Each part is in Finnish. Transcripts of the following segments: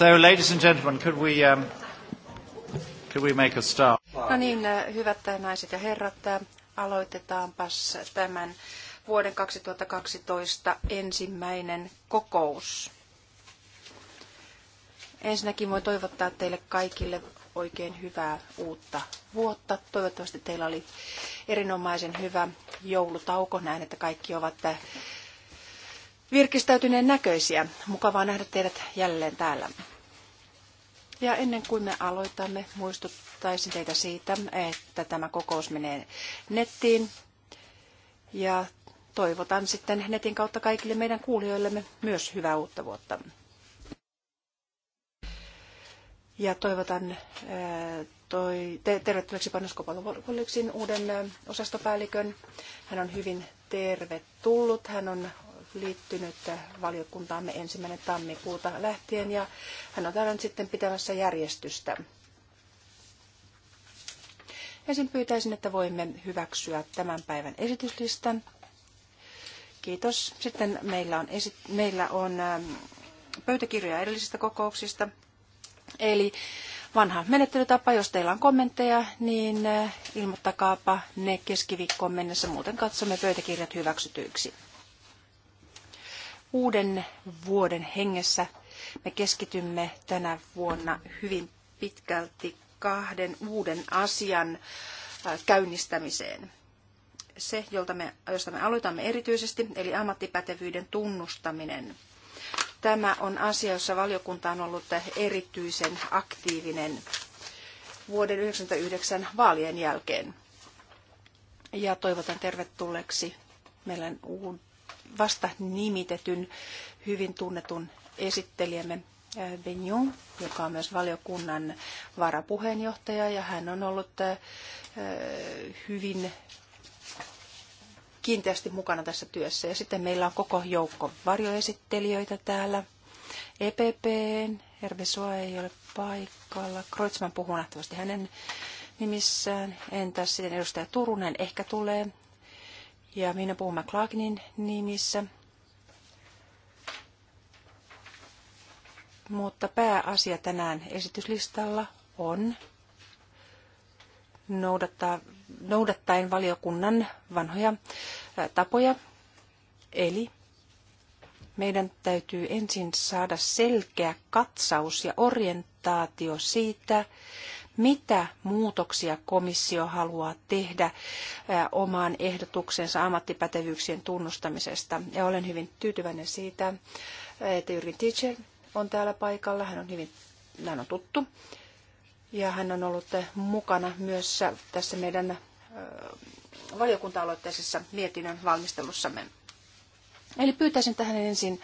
So, ladies and gentlemen, could we, um, could we make a start? No niin, äh, hyvät naiset ja herrat, äh, aloitetaanpas tämän vuoden 2012 ensimmäinen kokous. Ensinnäkin voin toivottaa teille kaikille oikein hyvää uutta vuotta. Toivottavasti teillä oli erinomaisen hyvä joulutauko. Näen, että kaikki ovat äh, virkistäytyneen näköisiä. Mukavaa nähdä teidät jälleen täällä. Ja ennen kuin me aloitamme, muistuttaisin teitä siitä, että tämä kokous menee nettiin. Ja toivotan sitten netin kautta kaikille meidän kuulijoillemme myös hyvää uutta vuotta. Ja toivotan äh, toi, te, tervetulleeksi Panoskopalovoliksiin uuden äh, osastopäällikön. Hän on hyvin tervetullut. Hän on liittynyt valiokuntaamme ensimmäinen tammikuuta lähtien ja hän on täällä nyt sitten pitämässä järjestystä. Ensin pyytäisin, että voimme hyväksyä tämän päivän esityslistan. Kiitos. Sitten meillä on, esi- meillä on ähm, pöytäkirjoja edellisistä kokouksista. Eli vanha menettelytapa, jos teillä on kommentteja, niin äh, ilmoittakaapa ne keskiviikkoon mennessä. Muuten katsomme pöytäkirjat hyväksytyiksi uuden vuoden hengessä me keskitymme tänä vuonna hyvin pitkälti kahden uuden asian käynnistämiseen. Se, jolta me, josta me aloitamme erityisesti, eli ammattipätevyyden tunnustaminen. Tämä on asia, jossa valiokunta on ollut erityisen aktiivinen vuoden 1999 vaalien jälkeen. Ja toivotan tervetulleeksi meidän vasta nimitetyn hyvin tunnetun esittelijämme äh, Benjon, joka on myös valiokunnan varapuheenjohtaja ja hän on ollut äh, hyvin kiinteästi mukana tässä työssä. Ja sitten meillä on koko joukko varjoesittelijöitä täällä. EPP: Herve Soa ei ole paikalla. Kreutzmann puhuu nähtävästi hänen nimissään. Entäs sitten edustaja Turunen ehkä tulee ja minä puhun McLaughlinin nimissä. Mutta pääasia tänään esityslistalla on noudattaa, noudattaen valiokunnan vanhoja tapoja. Eli meidän täytyy ensin saada selkeä katsaus ja orientaatio siitä, mitä muutoksia komissio haluaa tehdä omaan ehdotuksensa ammattipätevyyksien tunnustamisesta. Ja olen hyvin tyytyväinen siitä, että Jyrki Teacher on täällä paikalla. Hän on hyvin hän on tuttu ja hän on ollut mukana myös tässä meidän valiokunta-aloitteisessa mietinnön valmistelussamme. Eli pyytäisin tähän ensin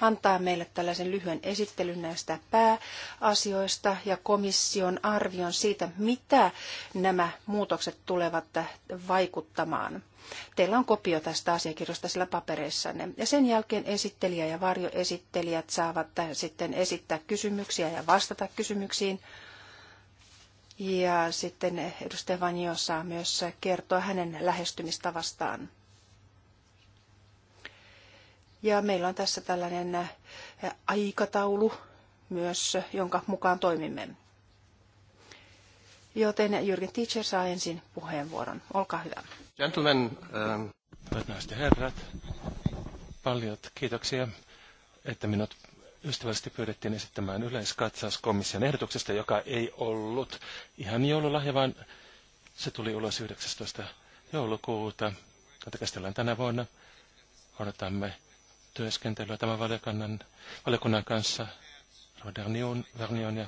antaa meille tällaisen lyhyen esittelyn näistä pääasioista ja komission arvion siitä, mitä nämä muutokset tulevat vaikuttamaan. Teillä on kopio tästä asiakirjasta sillä papereissanne. Ja sen jälkeen esittelijä ja varjoesittelijät saavat sitten esittää kysymyksiä ja vastata kysymyksiin. Ja sitten edustaja Vanjo saa myös kertoa hänen lähestymistavastaan. Ja meillä on tässä tällainen äh, aikataulu myös, jonka mukaan toimimme. Joten Jürgen Teacher saa ensin puheenvuoron. Olkaa hyvä. Gentlemen, ähm, ja herrat, paljon kiitoksia, että minut ystävällisesti pyydettiin esittämään yleiskatsaus ehdotuksesta, joka ei ollut ihan joululahja, vaan se tuli ulos 19. joulukuuta. Tätä käsitellään tänä vuonna. Odotamme työskentelyä tämän valiokunnan, valiokunnan kanssa, Rodarnion, Vernion ja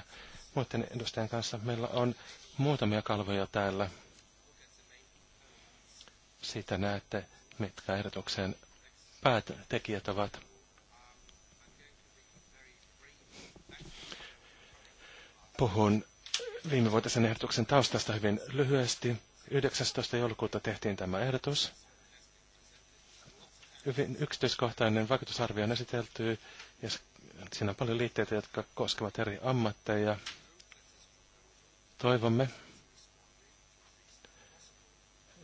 muiden edustajien kanssa. Meillä on muutamia kalvoja täällä. Siitä näette, mitkä ehdotuksen päätekijät ovat. Puhun viime ehdotuksen taustasta hyvin lyhyesti. 19. joulukuuta tehtiin tämä ehdotus hyvin yksityiskohtainen vaikutusarvio on esitelty ja siinä on paljon liitteitä, jotka koskevat eri ammatteja. Toivomme,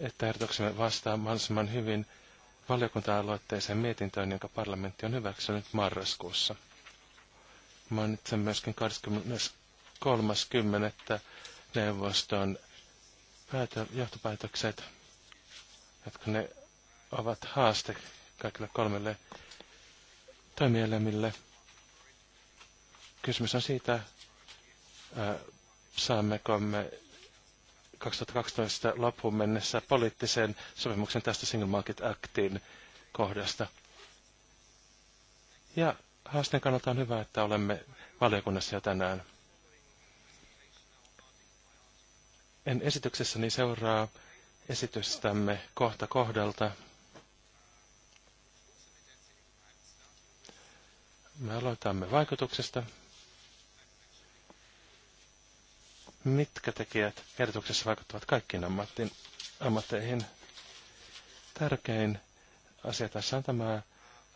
että ehdotuksemme vastaa mahdollisimman hyvin valiokunta-aloitteeseen mietintöön, jonka parlamentti on hyväksynyt marraskuussa. Mainitsen myöskin 23.10. neuvoston johtopäätökset, jotka ne ovat haaste kaikille kolmelle toimielimille. Kysymys on siitä, saammeko me 2012 loppuun mennessä poliittisen sopimuksen tästä Single Market Actin kohdasta. Ja haasteen kannalta on hyvä, että olemme valiokunnassa jo tänään. En esityksessäni seuraa esitystämme kohta kohdalta. Me aloitamme vaikutuksesta. Mitkä tekijät kertoksessa vaikuttavat kaikkiin ammattiin, ammatteihin? Tärkein asia tässä on tämä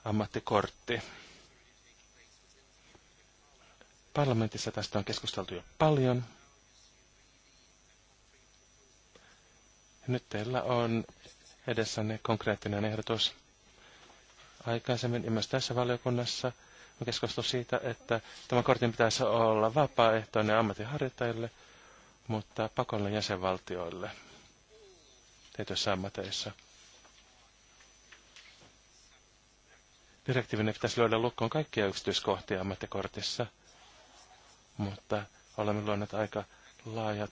ammattikortti. Parlamentissa tästä on keskusteltu jo paljon. Nyt teillä on edessänne konkreettinen ehdotus. Aikaisemmin ja myös tässä valiokunnassa – on keskusteltu siitä, että tämä kortin pitäisi olla vapaaehtoinen ammattiharjoittajille, mutta pakollinen jäsenvaltioille tietyissä ammateissa. Direktiivinen pitäisi löydä lukkoon kaikkia yksityiskohtia ammattikortissa, mutta olemme luoneet aika laajat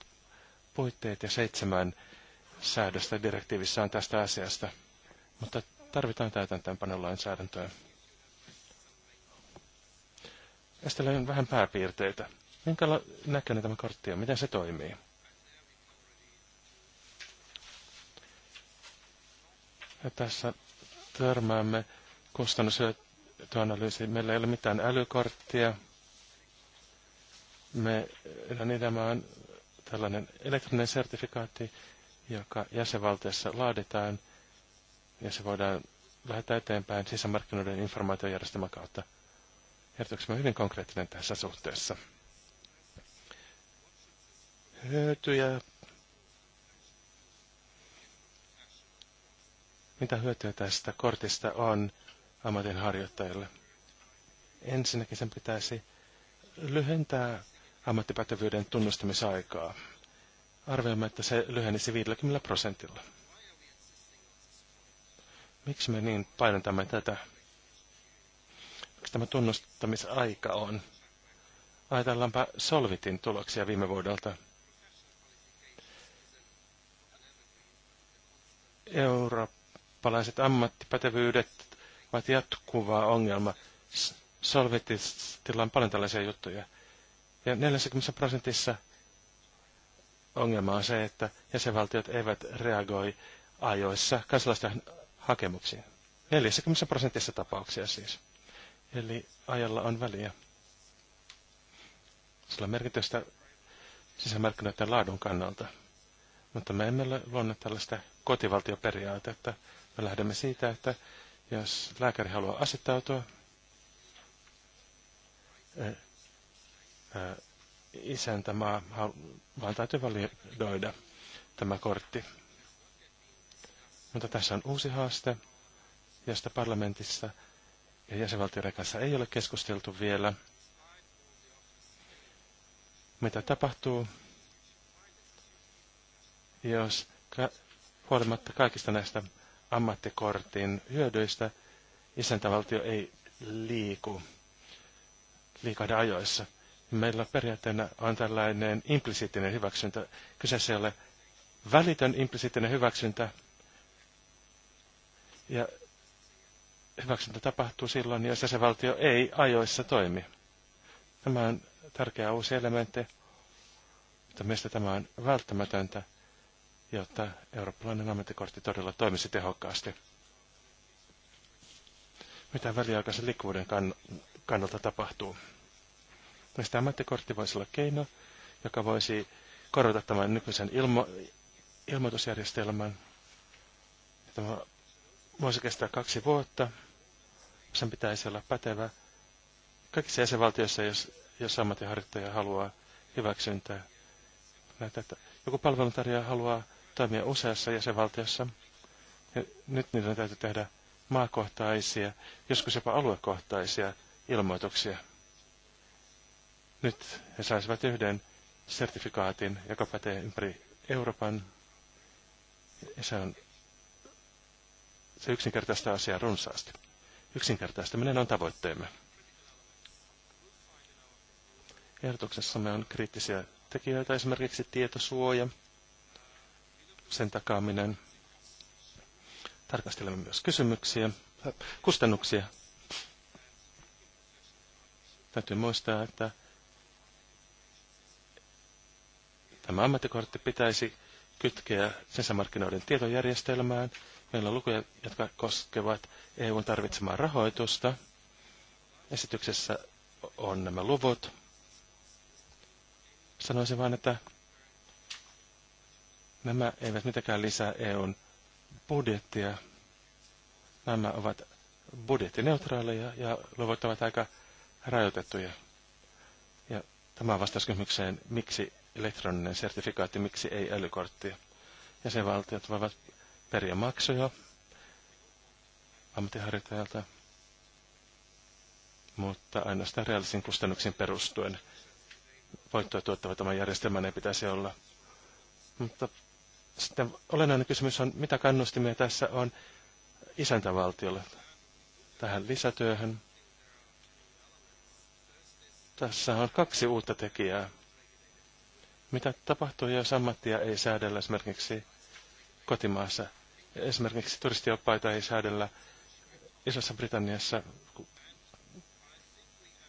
puitteet ja seitsemän säädöstä direktiivissä on tästä asiasta, mutta tarvitaan täytäntöönpanolainsäädäntöä. lainsäädäntöä löydän vähän pääpiirteitä. Minkä näköinen tämä kortti on? Miten se toimii? Ja tässä törmäämme kustannushyötyanalyysiin. Meillä ei ole mitään älykorttia. Me idämä on tällainen elektroninen sertifikaatti, joka jäsenvaltiossa laaditaan ja se voidaan lähettää eteenpäin sisämarkkinoiden informaatiojärjestelmän kautta – mä hyvin konkreettinen tässä suhteessa. Hyötyjä. Mitä hyötyä tästä kortista on ammatin harjoittajille? Ensinnäkin sen pitäisi lyhentää ammattipätevyyden tunnustamisaikaa. Arvioimme, että se lyhenisi 50 prosentilla. Miksi me niin painotamme tätä? pitkäksi tämä tunnustamisaika on. Ajatellaanpa Solvitin tuloksia viime vuodelta. Eurooppalaiset ammattipätevyydet ovat jatkuva ongelma. Solvitilla on paljon tällaisia juttuja. Ja 40 prosentissa ongelma on se, että jäsenvaltiot eivät reagoi ajoissa kansalaisten hakemuksiin. 40 prosentissa tapauksia siis. Eli ajalla on väliä. Sillä on merkitystä sisämarkkinoiden laadun kannalta. Mutta me emme ole luonneet tällaista kotivaltioperiaatetta. Me lähdemme siitä, että jos lääkäri haluaa asettautua, isäntämaa, vaan täytyy validoida tämä kortti. Mutta tässä on uusi haaste, josta parlamentissa ja jäsenvaltioiden kanssa ei ole keskusteltu vielä. Mitä tapahtuu, jos ka- huolimatta kaikista näistä ammattikortin hyödyistä isäntävaltio ei liiku liikahda ajoissa? Meillä periaatteena on tällainen implisiittinen hyväksyntä. Kyseessä ei ole välitön implisiittinen hyväksyntä. Ja hyväksyntä tapahtuu silloin, jos jäsenvaltio ei ajoissa toimi. Tämä on tärkeä uusi elementti, mutta mielestäni tämä on välttämätöntä, jotta eurooppalainen ammattikortti todella toimisi tehokkaasti. Mitä väliaikaisen liikkuvuuden kann- kannalta tapahtuu? Mistä ammattikortti voisi olla keino, joka voisi korvata tämän nykyisen ilmo- ilmoitusjärjestelmän. Tämä voisi kestää kaksi vuotta sen pitäisi olla pätevä kaikissa jäsenvaltioissa, jos, jos ammattiharjoittaja haluaa hyväksyntää. Näitä, että joku palveluntarjoaja haluaa toimia useassa jäsenvaltiossa. Ja nyt niiden täytyy tehdä maakohtaisia, joskus jopa aluekohtaisia ilmoituksia. Nyt he saisivat yhden sertifikaatin, joka pätee ympäri Euroopan. Ja se on se yksinkertaista asiaa runsaasti. Yksinkertaistaminen on tavoitteemme. Ehdotuksessamme on kriittisiä tekijöitä, esimerkiksi tietosuoja, sen takaaminen. Tarkastelemme myös kysymyksiä, kustannuksia. Täytyy muistaa, että tämä ammattikortti pitäisi kytkeä sisämarkkinoiden tietojärjestelmään – Meillä on lukuja, jotka koskevat EUn tarvitsemaa rahoitusta. Esityksessä on nämä luvut. Sanoisin vain, että nämä eivät mitenkään lisää EUn budjettia. Nämä ovat budjettineutraaleja ja luvut ovat aika rajoitettuja. Ja tämä on vastaus kysymykseen, miksi elektroninen sertifikaatti, miksi ei älykorttia. Jäsenvaltiot voivat periä maksoja ammattiharjoittajalta, mutta ainoastaan reaalisiin kustannuksiin perustuen voittoa tuottava tämän järjestelmän ei pitäisi olla. Mutta sitten olennainen kysymys on, mitä kannustimia tässä on isäntävaltiolle tähän lisätyöhön. Tässä on kaksi uutta tekijää. Mitä tapahtuu, jos ammattia ei säädellä esimerkiksi kotimaassa. Esimerkiksi turistioppaita ei säädellä Isossa Britanniassa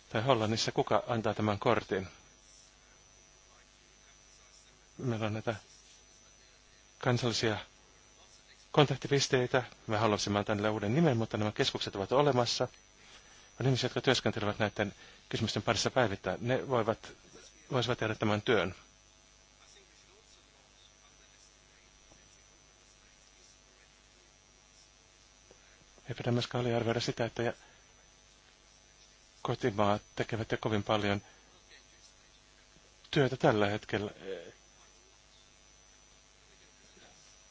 tai Hollannissa. Kuka antaa tämän kortin? Meillä on näitä kansallisia kontaktipisteitä. Me haluaisimme antaa niille uuden nimen, mutta nämä keskukset ovat olemassa. On ihmisiä, jotka työskentelevät näiden kysymysten parissa päivittäin. Ne voivat, voisivat tehdä tämän työn. Ei pidä myöskään aliarvioida sitä, että kotimaat tekevät jo kovin paljon työtä tällä hetkellä.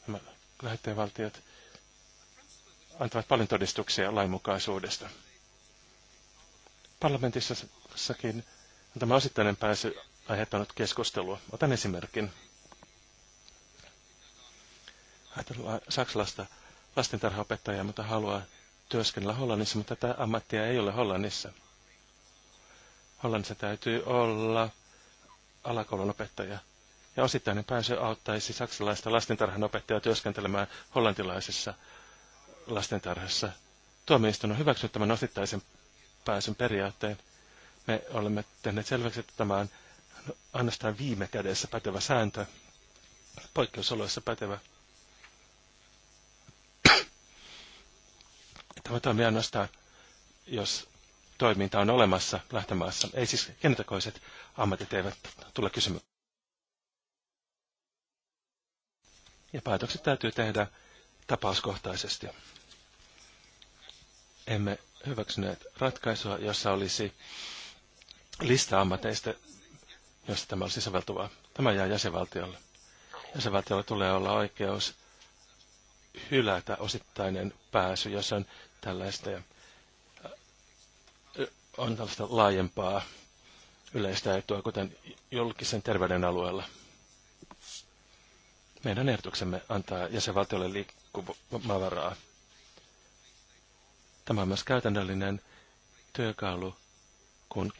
Nämä lähettäjävaltiot antavat paljon todistuksia lainmukaisuudesta. Parlamentissakin on tämä osittainen pääsy aiheuttanut keskustelua. Otan esimerkin. Ajatellaan saksalaista lastentarhaopettajaa, mutta haluaa työskennellä Hollannissa, mutta tätä ammattia ei ole Hollannissa. Hollannissa täytyy olla alakoulun opettaja. Ja osittainen pääsy auttaisi saksalaista opettajaa työskentelemään hollantilaisessa lastentarhassa. Tuomioistuin on hyväksynyt tämän osittaisen pääsyn periaatteen. Me olemme tehneet selväksi, että tämä on ainoastaan viime kädessä pätevä sääntö, poikkeusoloissa pätevä Tämä toimia ainoastaan, jos toiminta on olemassa lähtömaassa. Ei siis kenetakoiset ammatit eivät tule kysymykseen. Ja päätökset täytyy tehdä tapauskohtaisesti. Emme hyväksyneet ratkaisua, jossa olisi lista ammateista, josta tämä olisi soveltuvaa. Tämä jää jäsenvaltiolle. Jäsenvaltiolla tulee olla oikeus hylätä osittainen pääsy, jos on tällaista ja on tällaista laajempaa yleistä etua, kuten julkisen terveyden alueella. Meidän ehdotuksemme antaa jäsenvaltiolle liikkumavaraa. Tämä on myös käytännöllinen työkalu, kun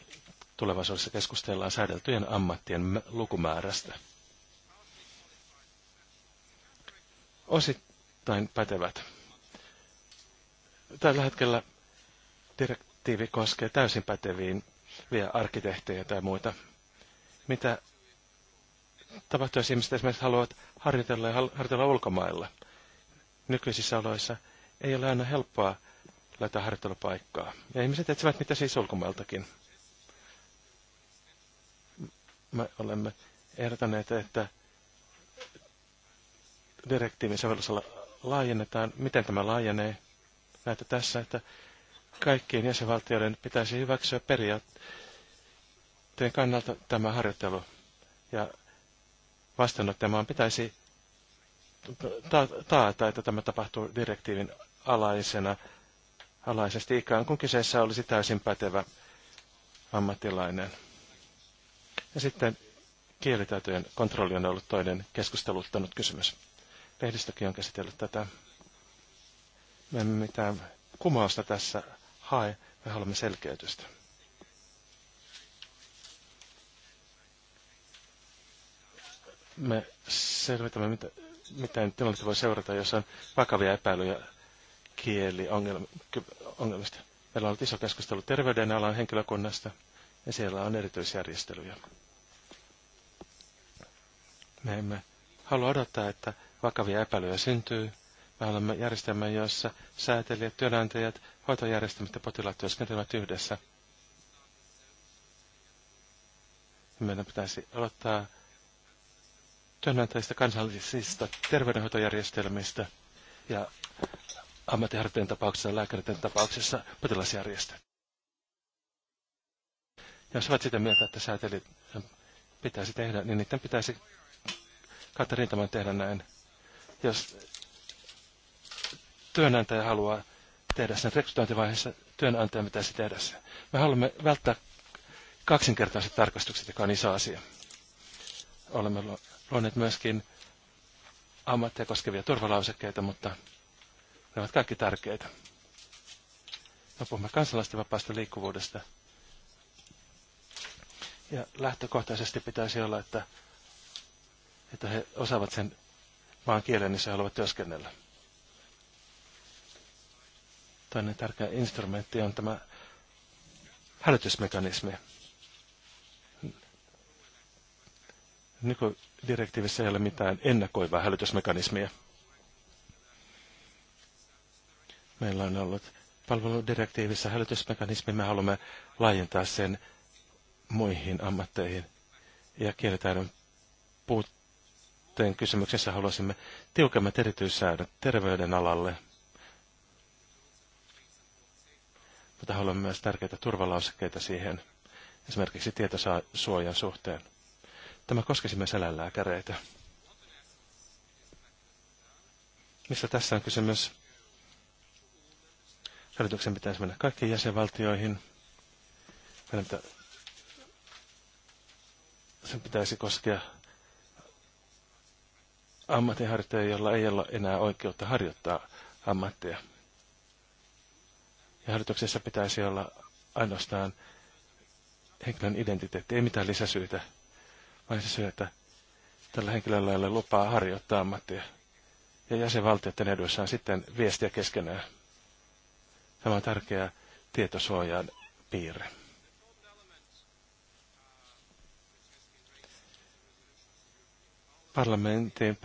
tulevaisuudessa keskustellaan säädeltyjen ammattien lukumäärästä. Osittain pätevät Tällä hetkellä direktiivi koskee täysin päteviin vielä arkkitehtejä tai muita. Mitä tapahtuu, jos ihmiset esimerkiksi haluavat harjoitella ja harjoitella ulkomailla? Nykyisissä oloissa ei ole aina helppoa löytää harjoittelupaikkaa. Ja ihmiset etsivät mitä siis ulkomailtakin. Me olemme ehdottaneet, että direktiivin sovellusala laajennetaan. Miten tämä laajenee? näitä tässä, että kaikkien jäsenvaltioiden pitäisi hyväksyä periaatteen kannalta tämä harjoittelu. Ja vastaanottamaan pitäisi taata, että tämä tapahtuu direktiivin alaisena, alaisesti ikään kuin kyseessä olisi täysin pätevä ammattilainen. Ja sitten kielitaitojen kontrolli on ollut toinen keskusteluttanut kysymys. Lehdistökin on käsitellyt tätä. Me emme mitään kumausta tässä hae, me haluamme selkeytystä. Me selvitämme, mitä, miten tilannetta voi seurata, jos on vakavia epäilyjä kieliongelmista. Meillä on ollut iso keskustelu terveydenalan henkilökunnasta ja siellä on erityisjärjestelyjä. Me emme halua odottaa, että vakavia epäilyjä syntyy, me olemme järjestelmä, jossa säätelijät, työnantajat, hoitojärjestelmät ja potilaat työskentelevät yhdessä. Meidän pitäisi aloittaa työnantajista kansallisista terveydenhoitojärjestelmistä ja ammattiharjoittajien tapauksessa, lääkäreiden tapauksessa potilasjärjestö. Jos ovat sitä mieltä, että säätelijät pitäisi tehdä, niin niiden pitäisi kautta rintaman tehdä näin. Jos työnantaja haluaa tehdä sen rekrytointivaiheessa, työnantaja pitäisi tehdä sen. Me haluamme välttää kaksinkertaiset tarkastukset, joka on iso asia. Olemme luoneet myöskin ammattia koskevia turvalausekkeita, mutta ne ovat kaikki tärkeitä. Me puhumme kansalaisten vapaasta liikkuvuudesta. Ja lähtökohtaisesti pitäisi olla, että, että he osaavat sen maan kielen, niin se haluavat työskennellä. Toinen tärkeä instrumentti on tämä hälytysmekanismi. Nykydirektiivissä ei ole mitään ennakoivaa hälytysmekanismia. Meillä on ollut palveludirektiivissä hälytysmekanismi. Me haluamme laajentaa sen muihin ammatteihin ja kielitaidon puutteen kysymyksessä haluaisimme tiukemmat erityissäädöt terveyden alalle – mutta haluamme myös tärkeitä turvalausekkeita siihen, esimerkiksi tietosuojan suhteen. Tämä koskisi myös eläinlääkäreitä. Mistä tässä on kysymys? Hallituksen pitäisi mennä kaikkiin jäsenvaltioihin. Sen pitäisi koskea ammattiharjoittajia, joilla ei ole enää oikeutta harjoittaa ammattia. Ja harjoituksessa pitäisi olla ainoastaan henkilön identiteetti, ei mitään lisäsyitä, vaan se syy, että tällä henkilöllä ei ole lupaa harjoittaa ammattia. Ja jäsenvaltioiden edussa on sitten viestiä keskenään. Tämä on tärkeä tietosuojan piirre. Parlamentin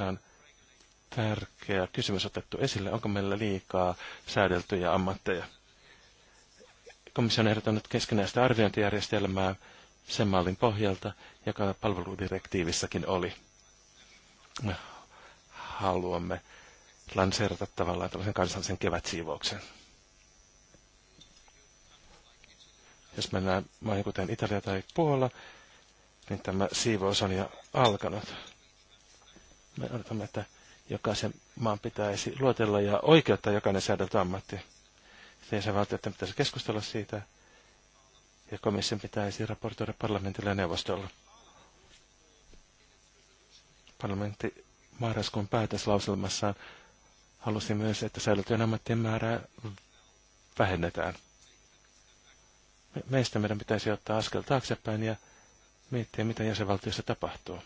on tärkeä kysymys otettu esille. Onko meillä liikaa säädeltyjä ammatteja? Komissio on ehdottanut keskenäistä arviointijärjestelmää sen mallin pohjalta, joka palveludirektiivissäkin oli. Me haluamme lanseerata tavallaan tällaisen kansallisen kevätsiivouksen. Jos mennään maihin kuten Italia tai Puola, niin tämä siivous on jo alkanut. Me odotamme, että jokaisen maan pitäisi luotella ja oikeuttaa jokainen säädelty ammatti. Sitten se valtioiden pitäisi keskustella siitä ja komission pitäisi raportoida parlamentille ja neuvostolle. Parlamentti marraskuun päätöslauselmassaan halusi myös, että säilytyön ammattien määrää vähennetään. Meistä meidän pitäisi ottaa askel taaksepäin ja miettiä, mitä jäsenvaltiossa tapahtuu.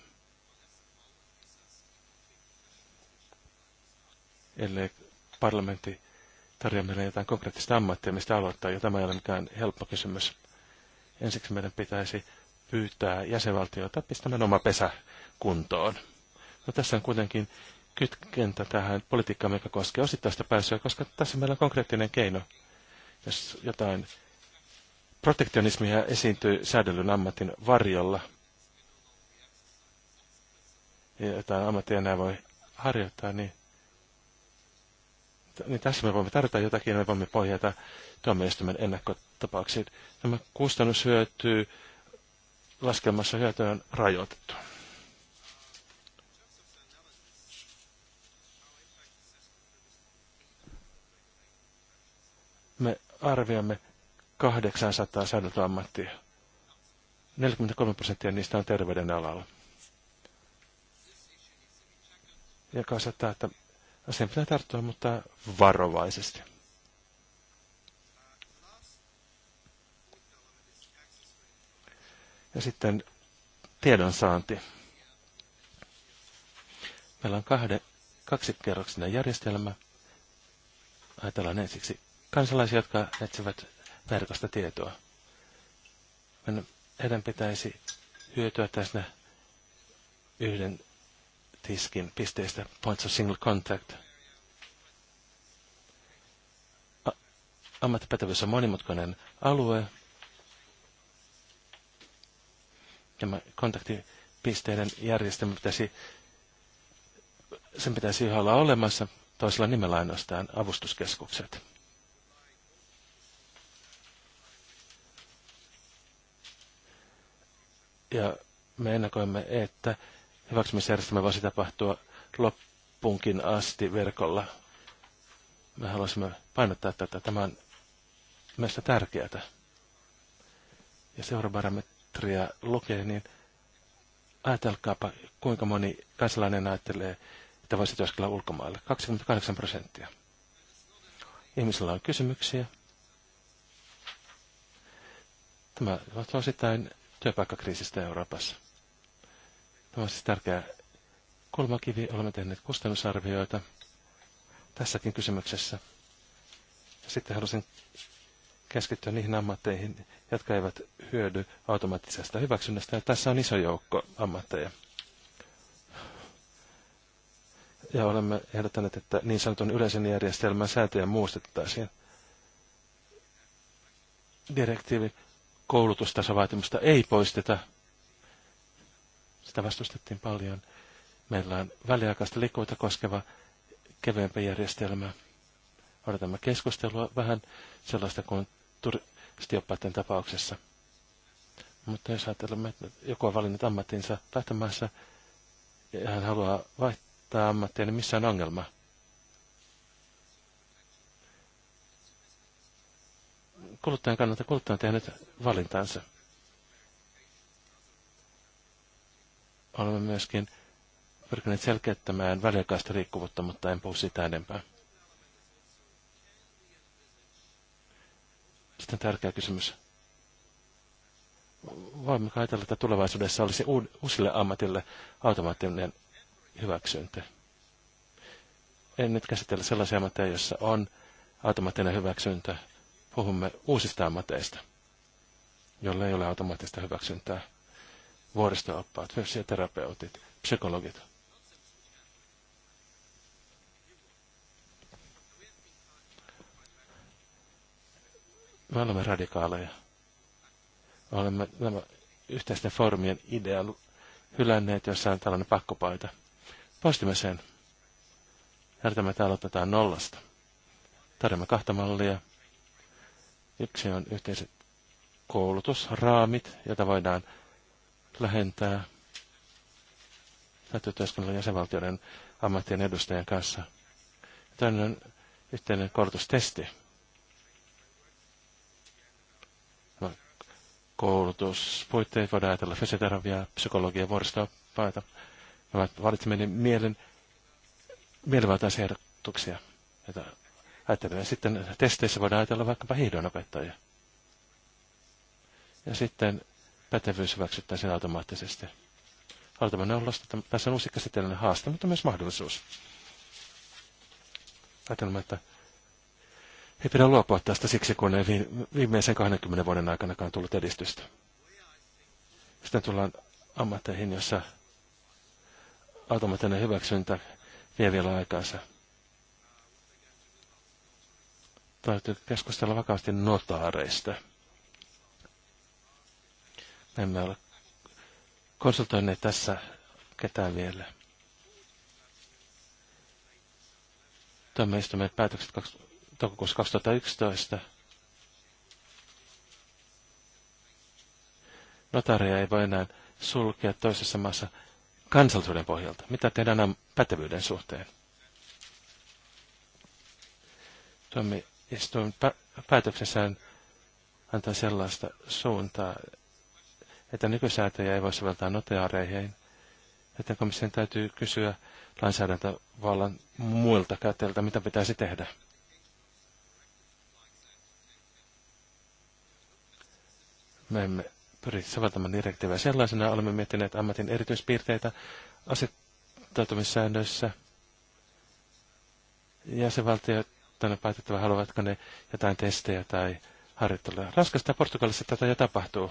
ellei parlamentti tarjoa meille jotain konkreettista ammattia, mistä aloittaa, ja tämä ei ole mikään helppo kysymys. Ensiksi meidän pitäisi pyytää jäsenvaltioita pistämään oma pesä kuntoon. No tässä on kuitenkin kytkentä tähän politiikkaan, mikä koskee osittaista pääsyä, koska tässä meillä on konkreettinen keino. Jos jotain protektionismia esiintyy säädellyn ammatin varjolla, ja jotain ammattia enää voi harjoittaa, niin niin tässä me voimme tarjota jotakin, me voimme pohjata tuomioistuimen ennakkotapauksiin. Tämä kustannus hyötyy laskelmassa hyöty on rajoitettu. Me arvioimme 800 säädeltyä ammattia. 43 prosenttia niistä on terveyden alalla. ja osoittaa, että sen pitää tarttua, mutta varovaisesti. Ja sitten tiedonsaanti. Meillä on kahde, kaksikerroksinen järjestelmä. Ajatellaan ensiksi kansalaisia, jotka etsivät verkosta tietoa. Meidän, heidän pitäisi hyötyä tästä yhden TISKin pisteistä, Points of Single Contact. ammattipätevyys on monimutkainen alue. Tämä kontaktipisteiden järjestelmä pitäisi, sen pitäisi yhä olla olemassa, toisella nimellä ainoastaan avustuskeskukset. Ja me ennakoimme, että hyväksymisjärjestelmä voisi tapahtua loppuunkin asti verkolla. Me haluaisimme painottaa tätä. Tämä on meistä tärkeää. Ja seurabarometria lukee, niin ajatelkaapa, kuinka moni kansalainen ajattelee, että voisi työskennellä ulkomailla. 28 prosenttia. Ihmisillä on kysymyksiä. Tämä on osittain työpaikkakriisistä Euroopassa. Tämä on siis tärkeä kulmakivi. Olemme tehneet kustannusarvioita tässäkin kysymyksessä. Sitten halusin keskittyä niihin ammatteihin, jotka eivät hyödy automaattisesta hyväksynnästä. Ja tässä on iso joukko ammatteja. Ja olemme ehdottaneet, että niin sanotun yleisen järjestelmän sääntöjä muistettaisiin. Direktiivi koulutustasovaatimusta ei poisteta, sitä vastustettiin paljon. Meillä on väliaikaista liikkuvuutta koskeva keveämpi järjestelmä. Odotamme keskustelua vähän sellaista kuin turistioppaiden tapauksessa. Mutta jos ajatellaan, että joku on valinnut ammattinsa lähtömaassa ja hän haluaa vaihtaa ammattia, niin missä on ongelma? Kuluttajan kannalta kuluttaja on tehnyt valintansa. olemme myöskin pyrkineet selkeyttämään väliaikaista riippuvuutta, mutta en puhu sitä enempää. Sitten tärkeä kysymys. Voimme ajatella, että tulevaisuudessa olisi uusille ammatille automaattinen hyväksyntä. En nyt käsitellä sellaisia ammatteja, joissa on automaattinen hyväksyntä. Puhumme uusista ammateista, joilla ei ole automaattista hyväksyntää vuoristooppaat, fysioterapeutit, psykologit. Me olemme radikaaleja. Olemme nämä yhteisten foorumien idea hylänneet, jossa on tällainen pakkopaita. Poistimme sen. Järjestämme, että aloitetaan nollasta. Tarjomme kahta mallia. Yksi on yhteiset koulutusraamit, jota voidaan lähentää lähetyöskennellä jäsenvaltioiden ammattien edustajien kanssa. Tämä on yhteinen koulutustesti. No, koulutuspuitteet voidaan ajatella fysioterapiaa, psykologiaa, vuoristopaita. Nämä valitsemme mielen, mielivaltaisia ehdotuksia, ajattelemme. Sitten testeissä voidaan ajatella vaikkapa hiihdonopettajia. Ja sitten pätevyys hyväksyttäisiin automaattisesti. Automaatiollasta tässä on uusi käsitellinen haaste, mutta myös mahdollisuus. Ajatelma, että ei pidä luopua tästä siksi, kun ei viimeisen 20 vuoden aikanakaan tullut edistystä. Sitten tullaan ammatteihin, jossa automaattinen hyväksyntä vie vielä aikaansa. Täytyy keskustella vakavasti notaareista. Me emme ole konsultoineet tässä ketään vielä. Tuomioistuimen päätökset toukokuussa 2011. Notaria ei voi enää sulkea toisessa maassa kansallisuuden pohjalta. Mitä tehdään nämä pätevyyden suhteen? Tuomioistuin päätöksessään antaa sellaista suuntaa, että nykysääntöjä ei voi soveltaa noteaareihin, että komission täytyy kysyä lainsäädäntövallan muilta käyttäjiltä, mitä pitäisi tehdä. Me emme pyri soveltamaan direktiivejä sellaisena. Olemme miettineet ammatin erityispiirteitä asettautumissäännöissä. valtio tänne päätettävä, haluavatko ne jotain testejä tai harjoittelua. Raskasta Portugalissa tätä jo tapahtuu.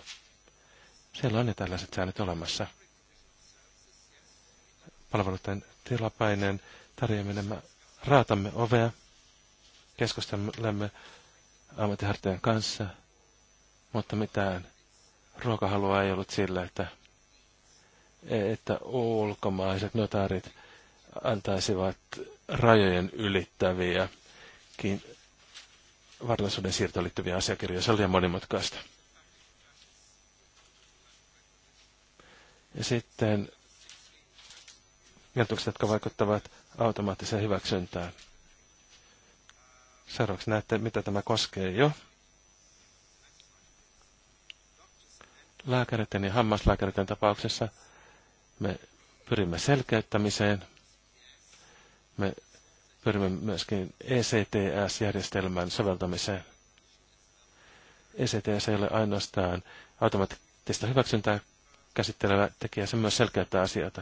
Siellä on ne tällaiset säännöt olemassa. Palveluiden tilapäinen tarjoaminen. Me raatamme ovea, keskustelemme ammattihartajan kanssa, mutta mitään ruokahalua ei ollut sillä, että, että ulkomaiset notaarit antaisivat rajojen ylittäviä varallisuuden siirtoon liittyviä asiakirjoja. Se oli monimutkaista. Ja sitten ehdotukset, jotka vaikuttavat automaattiseen hyväksyntään. Seuraavaksi näette, mitä tämä koskee jo. Lääkäreiden ja hammaslääkäreiden tapauksessa me pyrimme selkeyttämiseen. Me pyrimme myöskin ECTS-järjestelmän soveltamiseen. ECTS ei ole ainoastaan automaattista hyväksyntää käsittelevä tekijä, se myös selkeyttää asioita.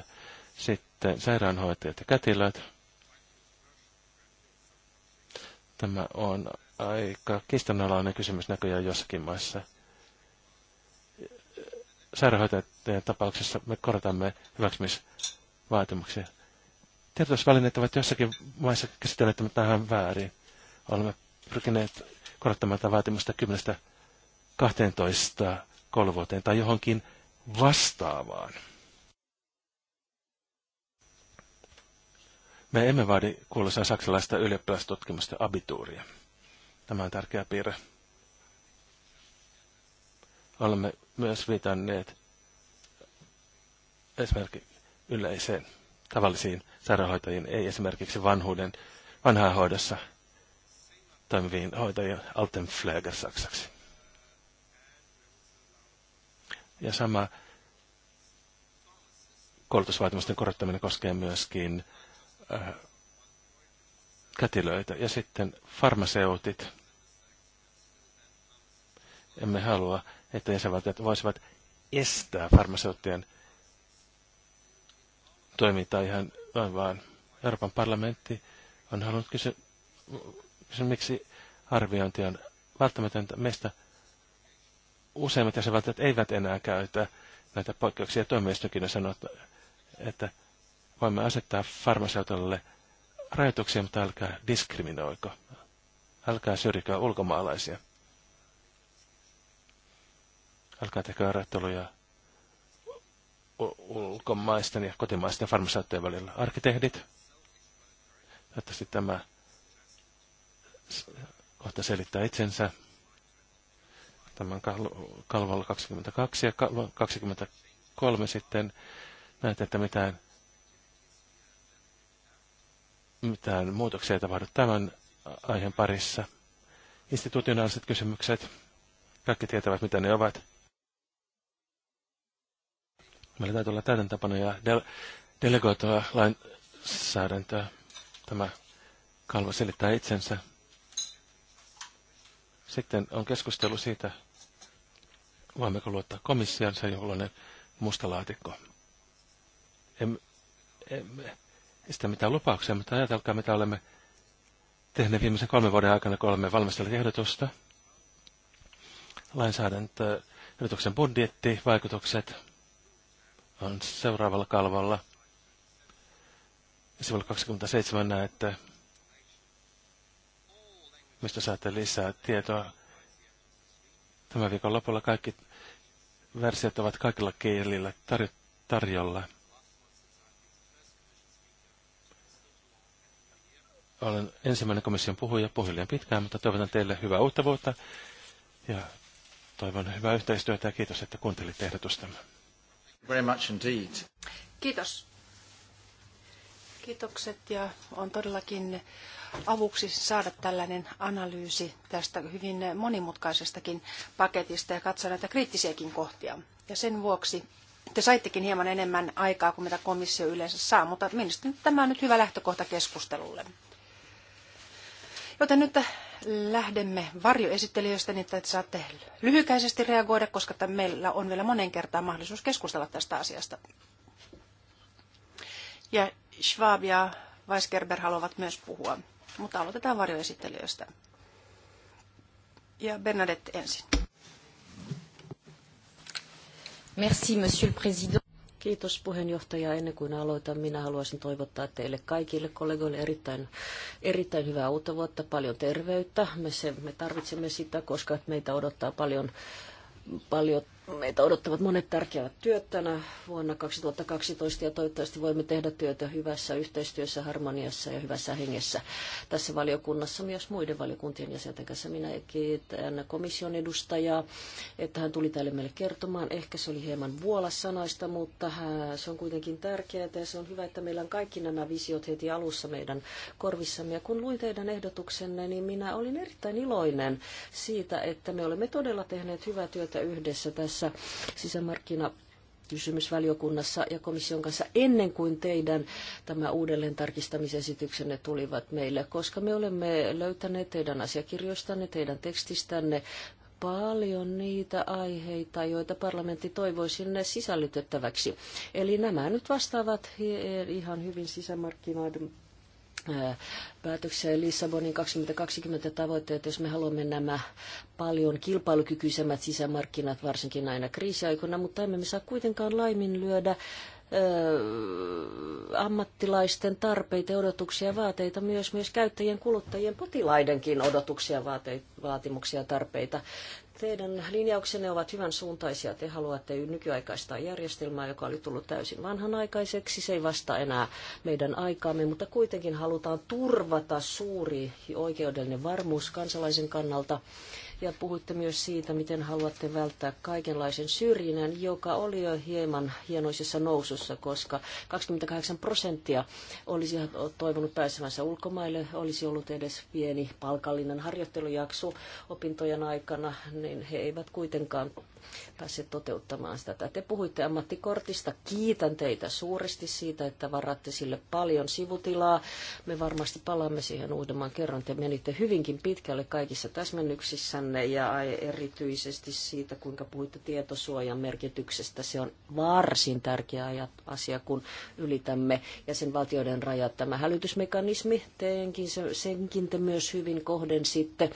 Sitten sairaanhoitajat ja kätilöt. Tämä on aika kiistanalainen kysymys näköjään jossakin maissa. Sairaanhoitajien tapauksessa me korotamme hyväksymisvaatimuksia. Tiedotusvälineet ovat jossakin maissa käsitelleet tähän väärin. Olemme pyrkineet korottamaan tätä vaatimusta 10-12 kouluvuoteen tai johonkin vastaavaan. Me emme vaadi kuuluisaa saksalaista ylioppilastutkimusta abituuria. Tämä on tärkeä piirre. Olemme myös viitanneet esimerkiksi yleiseen tavallisiin sairaanhoitajiin, ei esimerkiksi vanhuuden, vanhaa hoidossa toimiviin hoitajien Altenpfleger saksaksi. Ja sama koulutusvaatimusten korottaminen koskee myöskin äh, kätilöitä. Ja sitten farmaseutit. Emme halua, että jäsenvaltiot voisivat estää farmaseuttien toimintaa ihan noin vaan. Euroopan parlamentti on halunnut kysyä, kysyä miksi arviointi on välttämätöntä. Meistä useimmat jäsenvaltiot eivät enää käytä näitä poikkeuksia. Tuomioistuinkin on sanonut, että voimme asettaa farmaseutolle rajoituksia, mutta älkää diskriminoiko. Älkää syrjikää ulkomaalaisia. Älkää tehkö erotteluja ulkomaisten ja kotimaisten farmaseuttajien välillä. Arkkitehdit, toivottavasti tämä kohta selittää itsensä tämän kalvalla 22 ja 23 sitten näette, että mitään, mitään muutoksia ei tapahdu tämän aiheen parissa. Institutionaaliset kysymykset, kaikki tietävät mitä ne ovat. Meillä täytyy olla täydentäpano ja del- delegoitua lainsäädäntöä. Tämä kalvo selittää itsensä. Sitten on keskustelu siitä, Voimmeko luottaa komissioon, se on musta laatikko? Emme, emme sitä mitään lupauksia, mutta ajatelkaa, mitä olemme tehneet viimeisen kolmen vuoden aikana, kun olemme valmistelleet ehdotusta. Lainsäädäntö, ehdotuksen budjetti, vaikutukset on seuraavalla kalvolla. Sivulla 27 näette, mistä saatte lisää tietoa. Tämän viikon lopulla kaikki versiot ovat kaikilla kielillä tar- tarjolla. Olen ensimmäinen komission puhuja, puhuin pitkään, mutta toivotan teille hyvää uutta vuotta ja toivon hyvää yhteistyötä ja kiitos, että kuuntelitte ehdotustamme. Very much indeed. Kiitos. Kiitokset ja on todellakin avuksi saada tällainen analyysi tästä hyvin monimutkaisestakin paketista ja katsoa näitä kriittisiäkin kohtia. Ja sen vuoksi te saittekin hieman enemmän aikaa kuin mitä komissio yleensä saa, mutta mielestäni tämä on nyt hyvä lähtökohta keskustelulle. Joten nyt lähdemme varjoesittelijöistä, niin että saatte lyhykäisesti reagoida, koska meillä on vielä monen kertaan mahdollisuus keskustella tästä asiasta. Ja Schwab ja Weisgerber haluavat myös puhua mutta aloitetaan varjoesittelijöistä. Ja Bernadette ensin. Merci, monsieur le président. Kiitos puheenjohtaja. Ennen kuin aloitan, minä haluaisin toivottaa teille kaikille kollegoille erittäin, erittäin hyvää uutta vuotta, paljon terveyttä. Me, se, me tarvitsemme sitä, koska meitä odottaa paljon, paljon Meitä odottavat monet tärkeät työt tänä vuonna 2012 ja toivottavasti voimme tehdä työtä hyvässä yhteistyössä, harmoniassa ja hyvässä hengessä tässä valiokunnassa myös muiden valiokuntien jäsenten kanssa. Minä kiitän komission edustajaa, että hän tuli tälle meille kertomaan. Ehkä se oli hieman vuolassanaista, mutta se on kuitenkin tärkeää ja se on hyvä, että meillä on kaikki nämä visiot heti alussa meidän korvissamme. Ja kun luin teidän ehdotuksenne, niin minä olin erittäin iloinen siitä, että me olemme todella tehneet hyvää työtä yhdessä tässä tässä sisämarkkina kysymysvaliokunnassa ja komission kanssa ennen kuin teidän tämä uudelleen tarkistamisesityksenne tulivat meille, koska me olemme löytäneet teidän asiakirjoistanne, teidän tekstistänne paljon niitä aiheita, joita parlamentti toivoi sinne sisällytettäväksi. Eli nämä nyt vastaavat ihan hyvin sisämarkkinoiden päätöksiä ja Lissabonin 2020 tavoitteet, jos me haluamme nämä paljon kilpailukykyisemmät sisämarkkinat, varsinkin aina kriisiaikoina, mutta emme me saa kuitenkaan laiminlyödä ammattilaisten tarpeita, odotuksia ja vaateita, myös, myös käyttäjien, kuluttajien, potilaidenkin odotuksia, vaate, vaatimuksia ja tarpeita. Teidän linjauksenne ovat hyvän suuntaisia. Te haluatte nykyaikaistaa järjestelmää, joka oli tullut täysin vanhanaikaiseksi. Se ei vastaa enää meidän aikaamme, mutta kuitenkin halutaan turvata suuri oikeudellinen varmuus kansalaisen kannalta ja puhuitte myös siitä, miten haluatte välttää kaikenlaisen syrjinnän, joka oli jo hieman hienoisessa nousussa, koska 28 prosenttia olisi toivonut pääsevänsä ulkomaille, olisi ollut edes pieni palkallinen harjoittelujakso opintojen aikana, niin he eivät kuitenkaan pääse toteuttamaan sitä. Te puhuitte ammattikortista. Kiitän teitä suuresti siitä, että varatte sille paljon sivutilaa. Me varmasti palaamme siihen uudemman kerran. Te menitte hyvinkin pitkälle kaikissa täsmennyksissänne ja erityisesti siitä, kuinka puhuitte tietosuojan merkityksestä. Se on varsin tärkeä asia, kun ylitämme jäsenvaltioiden rajat. Tämä hälytysmekanismi, teenkin, senkin te myös hyvin kohden sitten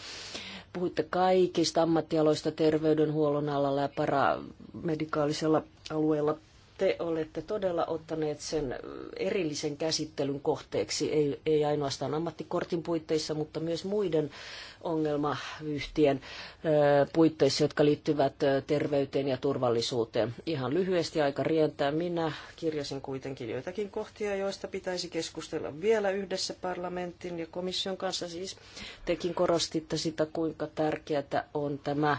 puhuitte kaikista ammattialoista terveydenhuollon alalla ja paramedikaalisella alueella te olette todella ottaneet sen erillisen käsittelyn kohteeksi, ei, ei ainoastaan ammattikortin puitteissa, mutta myös muiden ongelmayhtien puitteissa, jotka liittyvät terveyteen ja turvallisuuteen. Ihan lyhyesti aika rientää. Minä kirjasin kuitenkin joitakin kohtia, joista pitäisi keskustella vielä yhdessä parlamentin ja komission kanssa. Siis tekin korostitte sitä, kuinka tärkeää on tämä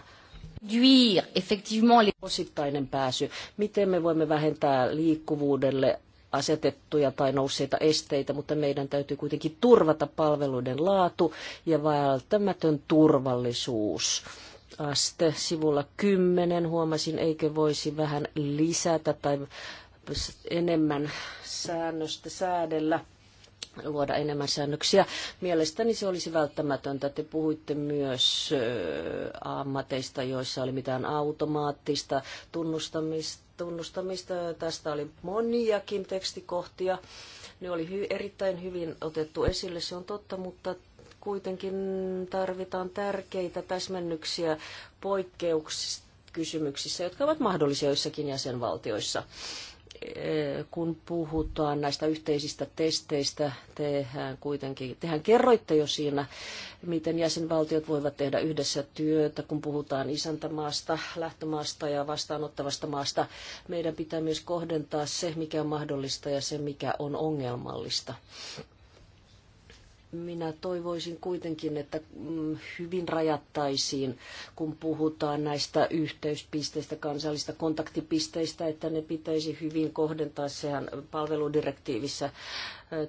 Osittainen pääsy. Miten me voimme vähentää liikkuvuudelle asetettuja tai nousseita esteitä, mutta meidän täytyy kuitenkin turvata palveluiden laatu ja välttämätön turvallisuus. Aste sivulla 10 huomasin, eikö voisi vähän lisätä tai enemmän säännöstä säädellä luoda enemmän säännöksiä. Mielestäni se olisi välttämätöntä. Te puhuitte myös ammateista, joissa oli mitään automaattista tunnustamista. tunnustamista. Tästä oli moniakin tekstikohtia. Ne oli hy- erittäin hyvin otettu esille, se on totta, mutta kuitenkin tarvitaan tärkeitä täsmennyksiä poikkeuksista kysymyksissä, jotka ovat mahdollisia joissakin jäsenvaltioissa. Eh, kun puhutaan näistä yhteisistä testeistä, tehän kuitenkin, tehän kerroitte jo siinä, miten jäsenvaltiot voivat tehdä yhdessä työtä, kun puhutaan isäntämaasta, lähtömaasta ja vastaanottavasta maasta. Meidän pitää myös kohdentaa se, mikä on mahdollista ja se, mikä on ongelmallista. Minä toivoisin kuitenkin, että mm, hyvin rajattaisiin, kun puhutaan näistä yhteyspisteistä, kansallista kontaktipisteistä, että ne pitäisi hyvin kohdentaa sehän palveludirektiivissä.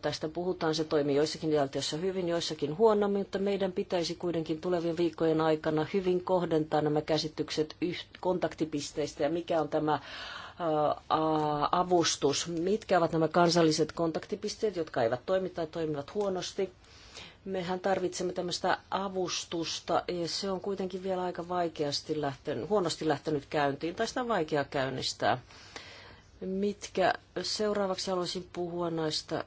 Tästä puhutaan, se toimii joissakin valtioissa hyvin, joissakin huonommin, mutta meidän pitäisi kuitenkin tulevien viikkojen aikana hyvin kohdentaa nämä käsitykset kontaktipisteistä ja mikä on tämä avustus. Mitkä ovat nämä kansalliset kontaktipisteet, jotka eivät toimi tai toimivat huonosti? Mehän tarvitsemme tämmöistä avustusta ja se on kuitenkin vielä aika vaikeasti lähtenyt, huonosti lähtenyt käyntiin tai sitä on vaikea käynnistää. Mitkä, seuraavaksi haluaisin puhua näistä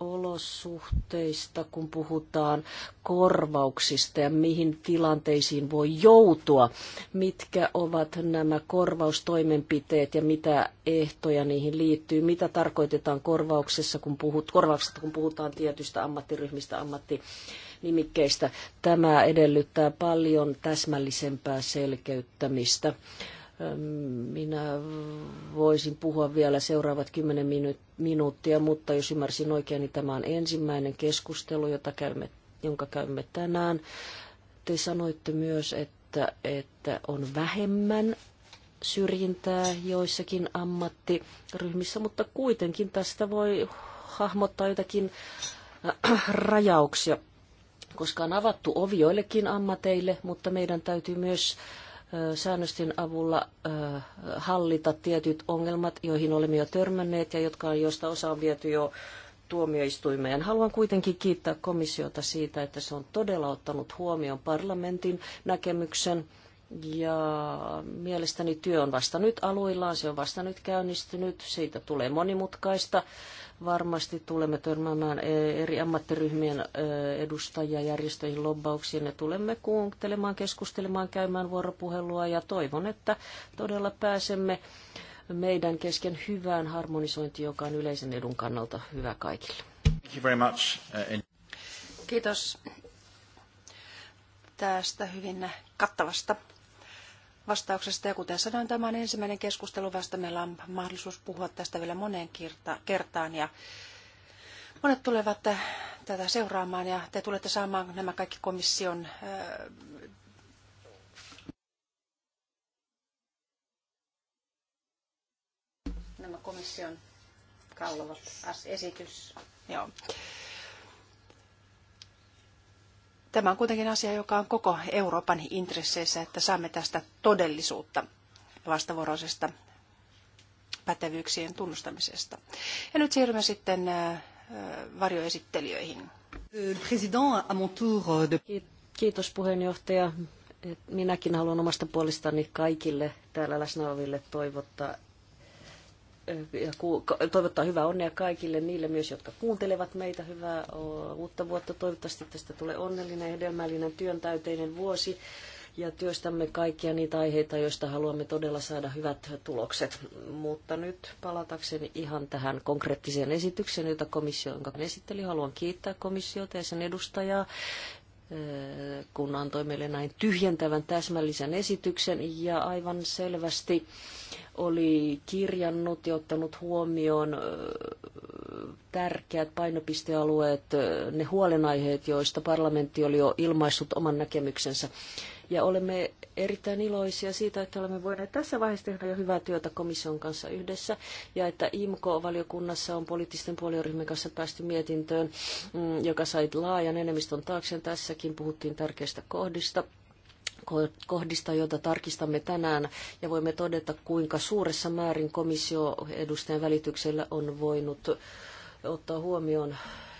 olosuhteista, kun puhutaan korvauksista ja mihin tilanteisiin voi joutua, mitkä ovat nämä korvaustoimenpiteet ja mitä ehtoja niihin liittyy, mitä tarkoitetaan korvauksessa, kun, puhut, korvauksesta, kun puhutaan tietystä ammattiryhmistä, ammatti nimikkeistä. Tämä edellyttää paljon täsmällisempää selkeyttämistä. Minä voisin puhua vielä seuraavat kymmenen minuuttia, mutta jos ymmärsin oikein, niin tämä on ensimmäinen keskustelu, jota käymme, jonka käymme tänään. Te sanoitte myös, että, että on vähemmän syrjintää joissakin ammattiryhmissä, mutta kuitenkin tästä voi hahmottaa jotakin äh, rajauksia, koska on avattu ovi joillekin ammateille, mutta meidän täytyy myös säännösten avulla hallita tietyt ongelmat, joihin olemme jo törmänneet ja jotka, joista osa on viety jo tuomioistuimeen. Haluan kuitenkin kiittää komissiota siitä, että se on todella ottanut huomioon parlamentin näkemyksen ja mielestäni työ on vasta nyt aluillaan, se on vasta nyt käynnistynyt, siitä tulee monimutkaista. Varmasti tulemme törmäämään e- eri ammattiryhmien edustajia, järjestöihin, lobbauksiin ja tulemme kuuntelemaan, keskustelemaan, käymään vuoropuhelua ja toivon, että todella pääsemme meidän kesken hyvään harmonisointiin, joka on yleisen edun kannalta hyvä kaikille. Uh, Kiitos tästä hyvin kattavasta vastauksesta. Ja kuten sanoin, tämä on ensimmäinen keskustelu vasta. Meillä on mahdollisuus puhua tästä vielä moneen kertaan. Ja monet tulevat äh, tätä seuraamaan ja te tulette saamaan nämä kaikki komission äh, nämä komission kalvot esitys. Joo. Tämä on kuitenkin asia, joka on koko Euroopan intresseissä, että saamme tästä todellisuutta vastavuoroisesta pätevyyksien tunnustamisesta. Ja nyt siirrymme sitten äh, äh, varjoesittelijöihin. Kiitos puheenjohtaja. Minäkin haluan omasta puolestani kaikille täällä läsnä oleville toivottaa ja toivottaa hyvää onnea kaikille niille myös, jotka kuuntelevat meitä. Hyvää uutta vuotta. Toivottavasti tästä tulee onnellinen, hedelmällinen, työntäyteinen vuosi. Ja työstämme kaikkia niitä aiheita, joista haluamme todella saada hyvät tulokset. Mutta nyt palatakseni ihan tähän konkreettiseen esitykseen, jota komissio, jonka esitteli. Haluan kiittää komissiota ja sen edustajaa eh, kun antoi meille näin tyhjentävän täsmällisen esityksen ja aivan selvästi oli kirjannut ja ottanut huomioon tärkeät painopistealueet, ne huolenaiheet, joista parlamentti oli jo ilmaissut oman näkemyksensä. Ja olemme erittäin iloisia siitä, että olemme voineet tässä vaiheessa tehdä jo hyvää työtä komission kanssa yhdessä ja että IMKO-valiokunnassa on poliittisten puolioryhmien kanssa päästy mietintöön, mm, joka sai laajan enemmistön taakseen. Tässäkin puhuttiin tärkeistä kohdista kohdista, joita tarkistamme tänään, ja voimme todeta, kuinka suuressa määrin komissio edustajan välityksellä on voinut ottaa huomioon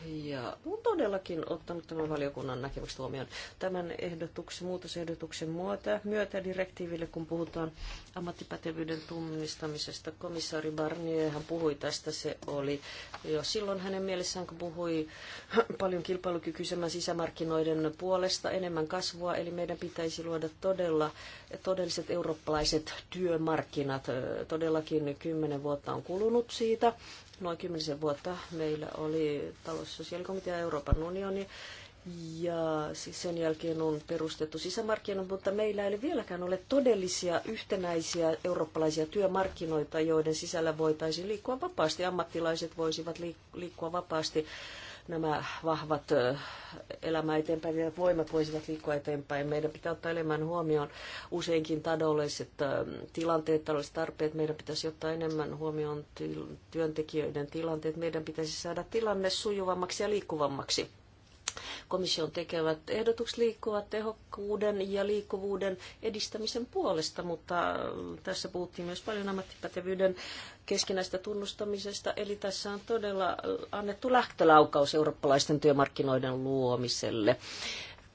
ja on todellakin ottanut tämän valiokunnan näkemykset huomioon. Tämän ehdotuksen, muutosehdotuksen muuta, myötä direktiiville, kun puhutaan ammattipätevyyden tunnistamisesta, komissaari Barnier hän puhui tästä, se oli jo silloin hänen mielessään, kun puhui paljon kilpailukykyisemmän sisämarkkinoiden puolesta, enemmän kasvua, eli meidän pitäisi luoda todella todelliset eurooppalaiset työmarkkinat. Todellakin kymmenen vuotta on kulunut siitä, noin kymmenisen vuotta meillä oli talous- ja sosiaalikomitea Euroopan unioni, ja siis sen jälkeen on perustettu sisämarkkinat, mutta meillä ei vieläkään ole todellisia yhtenäisiä eurooppalaisia työmarkkinoita, joiden sisällä voitaisiin liikkua vapaasti. Ammattilaiset voisivat liikkua vapaasti nämä vahvat elämää eteenpäin ja voimat voisivat liikkua eteenpäin. Meidän pitää ottaa enemmän huomioon useinkin taloudelliset tilanteet, taloudelliset tarpeet. Meidän pitäisi ottaa enemmän huomioon työntekijöiden tilanteet. Meidän pitäisi saada tilanne sujuvammaksi ja liikkuvammaksi. Komission tekevät ehdotukset liikkuvat tehokkuuden ja liikkuvuuden edistämisen puolesta, mutta tässä puhuttiin myös paljon ammattipätevyyden keskinäistä tunnustamisesta, eli tässä on todella annettu lähtölaukaus eurooppalaisten työmarkkinoiden luomiselle.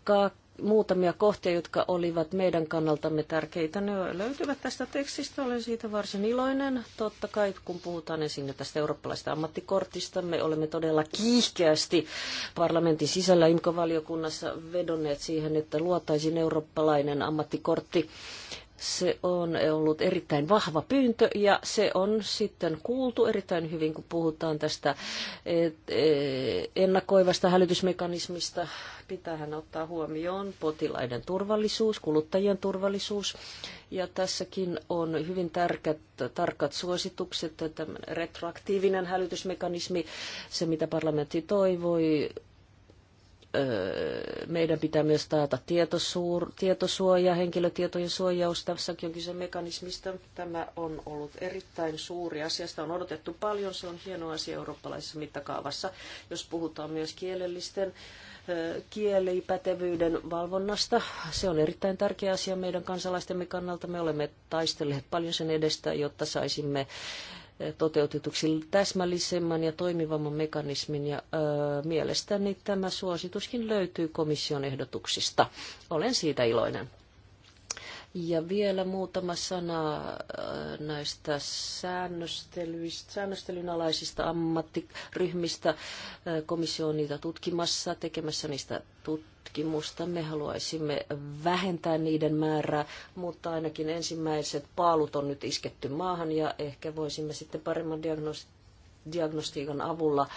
Kaak- muutamia kohtia, jotka olivat meidän kannaltamme tärkeitä. Ne löytyvät tästä tekstistä, olen siitä varsin iloinen. Totta kai, kun puhutaan esiin tästä eurooppalaisesta ammattikortista, me olemme todella kiihkeästi parlamentin sisällä IMKO-valiokunnassa vedonneet siihen, että luotaisiin eurooppalainen ammattikortti se on ollut erittäin vahva pyyntö ja se on sitten kuultu erittäin hyvin, kun puhutaan tästä e, ennakoivasta hälytysmekanismista. Pitäähän ottaa huomioon potilaiden turvallisuus, kuluttajien turvallisuus. Ja tässäkin on hyvin tärkeät, tarkat suositukset, että retroaktiivinen hälytysmekanismi, se mitä parlamentti toivoi, meidän pitää myös taata tietosuur, tietosuoja, henkilötietojen suojaus. Tässäkin on kyse mekanismista. Tämä on ollut erittäin suuri asia. Sitä on odotettu paljon. Se on hieno asia eurooppalaisessa mittakaavassa, jos puhutaan myös kielellisten kielipätevyyden valvonnasta. Se on erittäin tärkeä asia meidän kansalaistemme kannalta. Me olemme taistelleet paljon sen edestä, jotta saisimme toteutetuksi täsmällisemmän ja toimivamman mekanismin ja ö, mielestäni tämä suosituskin löytyy komission ehdotuksista. Olen siitä iloinen. Ja vielä muutama sana äh, näistä säännöstelyn alaisista ammattiryhmistä. Äh, komissio on niitä tutkimassa, tekemässä niistä tutkimusta. Me haluaisimme vähentää niiden määrää, mutta ainakin ensimmäiset paalut on nyt isketty maahan ja ehkä voisimme sitten paremman diagnostiikan diagnostiikan avulla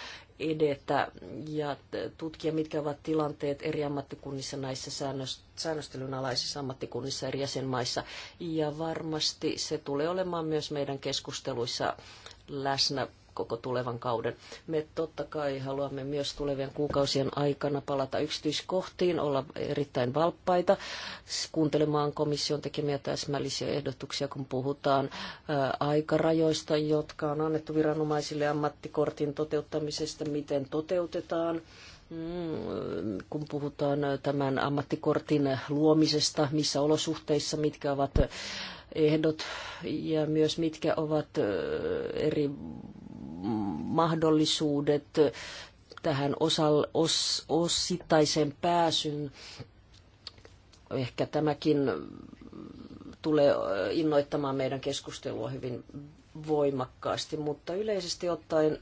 edetä ja tutkia, mitkä ovat tilanteet eri ammattikunnissa näissä säännöstelyn alaisissa ammattikunnissa eri jäsenmaissa. Ja varmasti se tulee olemaan myös meidän keskusteluissa läsnä koko tulevan kauden. Me totta kai haluamme myös tulevien kuukausien aikana palata yksityiskohtiin, olla erittäin valppaita, kuuntelemaan komission tekemiä täsmällisiä ehdotuksia, kun puhutaan aikarajoista, jotka on annettu viranomaisille ammattikortin toteuttamisesta, miten toteutetaan mm, kun puhutaan tämän ammattikortin luomisesta, missä olosuhteissa, mitkä ovat ehdot ja myös mitkä ovat eri mahdollisuudet tähän osal, os, osittaisen pääsyn. Ehkä tämäkin tulee innoittamaan meidän keskustelua hyvin voimakkaasti, mutta yleisesti ottaen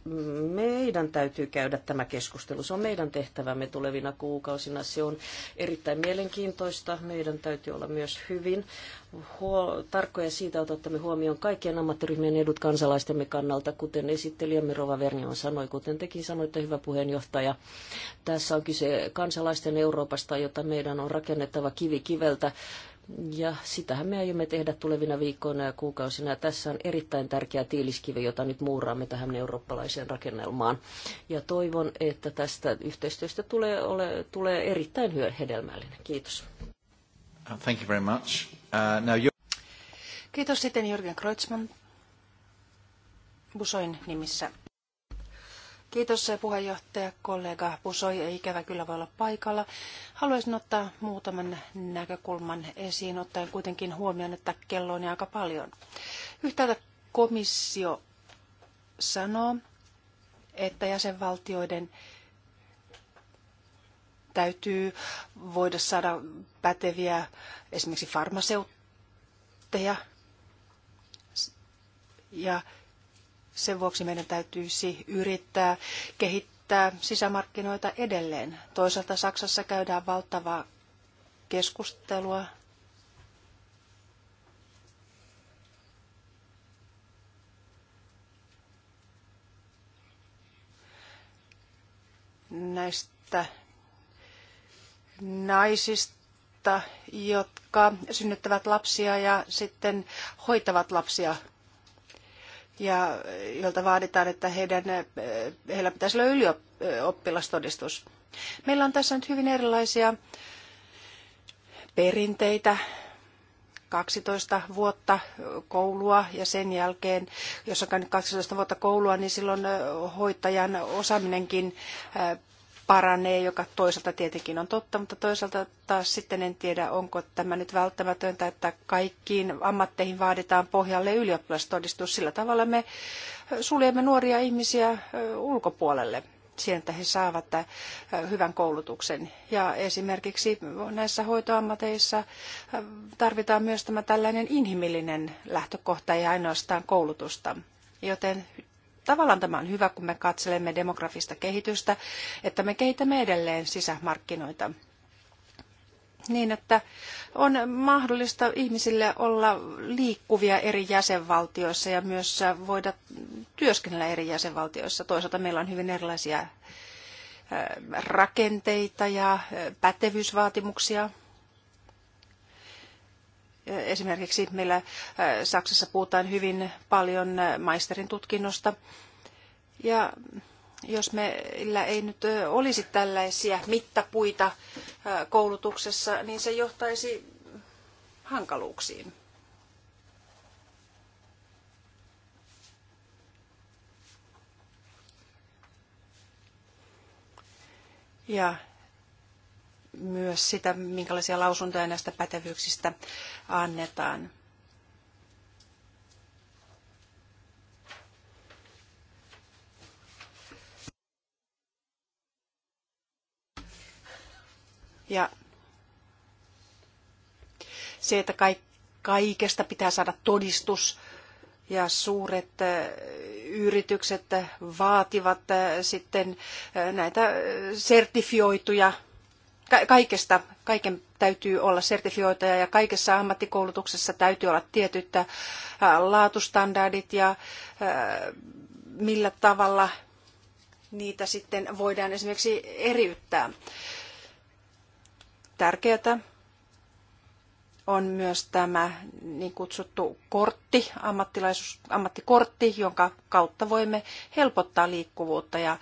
meidän täytyy käydä tämä keskustelu. Se on meidän tehtävämme tulevina kuukausina. Se on erittäin mielenkiintoista. Meidän täytyy olla myös hyvin huol- tarkkoja siitä, että otamme huomioon kaikkien ammattiryhmien edut kansalaistemme kannalta, kuten esittelijämme Rova Vernion sanoi, kuten tekin sanoitte, hyvä puheenjohtaja. Tässä on kyse kansalaisten Euroopasta, jota meidän on rakennettava kivi kiveltä ja sitähän me aiomme tehdä tulevina viikkoina ja kuukausina. Tässä on erittäin tärkeä tiiliskivi, jota nyt muuraamme tähän eurooppalaiseen rakennelmaan. Ja toivon, että tästä yhteistyöstä tulee, ole, tulee erittäin hedelmällinen. Kiitos. Uh, thank you very much. Uh, now you... Kiitos sitten Jürgen Kreutzmann Busoin nimissä. Kiitos eh, puheenjohtaja, kollega Pusoi ei ikävä kyllä voi olla paikalla. Haluaisin ottaa muutaman näkökulman esiin, ottaen kuitenkin huomioon, että kello on aika paljon. Yhtäältä komissio sanoo, että jäsenvaltioiden täytyy voida saada päteviä esimerkiksi farmaseutteja ja sen vuoksi meidän täytyisi yrittää kehittää sisämarkkinoita edelleen. Toisaalta Saksassa käydään valtavaa keskustelua näistä naisista, jotka synnyttävät lapsia ja sitten hoitavat lapsia ja jolta vaaditaan, että heidän, heillä pitäisi olla ylioppilastodistus. Meillä on tässä nyt hyvin erilaisia perinteitä, 12 vuotta koulua ja sen jälkeen, jos on käynyt 12 vuotta koulua, niin silloin hoitajan osaaminenkin paranee, joka toisaalta tietenkin on totta, mutta toisaalta taas sitten en tiedä, onko tämä nyt välttämätöntä, että kaikkiin ammatteihin vaaditaan pohjalle ylioppilastodistus. Sillä tavalla me suljemme nuoria ihmisiä ulkopuolelle siihen, että he saavat hyvän koulutuksen. Ja esimerkiksi näissä hoitoammateissa tarvitaan myös tämä tällainen inhimillinen lähtökohta ja ainoastaan koulutusta. Joten tavallaan tämä on hyvä, kun me katselemme demografista kehitystä, että me kehitämme edelleen sisämarkkinoita niin, että on mahdollista ihmisille olla liikkuvia eri jäsenvaltioissa ja myös voida työskennellä eri jäsenvaltioissa. Toisaalta meillä on hyvin erilaisia rakenteita ja pätevyysvaatimuksia Esimerkiksi meillä Saksassa puhutaan hyvin paljon maisterin tutkinnosta. Ja jos meillä ei nyt olisi tällaisia mittapuita koulutuksessa, niin se johtaisi hankaluuksiin. Ja myös sitä, minkälaisia lausuntoja näistä pätevyyksistä annetaan. Ja se, että kaikesta pitää saada todistus ja suuret äh, yritykset vaativat äh, sitten äh, näitä sertifioituja kaikesta, kaiken täytyy olla sertifioitaja ja kaikessa ammattikoulutuksessa täytyy olla tietyt äh, laatustandardit ja äh, millä tavalla niitä sitten voidaan esimerkiksi eriyttää. Tärkeätä on myös tämä niin kutsuttu kortti, ammattikortti, jonka kautta voimme helpottaa liikkuvuutta ja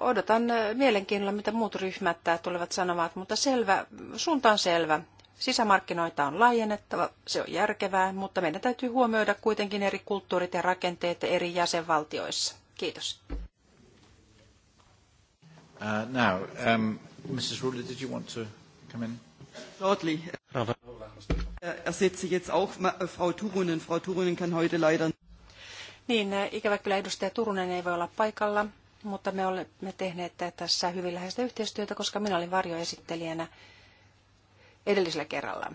Odotan eh, mielenkiinnolla, mitä muut ryhmät tulevat sanomaan, mutta selvä, suunta on selvä. Sisämarkkinoita on laajennettava, se on järkevää, mutta meidän täytyy huomioida kuitenkin eri kulttuurit ja rakenteet eri jäsenvaltioissa. Kiitos. Uh, now, um, Mrs. Ruler, did you want to come in? Shortly. Äh, Ersetze jetzt auch äh, Frau Turunen. Frau Turunen kann heute leider... Niin, äh, ikävä kyllä edustaja Turunen ei voi olla paikalla mutta me olemme tehneet tässä hyvin läheistä yhteistyötä, koska minä olin varjoesittelijänä edellisellä kerralla,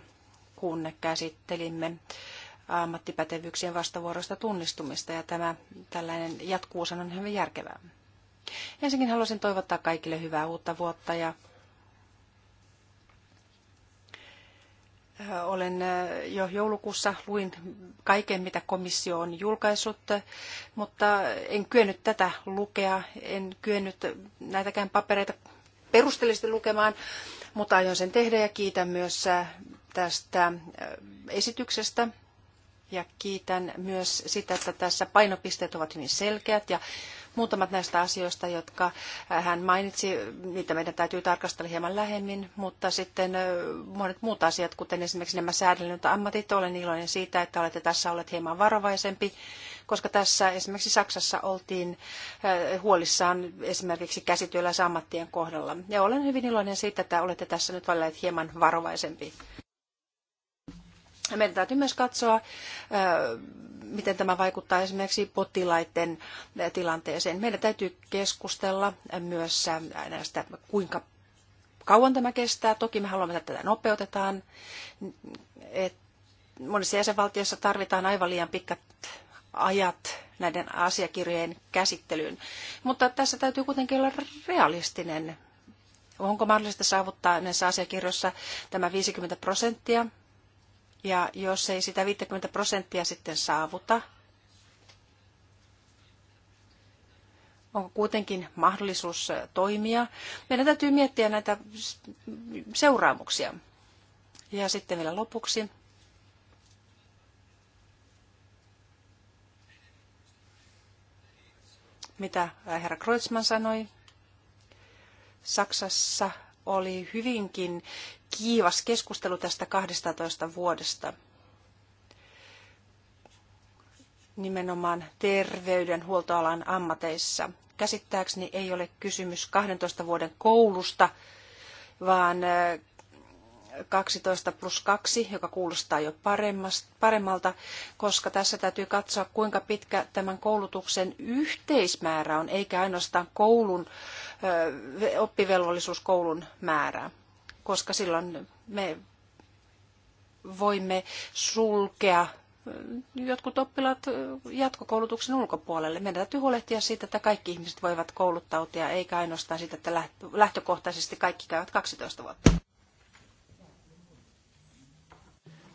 kun käsittelimme ammattipätevyyksien vastavuoroista tunnistumista, ja tämä tällainen jatkuus on hyvin järkevää. Ensinnäkin haluaisin toivottaa kaikille hyvää uutta vuotta ja Olen jo joulukuussa luin kaiken, mitä komissio on julkaissut, mutta en kyennyt tätä lukea, en kyennyt näitäkään papereita perusteellisesti lukemaan, mutta aion sen tehdä ja kiitän myös tästä esityksestä. Ja kiitän myös sitä, että tässä painopisteet ovat hyvin selkeät ja Muutamat näistä asioista, jotka äh, hän mainitsi, niitä meidän täytyy tarkastella hieman lähemmin, mutta sitten äh, monet muut asiat, kuten esimerkiksi nämä säädellyt ammatit, olen iloinen siitä, että olette tässä olleet hieman varovaisempi, koska tässä esimerkiksi Saksassa oltiin äh, huolissaan esimerkiksi käsityöläisammattien kohdalla. Ja olen hyvin iloinen siitä, että olette tässä nyt valleet hieman varovaisempi. Meidän täytyy myös katsoa, miten tämä vaikuttaa esimerkiksi potilaiden tilanteeseen. Meidän täytyy keskustella myös näistä, kuinka kauan tämä kestää. Toki me haluamme, että tätä nopeutetaan. Et monissa jäsenvaltioissa tarvitaan aivan liian pitkät ajat näiden asiakirjojen käsittelyyn. Mutta tässä täytyy kuitenkin olla realistinen. Onko mahdollista saavuttaa näissä asiakirjoissa tämä 50 prosenttia ja jos ei sitä 50 prosenttia sitten saavuta, onko kuitenkin mahdollisuus toimia. Meidän täytyy miettiä näitä seuraamuksia. Ja sitten vielä lopuksi. Mitä herra Kreutzmann sanoi, Saksassa oli hyvinkin kiivas keskustelu tästä 12 vuodesta. Nimenomaan terveydenhuoltoalan ammateissa. Käsittääkseni ei ole kysymys 12 vuoden koulusta, vaan 12 plus 2, joka kuulostaa jo paremmalta, koska tässä täytyy katsoa, kuinka pitkä tämän koulutuksen yhteismäärä on, eikä ainoastaan koulun, koulun määrää, koska silloin me voimme sulkea jotkut oppilaat jatkokoulutuksen ulkopuolelle. Meidän täytyy huolehtia siitä, että kaikki ihmiset voivat kouluttautua, eikä ainoastaan siitä, että lähtökohtaisesti kaikki käyvät 12 vuotta.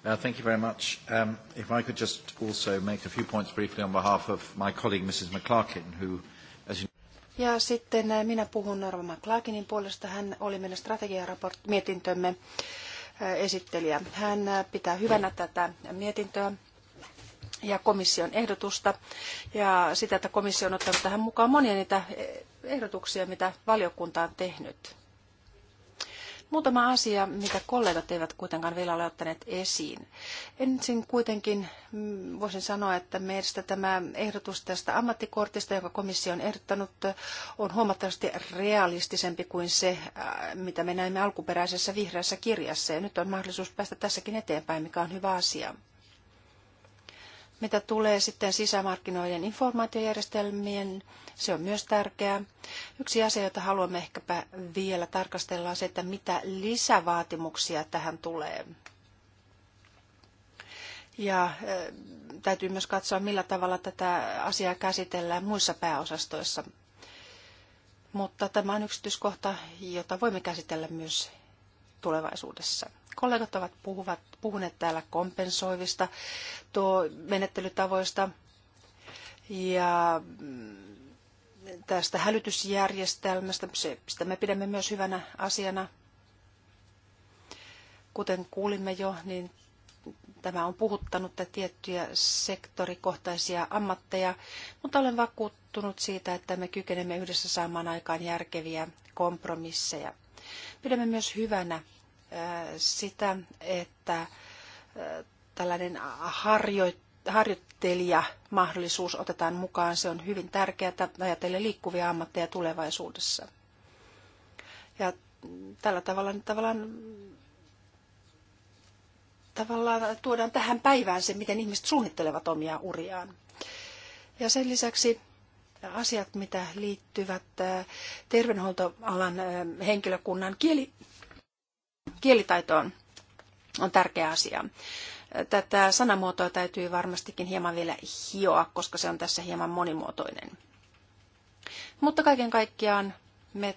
Uh, thank you very much. Um, if I could just also make a few points briefly on behalf of my colleague Mrs. McClarkin, who, as you... Ja sitten uh, minä puhun Norva McClarkinin puolesta. Hän oli meidän strategiamietintömme uh, esittelijä. Hän uh, pitää hyvänä tätä mietintöä ja komission ehdotusta ja sitä, että komissio on ottanut tähän mukaan monia niitä ehdotuksia, mitä valiokunta on tehnyt. Muutama asia, mitä kollegat eivät kuitenkaan vielä ole ottaneet esiin. Ensin kuitenkin mm, voisin sanoa, että meistä tämä ehdotus tästä ammattikortista, jonka komissio on ehdottanut, on huomattavasti realistisempi kuin se, äh, mitä me näimme alkuperäisessä vihreässä kirjassa. Ja nyt on mahdollisuus päästä tässäkin eteenpäin, mikä on hyvä asia. Mitä tulee sitten sisämarkkinoiden informaatiojärjestelmien, se on myös tärkeää. Yksi asia, jota haluamme ehkäpä vielä tarkastella, on se, että mitä lisävaatimuksia tähän tulee. Ja täytyy myös katsoa, millä tavalla tätä asiaa käsitellään muissa pääosastoissa. Mutta tämä on yksityiskohta, jota voimme käsitellä myös tulevaisuudessa. Kollegat ovat puhuvat, puhuneet täällä kompensoivista tuo menettelytavoista ja tästä hälytysjärjestelmästä. Se, sitä me pidämme myös hyvänä asiana. Kuten kuulimme jo, niin tämä on puhuttanut tiettyjä sektorikohtaisia ammatteja, mutta olen vakuuttunut siitä, että me kykenemme yhdessä saamaan aikaan järkeviä kompromisseja. Pidämme myös hyvänä sitä, että tällainen harjoittelija mahdollisuus otetaan mukaan. Se on hyvin tärkeää ajatellen liikkuvia ammatteja tulevaisuudessa. Ja tällä tavalla niin tavallaan, tavallaan tuodaan tähän päivään se, miten ihmiset suunnittelevat omia uriaan. Ja sen lisäksi asiat, mitä liittyvät terveydenhuoltoalan henkilökunnan kieli, on, on tärkeä asia. Tätä sanamuotoa täytyy varmastikin hieman vielä hioa, koska se on tässä hieman monimuotoinen. Mutta kaiken kaikkiaan me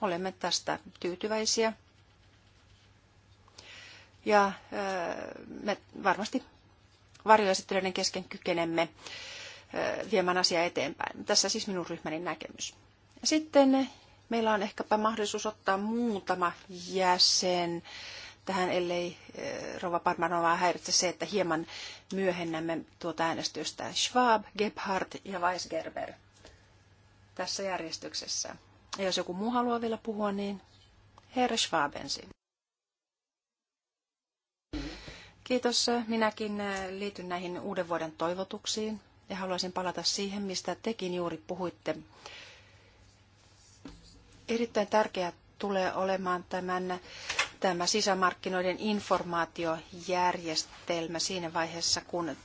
olemme tästä tyytyväisiä. Ja me varmasti varjoesittelyiden kesken kykenemme viemään asiaa eteenpäin. Tässä siis minun ryhmäni näkemys. Sitten meillä on ehkäpä mahdollisuus ottaa muutama jäsen tähän, ellei eh, Rova Parmanovaa häiritse se, että hieman myöhennämme tuota äänestystä. Schwab, Gebhardt ja Weisgerber tässä järjestyksessä. Ja jos joku muu haluaa vielä puhua, niin herra Schwab ensin. Kiitos. Minäkin eh, liityn näihin uuden vuoden toivotuksiin ja haluaisin palata siihen, mistä tekin juuri puhuitte Erittäin tärkeää tulee olemaan tämän, tämä sisämarkkinoiden informaatiojärjestelmä siinä vaiheessa, kun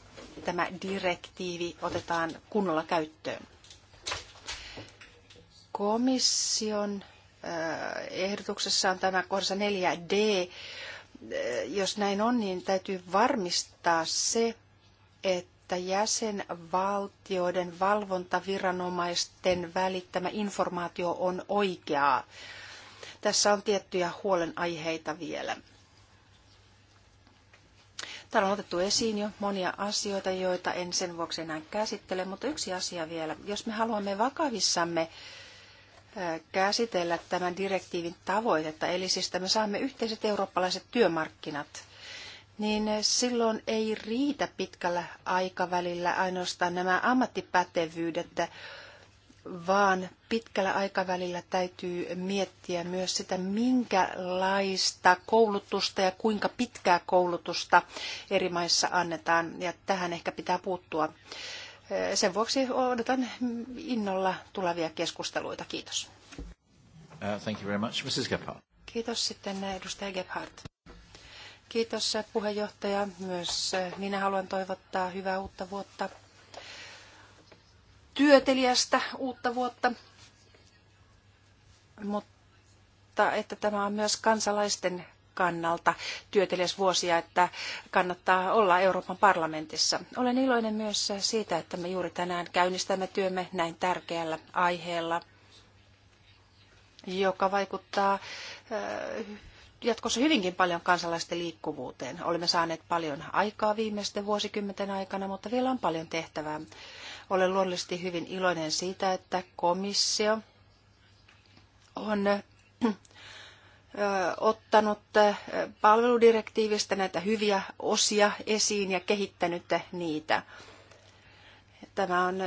tämä direktiivi otetaan kunnolla käyttöön. Komission äh, ehdotuksessa on tämä kohdassa 4D. Äh, jos näin on, niin täytyy varmistaa se, että että jäsenvaltioiden valvontaviranomaisten välittämä informaatio on oikeaa. Tässä on tiettyjä huolenaiheita vielä. Täällä on otettu esiin jo monia asioita, joita en sen vuoksi enää käsittele, mutta yksi asia vielä. Jos me haluamme vakavissamme käsitellä tämän direktiivin tavoitetta, eli siis että me saamme yhteiset eurooppalaiset työmarkkinat, niin silloin ei riitä pitkällä aikavälillä ainoastaan nämä ammattipätevyydet, vaan pitkällä aikavälillä täytyy miettiä myös sitä, minkälaista koulutusta ja kuinka pitkää koulutusta eri maissa annetaan, ja tähän ehkä pitää puuttua. Sen vuoksi odotan innolla tulevia keskusteluita. Kiitos. Uh, thank you very much. Mrs. Gebhardt. Kiitos sitten edustaja Gebhardt. Kiitos puheenjohtaja. Myös eh, minä haluan toivottaa hyvää uutta vuotta, työtelijästä uutta vuotta, mutta että tämä on myös kansalaisten kannalta työtelijäs vuosia, että kannattaa olla Euroopan parlamentissa. Olen iloinen myös siitä, että me juuri tänään käynnistämme työmme näin tärkeällä aiheella, joka vaikuttaa eh, jatkossa hyvinkin paljon kansalaisten liikkuvuuteen. Olemme saaneet paljon aikaa viimeisten vuosikymmenten aikana, mutta vielä on paljon tehtävää. Olen luonnollisesti hyvin iloinen siitä, että komissio on äh, ottanut äh, palveludirektiivistä näitä hyviä osia esiin ja kehittänyt niitä. Tämä on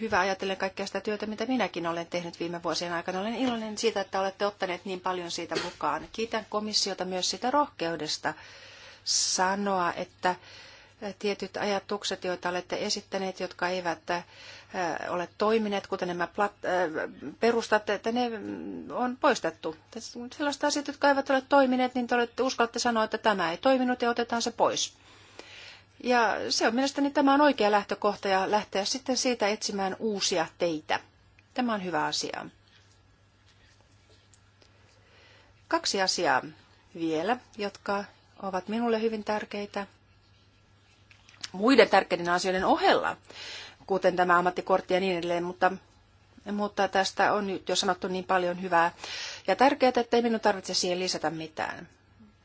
hyvä ajatellen kaikkea sitä työtä, mitä minäkin olen tehnyt viime vuosien aikana. Olen iloinen siitä, että olette ottaneet niin paljon siitä mukaan. Kiitän komissiota myös sitä rohkeudesta sanoa, että tietyt ajatukset, joita olette esittäneet, jotka eivät ole toimineet, kuten nämä plat, perustat, että ne mm, on poistettu. Sellaiset asiat, jotka eivät ole toimineet, niin te olette, uskallatte sanoa, että tämä ei toiminut ja otetaan se pois. Ja se on mielestäni tämä on oikea lähtökohta ja lähteä sitten siitä etsimään uusia teitä. Tämä on hyvä asia. Kaksi asiaa vielä, jotka ovat minulle hyvin tärkeitä muiden tärkeiden asioiden ohella, kuten tämä ammattikortti ja niin edelleen, mutta, mutta tästä on nyt jo sanottu niin paljon hyvää ja tärkeää, että ei minun tarvitse siihen lisätä mitään.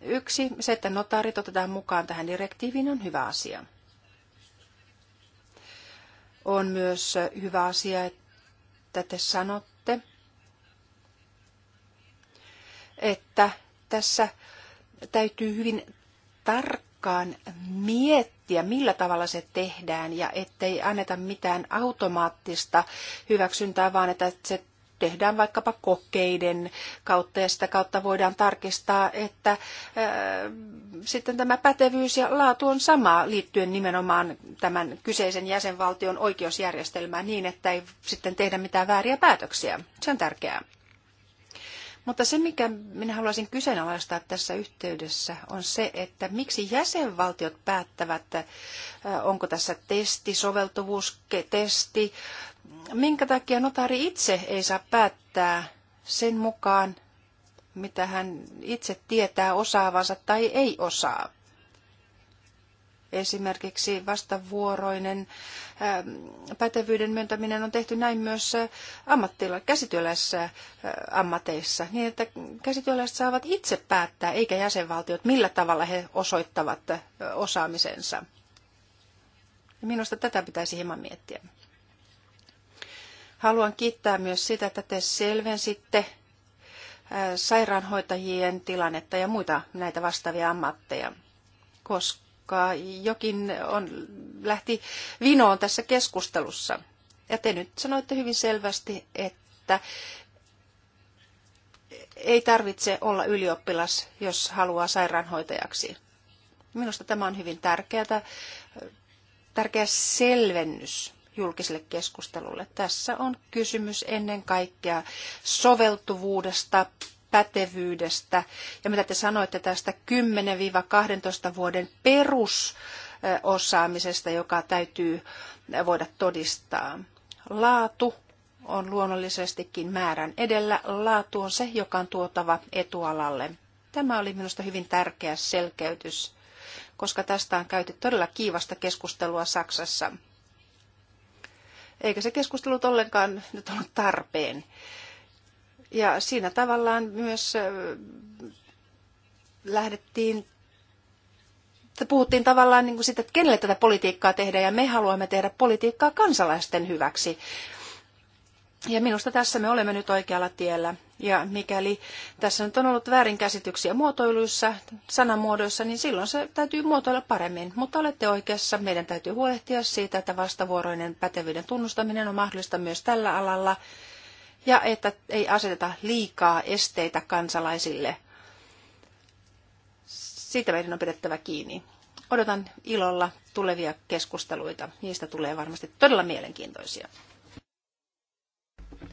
Yksi, se, että notaarit otetaan mukaan tähän direktiiviin, on hyvä asia. On myös hyvä asia, että te sanotte, että tässä täytyy hyvin tarkkaan miettiä, millä tavalla se tehdään ja ettei anneta mitään automaattista hyväksyntää, vaan että se tehdään vaikkapa kokeiden kautta ja sitä kautta voidaan tarkistaa, että ää, sitten tämä pätevyys ja laatu on sama liittyen nimenomaan tämän kyseisen jäsenvaltion oikeusjärjestelmään niin, että ei sitten tehdä mitään vääriä päätöksiä. Se on tärkeää. Mutta se, mikä minä haluaisin kyseenalaistaa tässä yhteydessä, on se, että miksi jäsenvaltiot päättävät, onko tässä testi, soveltuvuustesti, minkä takia notaari itse ei saa päättää sen mukaan, mitä hän itse tietää osaavansa tai ei osaa. Esimerkiksi vastavuoroinen ää, ähm, pätevyyden myöntäminen on tehty näin myös äh, käsityöläisissä äh, ammateissa, niin että käsityöläiset saavat itse päättää, eikä jäsenvaltiot, millä tavalla he osoittavat äh, osaamisensa. Minusta tätä pitäisi hieman miettiä. Haluan kiittää myös sitä, että te selvensitte sairaanhoitajien tilannetta ja muita näitä vastaavia ammatteja, koska jokin on, lähti vinoon tässä keskustelussa. Ja te nyt sanoitte hyvin selvästi, että ei tarvitse olla ylioppilas, jos haluaa sairaanhoitajaksi. Minusta tämä on hyvin tärkeää, tärkeä selvennys julkiselle keskustelulle. Tässä on kysymys ennen kaikkea soveltuvuudesta, pätevyydestä ja mitä te sanoitte tästä 10-12 vuoden perusosaamisesta, joka täytyy voida todistaa. Laatu on luonnollisestikin määrän edellä. Laatu on se, joka on tuotava etualalle. Tämä oli minusta hyvin tärkeä selkeytys, koska tästä on käyty todella kiivasta keskustelua Saksassa. Eikä se keskustelu ollenkaan nyt ollut tarpeen. Ja siinä tavallaan myös lähdettiin, puhuttiin tavallaan niin kuin sitä, että kenelle tätä politiikkaa tehdään, ja me haluamme tehdä politiikkaa kansalaisten hyväksi. Ja minusta tässä me olemme nyt oikealla tiellä. Ja mikäli tässä nyt on ollut väärinkäsityksiä muotoiluissa, sanamuodoissa, niin silloin se täytyy muotoilla paremmin. Mutta olette oikeassa, meidän täytyy huolehtia siitä, että vastavuoroinen pätevyyden tunnustaminen on mahdollista myös tällä alalla ja että ei aseteta liikaa esteitä kansalaisille. Siitä meidän on pidettävä kiinni. Odotan ilolla tulevia keskusteluita. Niistä tulee varmasti todella mielenkiintoisia.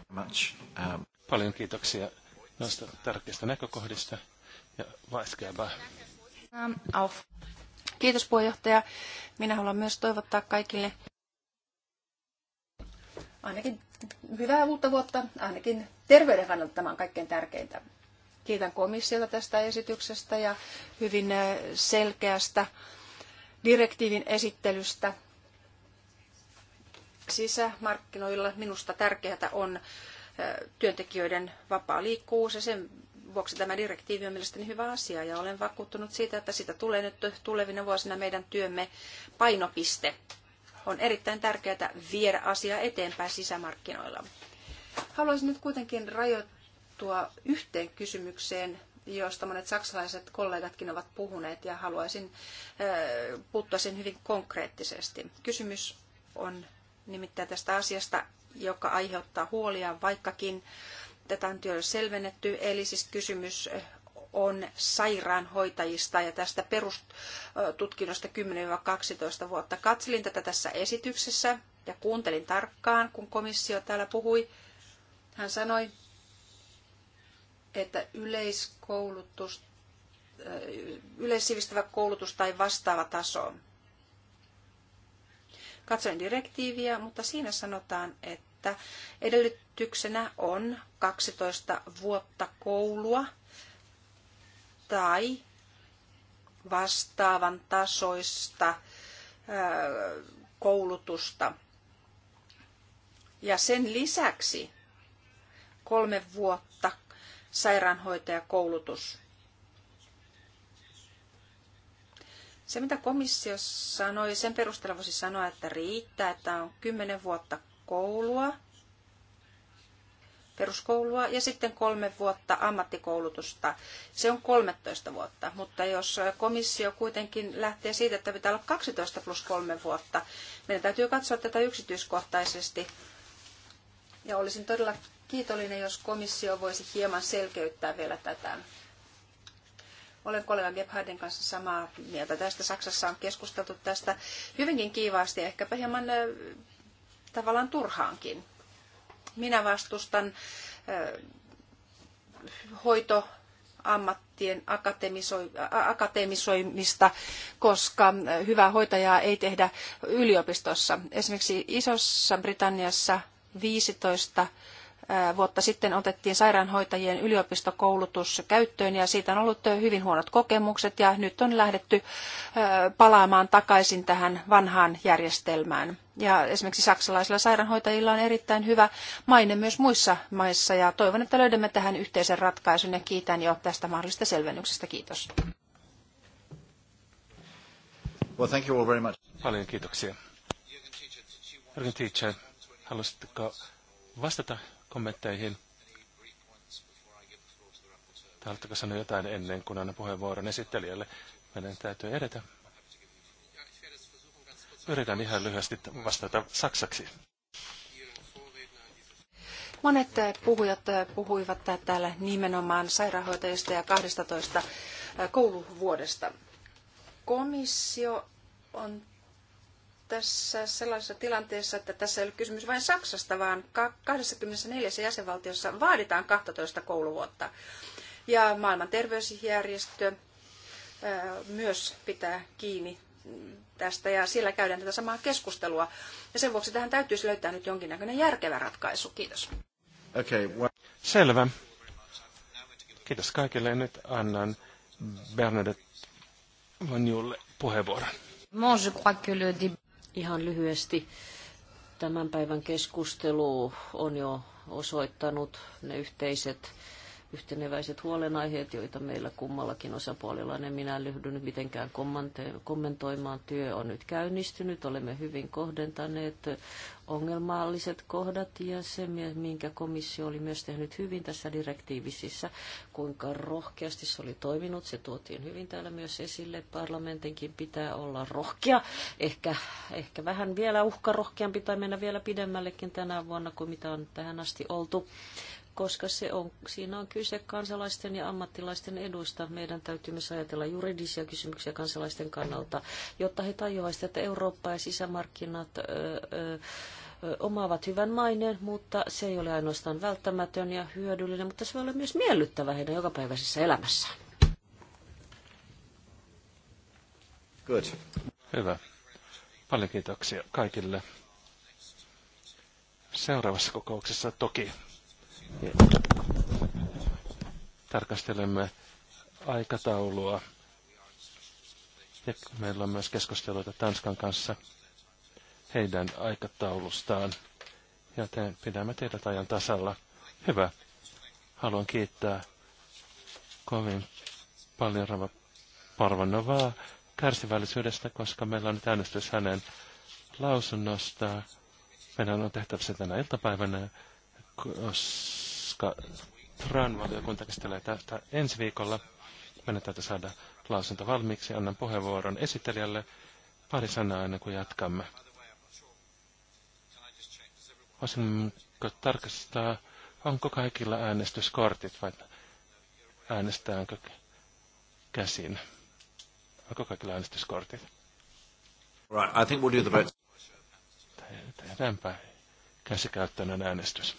Much. Um... Paljon kiitoksia noista tärkeistä näkökohdista ja vaiskeabaa. Ähm, Kiitos puheenjohtaja. Minä haluan myös toivottaa kaikille ainakin hyvää uutta vuotta, ainakin terveyden kannalta tämä on kaikkein tärkeintä. Kiitän komissiota tästä esityksestä ja hyvin äh, selkeästä direktiivin esittelystä sisämarkkinoilla. Minusta tärkeää on työntekijöiden vapaa liikkuvuus ja sen vuoksi tämä direktiivi on mielestäni hyvä asia ja olen vakuuttunut siitä, että siitä tulee nyt tulevina vuosina meidän työmme painopiste. On erittäin tärkeää viedä asiaa eteenpäin sisämarkkinoilla. Haluaisin nyt kuitenkin rajoittua yhteen kysymykseen, josta monet saksalaiset kollegatkin ovat puhuneet ja haluaisin puuttua sen hyvin konkreettisesti. Kysymys on nimittäin tästä asiasta joka aiheuttaa huolia, vaikkakin tätä on työllä selvennetty. Eli siis kysymys on sairaanhoitajista ja tästä perustutkinnosta 10-12 vuotta. Katselin tätä tässä esityksessä ja kuuntelin tarkkaan, kun komissio täällä puhui. Hän sanoi, että yleiskoulutus, yleissivistävä koulutus tai vastaava taso Katsoin direktiiviä, mutta siinä sanotaan, että edellytyksenä on 12 vuotta koulua tai vastaavan tasoista koulutusta. Ja sen lisäksi kolme vuotta sairaanhoitajakoulutus. Se, mitä komissio sanoi, sen perusteella voisi sanoa, että riittää, että on kymmenen vuotta koulua, peruskoulua ja sitten kolme vuotta ammattikoulutusta. Se on 13 vuotta, mutta jos komissio kuitenkin lähtee siitä, että pitää olla 12 plus kolme vuotta, meidän täytyy katsoa tätä yksityiskohtaisesti. Ja olisin todella kiitollinen, jos komissio voisi hieman selkeyttää vielä tätä. Olen kollega Gebhardin kanssa samaa mieltä tästä. Saksassa on keskusteltu tästä hyvinkin kiivaasti, ehkäpä hieman tavallaan turhaankin. Minä vastustan hoito ammattien akatemisoimista, koska hyvää hoitajaa ei tehdä yliopistossa. Esimerkiksi Isossa Britanniassa 15 vuotta sitten otettiin sairaanhoitajien yliopistokoulutus käyttöön ja siitä on ollut hyvin huonot kokemukset ja nyt on lähdetty palaamaan takaisin tähän vanhaan järjestelmään. Ja esimerkiksi saksalaisilla sairaanhoitajilla on erittäin hyvä maine myös muissa maissa ja toivon, että löydämme tähän yhteisen ratkaisun ja kiitän jo tästä mahdollisesta selvennyksestä. Kiitos. Well, thank you all very much. Paljon kiitoksia. Jürgen Teacher, haluaisitteko vastata kommentteihin. Haluatteko sanoa jotain ennen kuin annan puheenvuoron esittelijälle? Meidän täytyy edetä. Yritän ihan lyhyesti vastata saksaksi. Monet puhujat puhuivat täällä nimenomaan sairaanhoitajista ja 12 kouluvuodesta. Komissio on tässä sellaisessa tilanteessa, että tässä ei ole kysymys vain Saksasta, vaan 24 jäsenvaltiossa vaaditaan 12 kouluvuotta. Ja maailman terveysjärjestö myös pitää kiinni tästä ja siellä käydään tätä samaa keskustelua. Ja sen vuoksi tähän täytyisi löytää nyt jonkinnäköinen järkevä ratkaisu. Kiitos. Okay, well. Selvä. Kiitos kaikille. Nyt annan Bernadette Vanjulle puheenvuoron. Moi, je crois que le Ihan lyhyesti tämän päivän keskustelu on jo osoittanut ne yhteiset yhteneväiset huolenaiheet, joita meillä kummallakin osapuolella En minä lyhdy mitenkään kommentoimaan. Työ on nyt käynnistynyt. Olemme hyvin kohdentaneet ongelmalliset kohdat ja se, minkä komissio oli myös tehnyt hyvin tässä direktiivisissä, kuinka rohkeasti se oli toiminut. Se tuotiin hyvin täällä myös esille. Parlamentinkin pitää olla rohkea. Ehkä, ehkä vähän vielä uhkarohkeampi tai mennä vielä pidemmällekin tänä vuonna kuin mitä on tähän asti oltu koska se on, siinä on kyse kansalaisten ja ammattilaisten edusta. Meidän täytyy myös ajatella juridisia kysymyksiä kansalaisten kannalta, jotta he tajuaisivat, että Eurooppa ja sisämarkkinat ö, ö, omaavat hyvän maineen, mutta se ei ole ainoastaan välttämätön ja hyödyllinen, mutta se voi olla myös miellyttävä heidän jokapäiväisessä elämässään. Good. Hyvä. Paljon kiitoksia kaikille. Seuraavassa kokouksessa toki Tarkastelemme aikataulua. Ja meillä on myös keskusteluita Tanskan kanssa heidän aikataulustaan, joten pidämme teidät ajan tasalla. Hyvä. Haluan kiittää kovin paljon Rava Parvanovaa kärsivällisyydestä, koska meillä on nyt äänestys hänen lausunnostaan. Meidän on tehtävä se tänä iltapäivänä, koska TRAN-valiokunta käsittelee tätä ensi viikolla. Meidän täytyy saada lausunto valmiiksi. Annan puheenvuoron esittelijälle pari sanaa ennen kuin jatkamme. Voisinko tarkastaa, onko kaikilla äänestyskortit vai äänestäänkö käsin? Onko kaikilla äänestyskortit? Right, I think we'll do the votes. Tehdäänpä käsikäyttöinen äänestys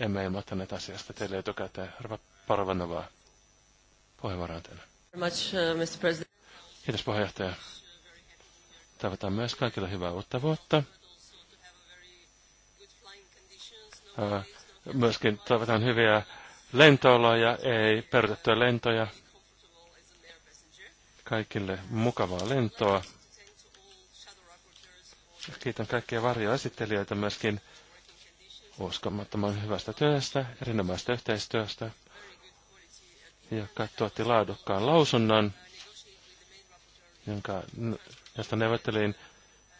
emme ilmoittaneet asiasta teille etukäteen. Rova Parvanovaa, puheenvuoroon teille. Much, uh, Kiitos puheenjohtaja. Tavataan myös kaikille hyvää uutta vuotta. Uh, myöskin toivotan hyviä lentooloja, ei perutettuja lentoja. Kaikille mukavaa lentoa. Kiitän kaikkia varjoesittelijöitä myöskin uskomattoman hyvästä työstä, erinomaisesta yhteistyöstä, joka tuotti laadukkaan lausunnon, jonka, josta neuvottelin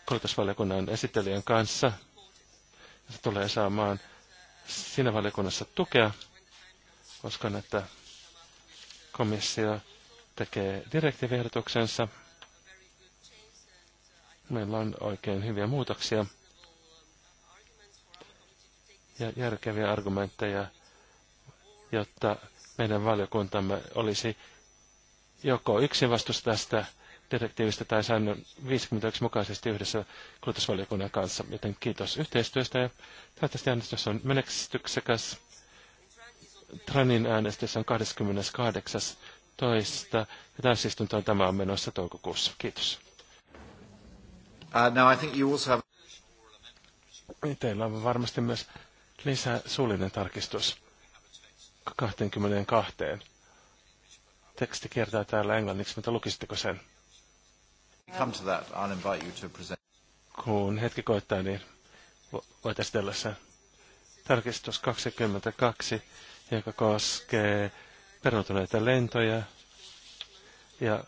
koulutusvaliokunnan esittelijän kanssa. Se tulee saamaan siinä valiokunnassa tukea. Uskon, että komissio tekee direktiivehdotuksensa. Meillä on oikein hyviä muutoksia ja järkeviä argumentteja, jotta meidän valiokuntamme olisi joko yksin vastuussa tästä direktiivistä tai säännön 51 mukaisesti yhdessä kulutusvaliokunnan kanssa. Joten kiitos yhteistyöstä ja toivottavasti äänestys on menestyksekäs. Tranin äänestys on 28. toista ja on tämä on menossa toukokuussa. Kiitos. Uh, now I think you also have... Teillä on varmasti myös lisää suullinen tarkistus 22. Teksti kertaa täällä englanniksi, mutta lukisitteko sen? Kun hetki koittaa, niin voit esitellä sen. Tarkistus 22, joka koskee peruuntuneita lentoja. Ja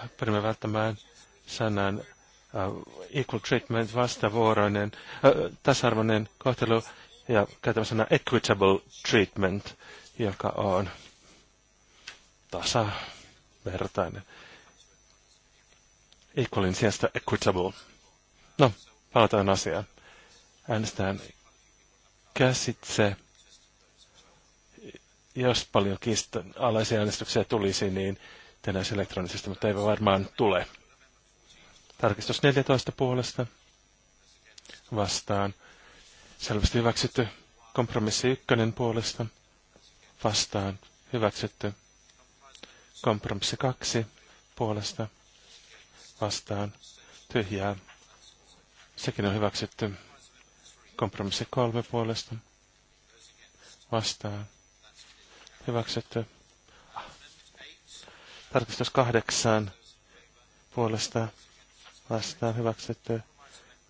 äh, pyrimme välttämään sanan uh, equal treatment, vastavuoroinen, uh, tasa-arvoinen kohtelu ja käytämme sana equitable treatment, joka on tasavertainen. Equalin sijasta equitable. No, palataan asiaan. Äänestään käsitse. Jos paljon alaisia äänestyksiä tulisi, niin tänään elektronisesti, mutta ei varmaan tule. Tarkistus 14 puolesta vastaan Selvästi hyväksytty. Kompromissi ykkönen puolesta. Vastaan. Hyväksytty. Kompromissi kaksi puolesta. Vastaan. Tyhjää. Sekin on hyväksytty. Kompromissi kolme puolesta. Vastaan. Hyväksytty. Tarkistus kahdeksan puolesta vastaan hyväksytty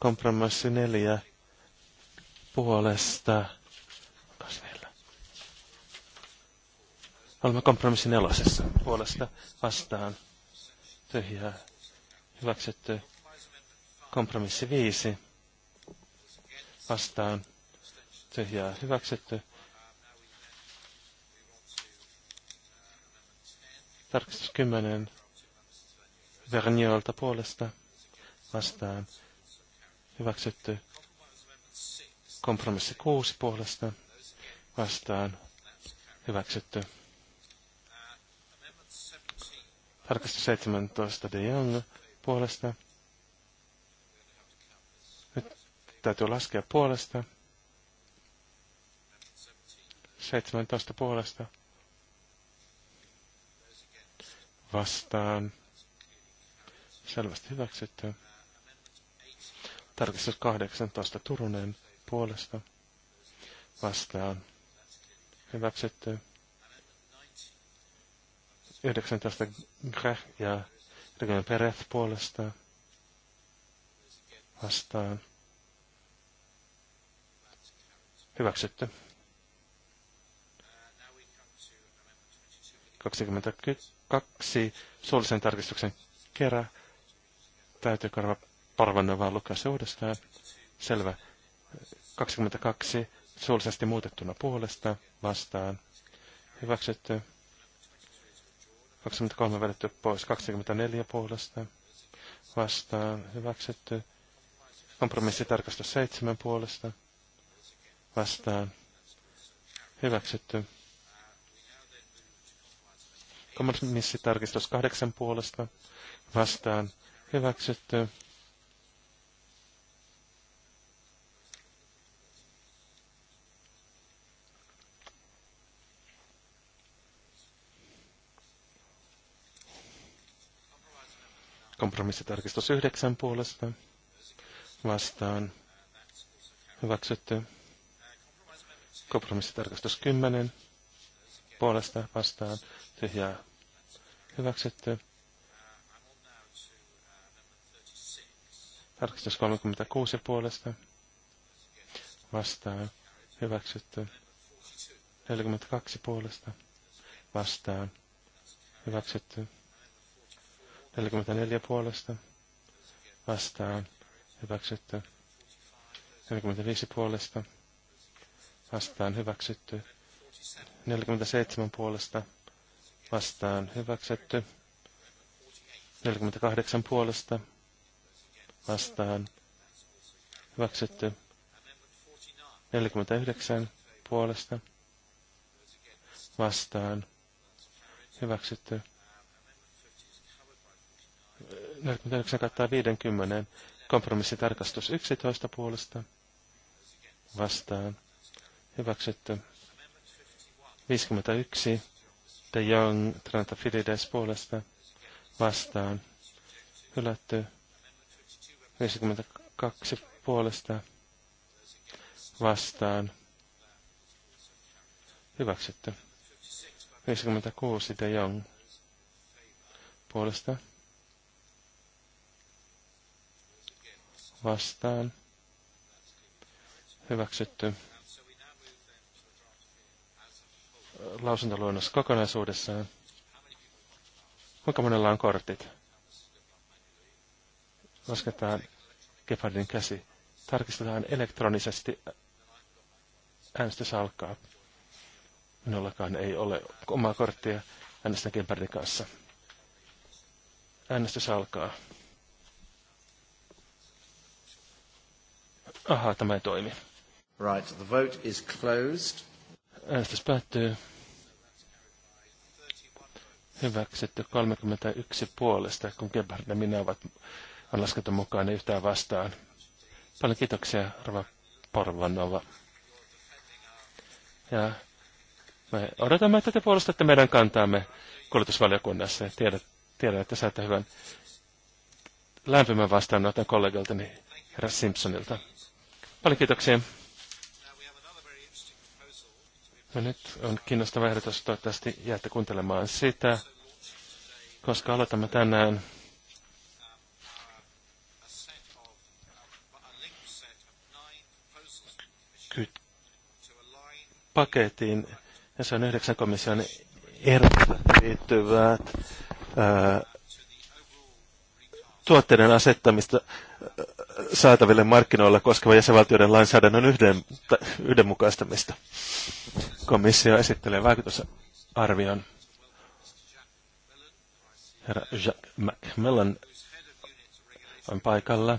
kompromissi neljä puolesta. Olemme kompromissin nelosessa puolesta vastaan. Tyhjää. Hyväksytty. Kompromissi viisi. Vastaan. Tyhjää. Hyväksytty. Tarkistus kymmenen Verniolta puolesta. Vastaan. Hyväksytty. Kompromissi kuusi puolesta vastaan hyväksytty. Tarkastus 17 de Jong puolesta. Nyt täytyy laskea puolesta. 17 puolesta. Vastaan. Selvästi hyväksytty. Tarkistus 18 Turunen puolesta vastaan hyväksytty. 19 Grech ja 40 peret puolesta vastaan hyväksytty. 22 suullisen tarkistuksen kerran. Täytyykö Parvanova lukea se uudestaan? Selvä. 22 suullisesti muutettuna puolesta vastaan. Hyväksytty. 23 vedetty pois. 24 puolesta vastaan. Hyväksytty. Kompromissitarkastus 7 puolesta vastaan. Hyväksytty. Kompromissitarkistus 8 puolesta vastaan. Hyväksytty. Kompromissitarkistus yhdeksän puolesta vastaan hyväksytty. Kompromissitarkistus 10 puolesta vastaan tyhjää hyväksytty. Tarkistus 36 puolesta vastaan hyväksytty. 42 puolesta vastaan hyväksytty. 44 puolesta vastaan hyväksytty. 45 puolesta vastaan hyväksytty. 47 puolesta vastaan hyväksytty. 48 puolesta vastaan hyväksytty. 49 puolesta vastaan hyväksytty. 49 50. Kompromissitarkastus 11 puolesta. Vastaan. Hyväksytty. 51. De Jong Trantafilides puolesta. Vastaan. Hylätty. 52 puolesta. Vastaan. Hyväksytty. 56 De Jong puolesta vastaan hyväksytty. Lausuntoluonnos kokonaisuudessaan. Kuinka monella on kortit? Lasketaan Gepardin käsi. Tarkistetaan elektronisesti. Äänestys alkaa. Minullakaan ei ole omaa korttia äänestän Gepardin kanssa. Äänestys alkaa. aha, tämä ei toimi. Right, the vote is closed. Äänestys päättyy. Hyväksytty 31 puolesta, kun Gebhard ja minä ovat, on laskettu mukaan ja yhtään vastaan. Paljon kiitoksia, Rava Porvanova. Ja me odotamme, että te puolustatte meidän kantaamme kuljetusvaliokunnassa. Tiedät, tiedän että saatte hyvän lämpimän vastaanoton kollegaltani herra Simpsonilta. Paljon kiitoksia. Ja nyt on kiinnostava ehdotus, toivottavasti jäätte kuuntelemaan sitä, koska aloitamme tänään kyt ja se on yhdeksän komission ehdottomat liittyvät ää, tuotteiden asettamista saataville markkinoilla koskeva jäsenvaltioiden lainsäädännön yhden, yhdenmukaistamista. Komissio esittelee vaikutusarvion. Herra Jacques Macmillan on paikalla.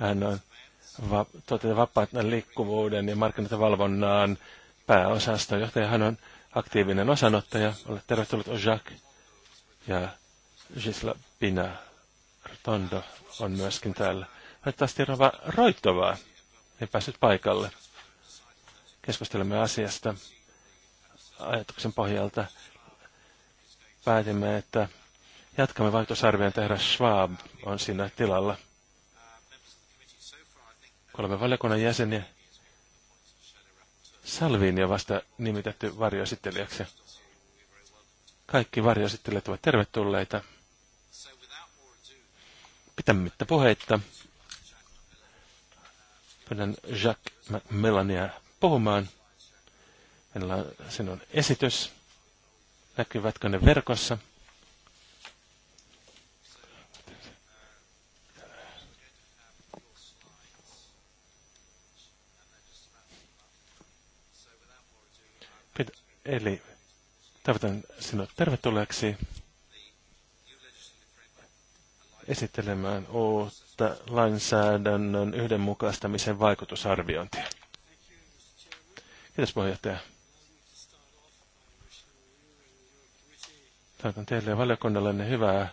Hän on va- vapaan liikkuvuuden ja markkinoiden valvonnan pääosasta, johtaja. Hän on aktiivinen osanottaja. Olet tervetullut Jacques ja Gisla Pina Tondo on myöskin täällä. Valitettavasti Rova Roittovaa ei päässyt paikalle. Keskustelemme asiasta ajatuksen pohjalta. Päätimme, että jatkamme vaikutusarvion tehdä Schwab on siinä tilalla. Kolme valiokunnan jäseniä. Salvin ja vasta nimitetty varjoesittelijäksi. Kaikki varjoesittelijät ovat tervetulleita pitämättä puheitta pyydän Jacques Melania puhumaan. Hänellä on sinun esitys. Näkyvätkö ne verkossa? Eli toivotan sinut tervetulleeksi esittelemään uutta lainsäädännön yhdenmukaistamisen vaikutusarviointia. Kiitos puheenjohtaja. Toivotan teille ja valiokunnallenne hyvää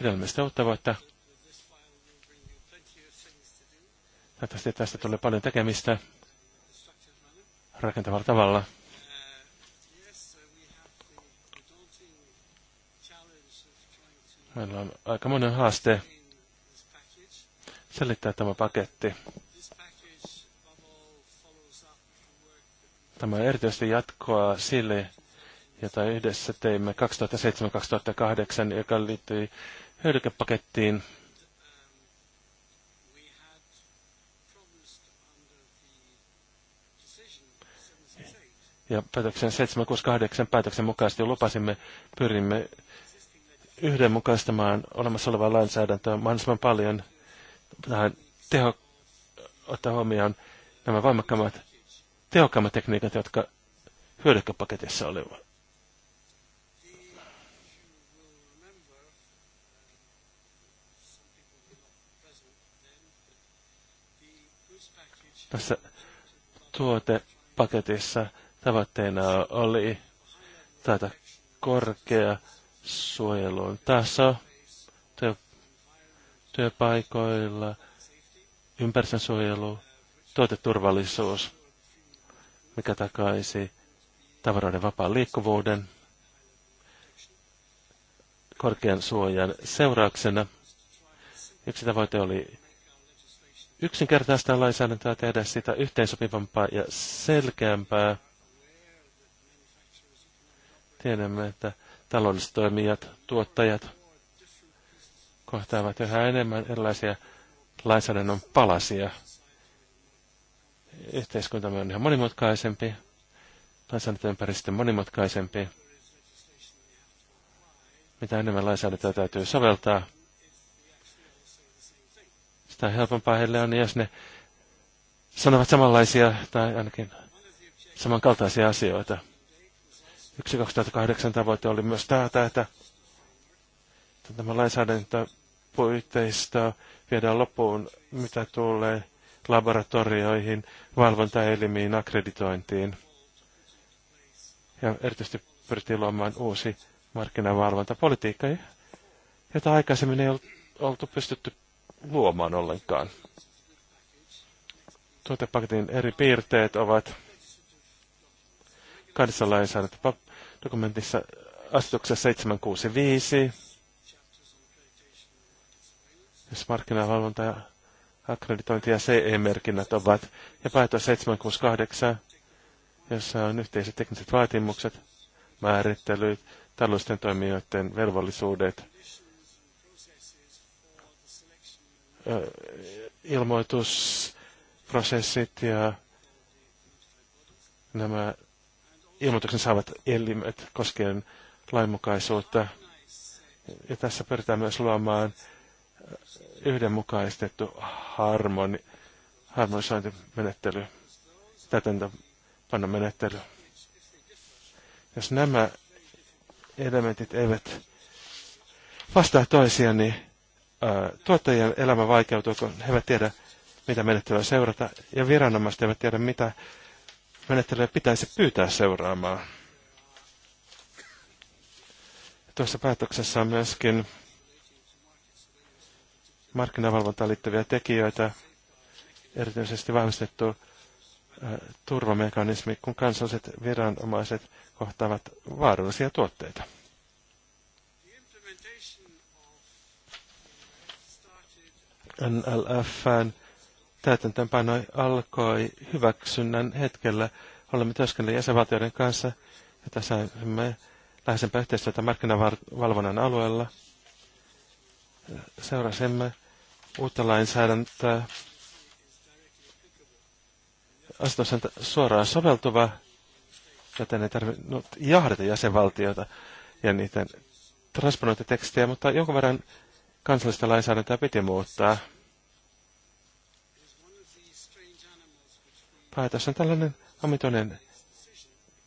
hedelmistä uutta vuotta. Toivottavasti tästä tulee paljon tekemistä rakentavalla tavalla. Meillä on aika monen haaste selittää tämä paketti. Tämä erityisesti jatkoa sille, jota yhdessä teimme 2007-2008, joka liittyi hyödykepakettiin. Ja päätöksen 768 päätöksen mukaisesti lupasimme, pyrimme yhdenmukaistamaan olemassa olevaa lainsäädäntöä mahdollisimman paljon tähän teho, ottaa huomioon nämä voimakkaammat, tehokkaammat tekniikat, jotka hyödykkäpaketissa olivat. Tässä tuotepaketissa tavoitteena oli taata korkea Suojeluun tässä työ, työpaikoilla, ympäristön suojelu, tuoteturvallisuus, mikä takaisi tavaroiden vapaan liikkuvuuden korkean suojan seurauksena. Yksi tavoite oli yksinkertaista lainsäädäntöä, tehdä sitä yhteensopivampaa ja selkeämpää. Tiedämme, että taloudelliset toimijat, tuottajat kohtaavat yhä enemmän erilaisia lainsäädännön palasia. Yhteiskuntamme on ihan monimutkaisempi, lainsäädäntöympäristö monimutkaisempi. Mitä enemmän lainsäädäntöä täytyy soveltaa, sitä helpompaa heille on, jos ne sanovat samanlaisia tai ainakin samankaltaisia asioita. Yksi 2008 tavoite oli myös taata, että tämä lainsäädäntö puitteista viedään loppuun, mitä tulee laboratorioihin, valvontaelimiin, akkreditointiin. Ja erityisesti pyrittiin luomaan uusi markkinavalvontapolitiikka, jota aikaisemmin ei oltu pystytty luomaan ollenkaan. Tuotepaketin eri piirteet ovat kansalainsäädäntöpaperi, dokumentissa asetuksessa 765, jos markkinavalvonta ja akkreditointi ja CE-merkinnät ovat, ja päätös 768, jossa on yhteiset tekniset vaatimukset, määrittelyt, taloudellisten toimijoiden velvollisuudet, ilmoitusprosessit ja nämä ilmoituksen saavat elimet koskien lainmukaisuutta. Ja tässä pyritään myös luomaan yhdenmukaistettu harmoni, harmonisointimenettely, täytäntöpanomenettely. Jos nämä elementit eivät vastaa toisiaan, niin tuottajien elämä vaikeutuu, kun he eivät tiedä, mitä menettelyä seurata, ja viranomaiset eivät tiedä, mitä menettelyä pitäisi pyytää seuraamaan. Tuossa päätöksessä on myöskin markkinavalvontaan liittyviä tekijöitä, erityisesti vahvistettu turvamekanismi, kun kansalliset viranomaiset kohtaavat vaarallisia tuotteita. NLFn täytäntöönpano alkoi hyväksynnän hetkellä. Olemme työskennelleet jäsenvaltioiden kanssa, jota saimme läheisempää yhteistyötä markkinavalvonnan alueella. Seurasimme uutta lainsäädäntöä. Asetus on suoraan soveltuva, joten ei tarvinnut jahdata jäsenvaltiota ja niiden transponointitekstejä, mutta jonkun verran kansallista lainsäädäntöä piti muuttaa. tässä on tällainen omituinen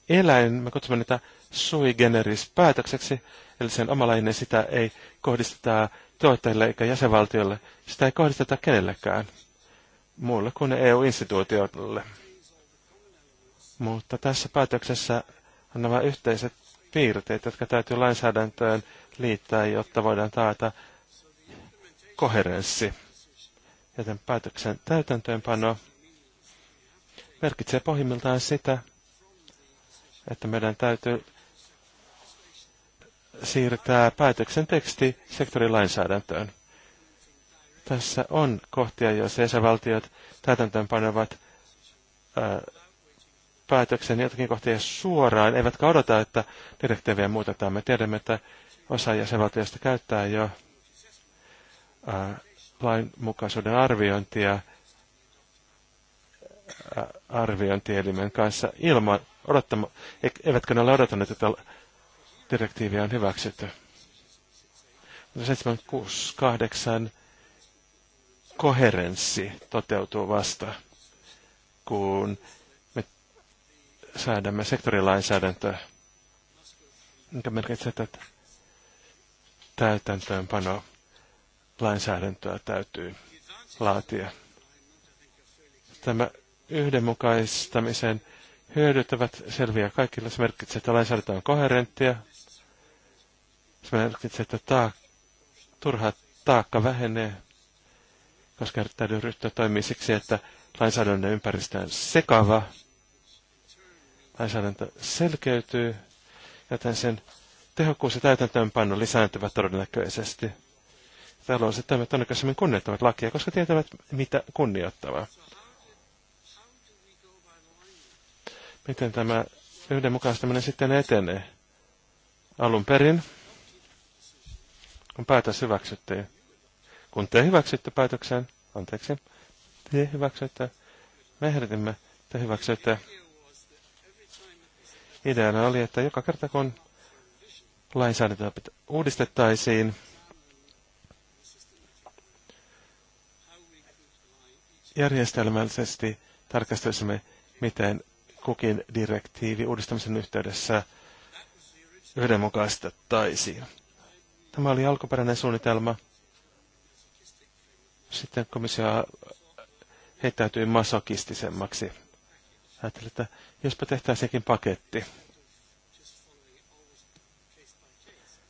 eläin. Me kutsumme niitä sui generis päätökseksi, eli sen omalainen niin sitä ei kohdisteta tuottajille eikä jäsenvaltiolle. Sitä ei kohdisteta kenellekään muulle kuin EU-instituutiolle. Mutta tässä päätöksessä on nämä yhteiset piirteet, jotka täytyy lainsäädäntöön liittää, jotta voidaan taata koherenssi. Joten päätöksen täytäntöönpano merkitsee pohjimmiltaan sitä, että meidän täytyy siirtää päätöksen teksti sektorilainsäädäntöön. Tässä on kohtia, joissa jäsenvaltiot täytäntöönpanevat ää, päätöksen jotakin kohtia suoraan, eivätkä odota, että direktiiviä muutetaan. Me tiedämme, että osa jäsenvaltioista käyttää jo ää, lainmukaisuuden arviointia arviointielimen kanssa ilman odottama, e, eivätkö ne ole odottaneet, että direktiiviä on hyväksytty. 768 koherenssi toteutuu vasta, kun me säädämme sektorilainsäädäntöä, mikä merkitsee, että täytäntöönpano lainsäädäntöä täytyy laatia. Tämä yhdenmukaistamisen hyödyt ovat selviä kaikille. Se merkitsee, että lainsäädäntö on koherenttia. Se merkitsee, että taak- turha taakka vähenee, koska täytyy ryhtyä toimii siksi, että lainsäädännön ympäristö on sekava. Lainsäädäntö selkeytyy, joten sen tehokkuus ja täytäntöönpanno lisääntyvät todennäköisesti. on sitten todennäköisemmin kunnioittavat lakia, koska tietävät, mitä kunnioittavaa. miten tämä yhdenmukaistaminen sitten etenee. Alun perin, kun päätös hyväksyttiin, kun te hyväksytte päätöksen, anteeksi, te hyväksytte, me ehdotimme, te hyväksytte. Ideana oli, että joka kerta kun lainsäädäntöä uudistettaisiin, järjestelmällisesti tarkastaisimme, miten kukin direktiivi uudistamisen yhteydessä yhdenmukaistettaisiin. Tämä oli alkuperäinen suunnitelma. Sitten komissio heittäytyi masokistisemmaksi. Ajattelin, että jospa tehtäisiinkin paketti.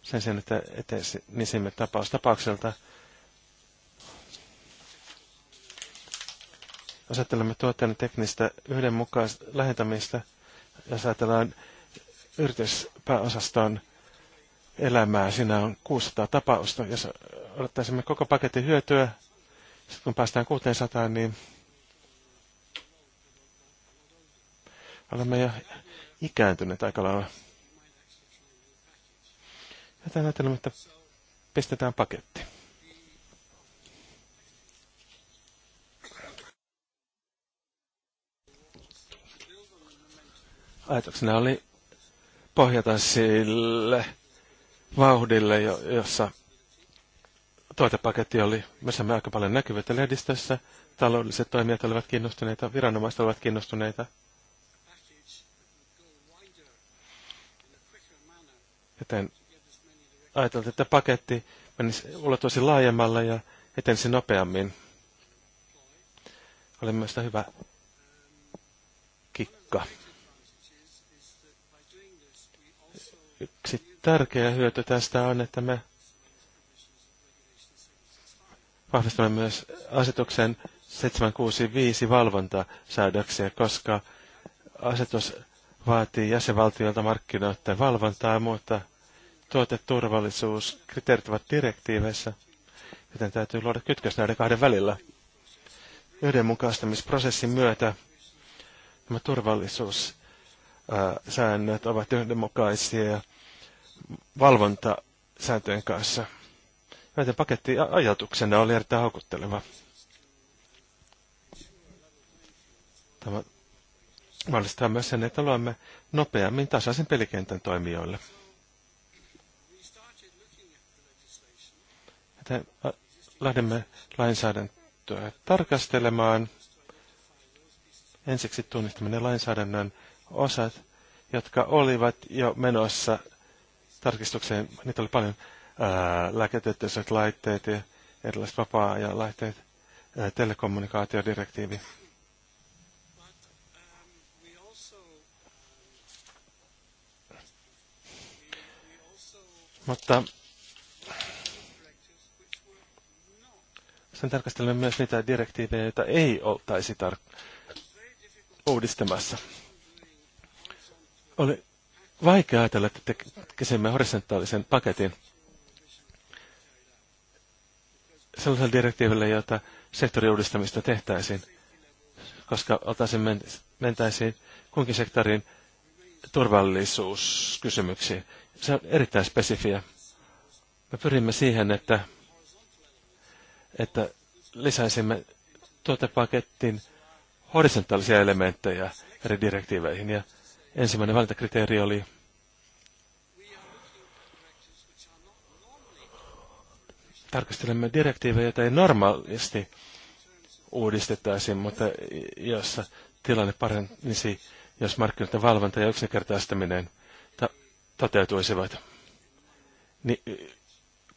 Sen sijaan, että etenisimme tapaus tapaukselta Jos ajattelemme tuotteen teknistä yhdenmukaista lähentämistä, jos ajatellaan yrityspääosaston elämää, siinä on 600 tapausta. Jos odottaisimme koko paketin hyötyä, sitten kun päästään 600, niin olemme jo ikääntyneet aika lailla. Joten ajattelemme, että pistetään paketti. ajatuksena oli pohjata sille vauhdille, jossa tuotepaketti oli. Me saimme aika paljon näkyvyyttä lehdistössä. Taloudelliset toimijat olivat kiinnostuneita, viranomaiset olivat kiinnostuneita. Joten ajateltiin, että paketti menisi ulottuisi laajemmalle ja etenisi nopeammin. Oli myös hyvä kikka. Yksi tärkeä hyöty tästä on, että me vahvistamme myös asetuksen 765 valvontasäädöksiä, koska asetus vaatii jäsenvaltioilta markkinoiden valvontaa, mutta tuoteturvallisuuskriteerit ovat direktiiveissä, joten täytyy luoda kytkös näiden kahden välillä. Yhdenmukaistamisprosessin myötä tämä turvallisuus säännöt ovat yhdenmukaisia valvontasääntöjen kanssa. Joten paketti ajatuksena oli erittäin houkutteleva. Tämä mahdollistaa myös sen, että luomme nopeammin tasaisen pelikentän toimijoille. Joten äh, lähdemme lainsäädäntöä tarkastelemaan. Ensiksi tunnistaminen lainsäädännön osat, jotka olivat jo menossa tarkistukseen, niitä oli paljon lääketieteelliset laitteet ja erilaiset vapaa ja laitteet, ää, telekommunikaatiodirektiivi. Mutta sen tarkastelemme myös niitä direktiivejä, joita ei oltaisi tar- uudistamassa. Oli vaikea ajatella, että tekisimme horisontaalisen paketin sellaiselle direktiiville, jota sektoriuudistamista tehtäisiin, koska oltaisiin mentäisiin kunkin sektorin turvallisuuskysymyksiin. Se on erittäin spesifiä. Me pyrimme siihen, että, että lisäisimme tuotepaketin horisontaalisia elementtejä eri direktiiveihin ja Ensimmäinen valintakriteeri oli tarkastelemme direktiivejä, joita ei normaalisti uudistettaisi, mutta jossa tilanne parannisi, jos markkinoiden valvonta ja yksinkertaistaminen toteutuisivat niin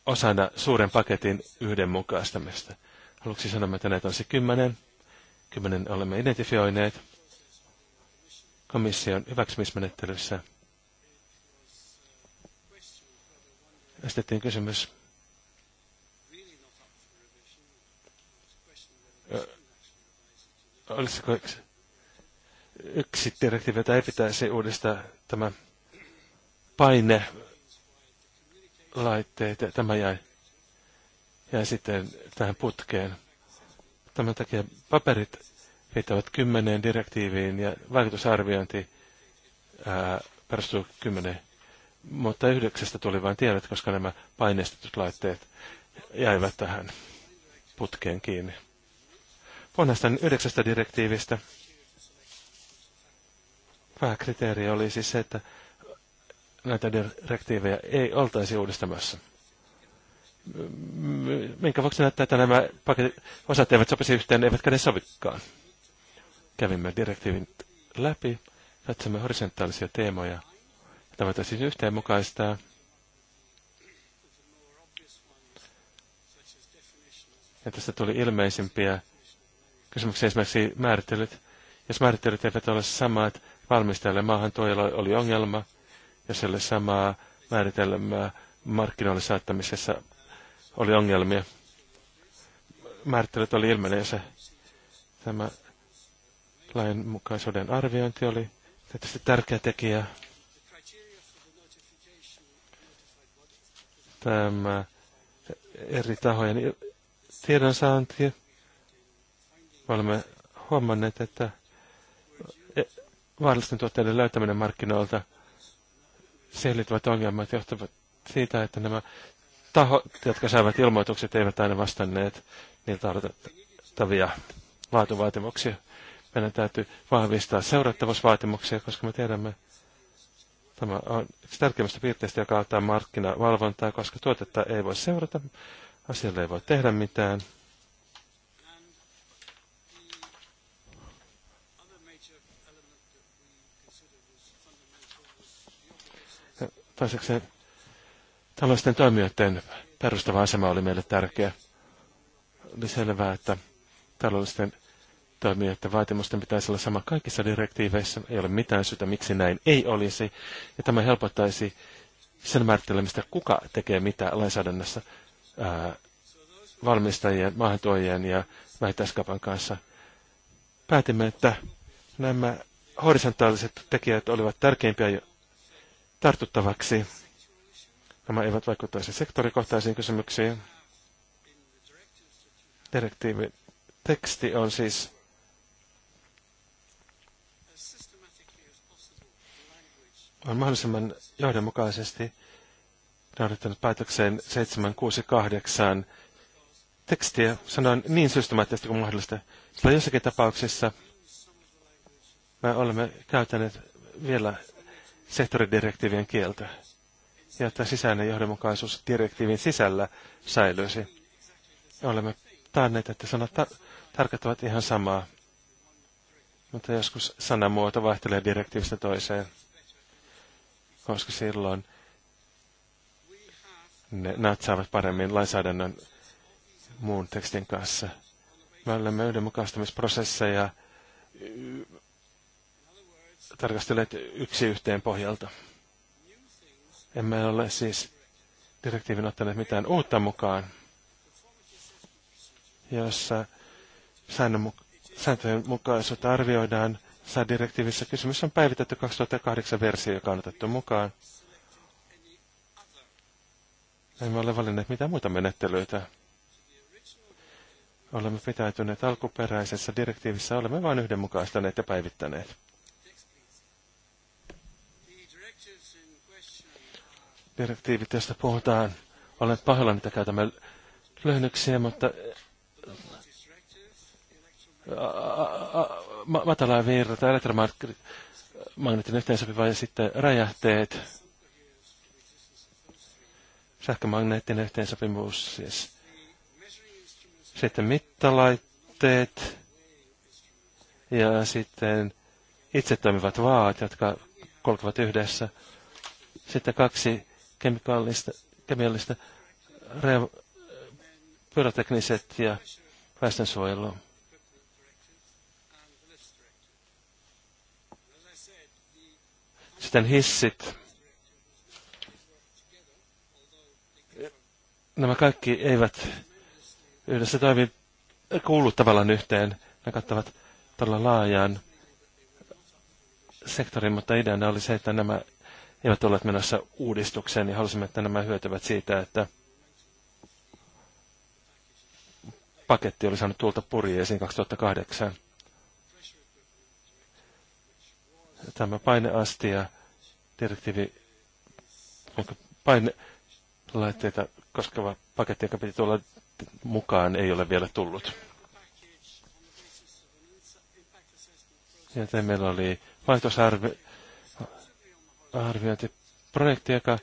osana suuren paketin yhdenmukaistamista. Haluaisin sanoa, että näitä on se kymmenen. Kymmenen olemme identifioineet komission hyväksymismenettelyssä. Esitettiin kysymys. Olisiko yksi, yksi direktiivi, jota ei pitäisi uudistaa tämä paine laitteet, tämä jäi, jäi sitten tähän putkeen. Tämän takia paperit viittaavat kymmeneen direktiiviin ja vaikutusarviointi ää, perustuu kymmeneen. Mutta yhdeksästä tuli vain tiedot, koska nämä paineistetut laitteet jäivät tähän putkeen kiinni. Puhun yhdeksästä direktiivistä. Pääkriteeri oli siis se, että näitä direktiivejä ei oltaisi uudistamassa. Minkä vuoksi näyttää, että nämä paketit, osat eivät sopisi yhteen, eivätkä ne sovikaan. Kävimme direktiivin läpi, katsomme horisontaalisia teemoja. Tämä voitaisiin siis yhteenmukaistaa. Ja tästä tuli ilmeisimpiä kysymyksiä esimerkiksi määrittelyt. Jos määrittelyt eivät ole samat valmistajalle maahantuojalla oli ongelma, ja sille samaa määritelmää markkinoille saattamisessa oli ongelmia. Määrittelyt oli se, Tämä lainmukaisuuden arviointi oli tietysti tärkeä tekijä. Tämä eri tahojen tiedonsaanti. olemme huomanneet, että e- vaarallisten tuotteiden löytäminen markkinoilta selittävät ongelmat johtavat siitä, että nämä tahot, jotka saivat ilmoitukset, eivät aina vastanneet niiltä odotettavia laatuvaatimuksia meidän täytyy vahvistaa seurattavuusvaatimuksia, koska me tiedämme, tämä on yksi tärkeimmistä piirteistä, joka auttaa markkinavalvontaa, koska tuotetta ei voi seurata, asialle ei voi tehdä mitään. Toiseksi tällaisten toimijoiden perustava asema oli meille tärkeä. Oli selvää, että taloudellisten toimii, niin, että vaatimusten pitäisi olla sama kaikissa direktiiveissä. Ei ole mitään syytä, miksi näin ei olisi. Ja tämä helpottaisi sen määrittelemistä, kuka tekee mitä lainsäädännössä ää, valmistajien, maahantuojien ja vähittäiskaupan kanssa. Päätimme, että nämä horisontaaliset tekijät olivat tärkeimpiä tartuttavaksi. Nämä eivät vaikuttaisi sektorikohtaisiin kysymyksiin. Direktiivi teksti on siis on mahdollisimman johdonmukaisesti noudattanut päätökseen 768 tekstiä. Sanoin niin systemaattisesti kuin mahdollista. Sillä jossakin tapauksessa me olemme käyttäneet vielä sektoridirektiivien kieltä, jotta sisäinen johdonmukaisuus direktiivin sisällä säilyisi. Olemme taanneet, että sanat tar- tarkoittavat ihan samaa, mutta joskus sanamuoto vaihtelee direktiivistä toiseen koska silloin ne natsaavat paremmin lainsäädännön muun tekstin kanssa. Me olemme yhdenmukaistamisprosesseja tarkastelleet yksi yhteen pohjalta. Emme ole siis direktiivin ottaneet mitään uutta mukaan, jossa sääntöjen mukaisuutta arvioidaan – saa direktiivissä. Kysymys on päivitetty 2008 versio, joka on otettu mukaan. Emme ole valinneet mitään muita menettelyitä. Olemme pitäytyneet alkuperäisessä direktiivissä, olemme vain yhdenmukaistaneet ja päivittäneet. Direktiivit, joista puhutaan, olen pahoillani, että käytämme lyhennyksiä, mutta virta tai elektromagneettinen yhteensopiva ja sitten räjähteet, sähkömagneettinen yhteensopivuus siis. Sitten mittalaitteet ja sitten itse toimivat vaat, jotka kulkevat yhdessä. Sitten kaksi kemiallista, kemiallista, pyrotekniset ja väestönsuojelua. Sitten hissit. Nämä kaikki eivät yhdessä toimi, kuulu tavallaan yhteen. Ne kattavat todella laajan sektorin, mutta ideana oli se, että nämä eivät olleet menossa uudistukseen, niin halusimme, että nämä hyötyvät siitä, että paketti oli saanut tuolta purjeisiin 2008. tämä paineastia direktiivi, jonka painelaitteita koskeva paketti, joka piti tulla mukaan, ei ole vielä tullut. Joten meillä oli vaihtoisarviointiprojekti, joka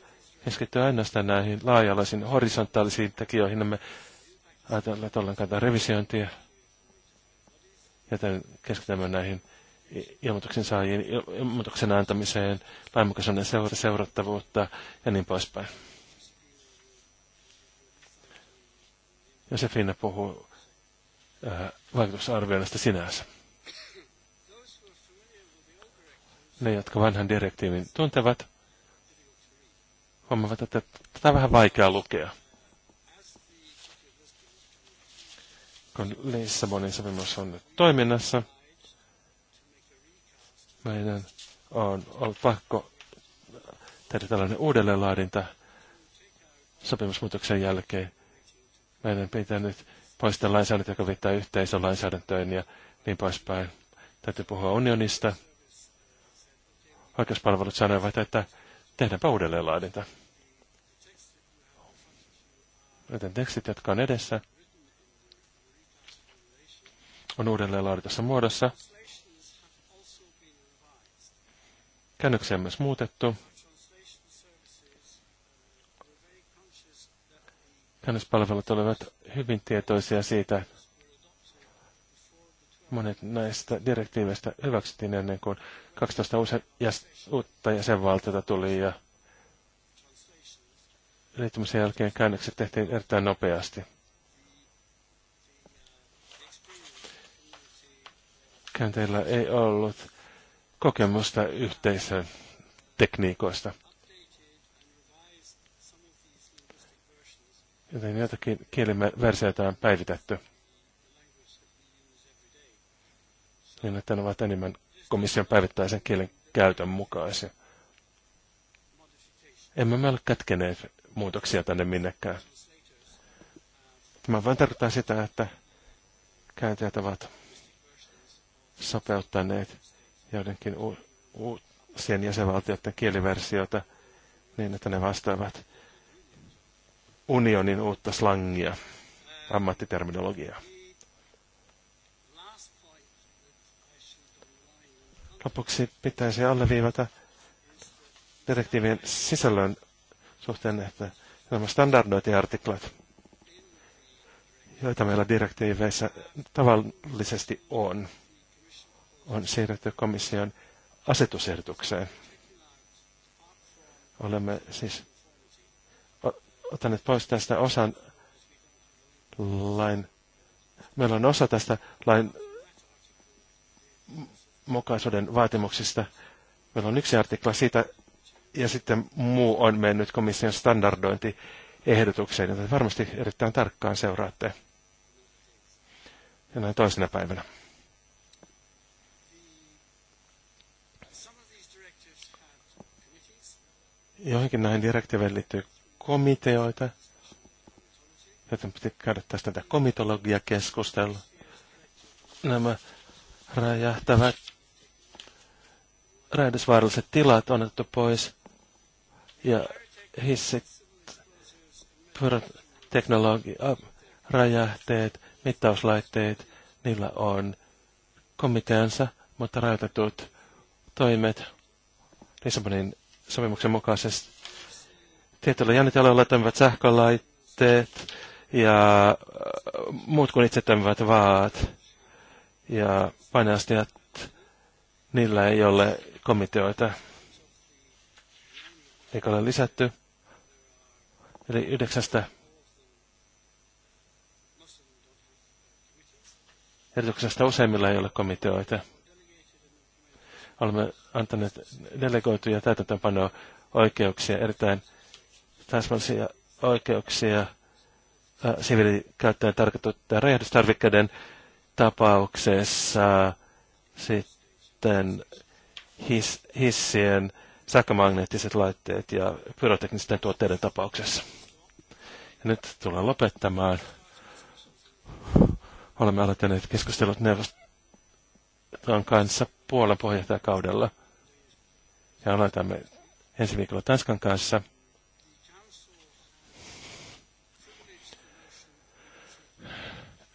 keskittyy ainoastaan näihin laajalaisiin horisontaalisiin tekijöihin. Me ajatellaan ollenkaan revisiointia, joten keskitymme näihin ilmoituksen saajien ilmoituksen antamiseen, lainmukaisuuden seura- seurattavuutta ja niin poispäin. Josefina puhuu äh, vaikutusarvioinnista sinänsä. Ne, jotka vanhan direktiivin tuntevat, huomaavat, että tätä on vähän vaikea lukea. Kun Lissabonin sopimus on nyt toiminnassa – meidän on on pakko tehdä tällainen uudelleenlaadinta sopimusmuutoksen jälkeen. Meidän pitää nyt poistaa lainsäädäntö, joka viittaa yhteisön lainsäädäntöön ja niin poispäin. Täytyy puhua unionista. Oikeuspalvelut sanoivat, että tehdäänpä uudelleenlaadinta. Joten tekstit, jotka on edessä, on uudelleen muodossa. Käännöksiä on myös muutettu. Käännöspalvelut olivat hyvin tietoisia siitä, monet näistä direktiiveistä hyväksyttiin ennen kuin 12 uutta jäsenvaltiota tuli ja liittymisen jälkeen käännökset tehtiin erittäin nopeasti. Käänteillä ei ollut kokemusta yhteisön tekniikoista. Joten jotakin kieliversioita on päivitetty. Niin, että ne ovat enemmän komission päivittäisen kielen käytön mukaisia. Emme me ole kätkeneet muutoksia tänne minnekään. Tämä vain tarkoittaa sitä, että kääntäjät ovat sopeuttaneet joidenkin uusien jäsenvaltioiden kieliversioita niin, että ne vastaavat unionin uutta slangia, ammattiterminologiaa. Lopuksi pitäisi alleviivata direktiivien sisällön suhteen, että nämä standardointiartiklat, joita meillä direktiiveissä tavallisesti on, on siirretty komission asetusehdotukseen. Olemme siis ottaneet pois tästä osan lain, meillä on osa tästä lain mukaisuuden vaatimuksista. Meillä on yksi artikla siitä, ja sitten muu on mennyt komission standardointiehdotukseen, jota varmasti erittäin tarkkaan seuraatte. Ja näin toisena päivänä. Johonkin näihin direktiiveihin liittyy komiteoita, joten piti käydä tästä tätä komitologiakeskustelua. Nämä räjähtävät räjähdysvaaralliset tilat on otettu pois ja hissit, pyöräteknologia, räjähteet, mittauslaitteet, niillä on komiteansa, mutta rajoitetut toimet Lissabonin sopimuksen mukaisesti. Tietyllä jännitealueella toimivat sähkölaitteet ja äh, muut kuin itse toimivat vaat ja painajastajat, niillä ei ole komiteoita eikä ole lisätty. Eli yhdeksästä Erityksestä useimmilla ei ole komiteoita olemme antaneet delegoituja täytäntöönpanoa oikeuksia, erittäin täsmällisiä oikeuksia siviilikäyttäjän tarkoittaa räjähdystarvikkeiden tapauksessa sitten his, hissien sähkömagneettiset laitteet ja pyroteknisten tuotteiden tapauksessa. Ja nyt tullaan lopettamaan. Olemme aloittaneet keskustelut neuvostossa kanssa Puolan kaudella Ja aloitamme ensi viikolla Tanskan kanssa.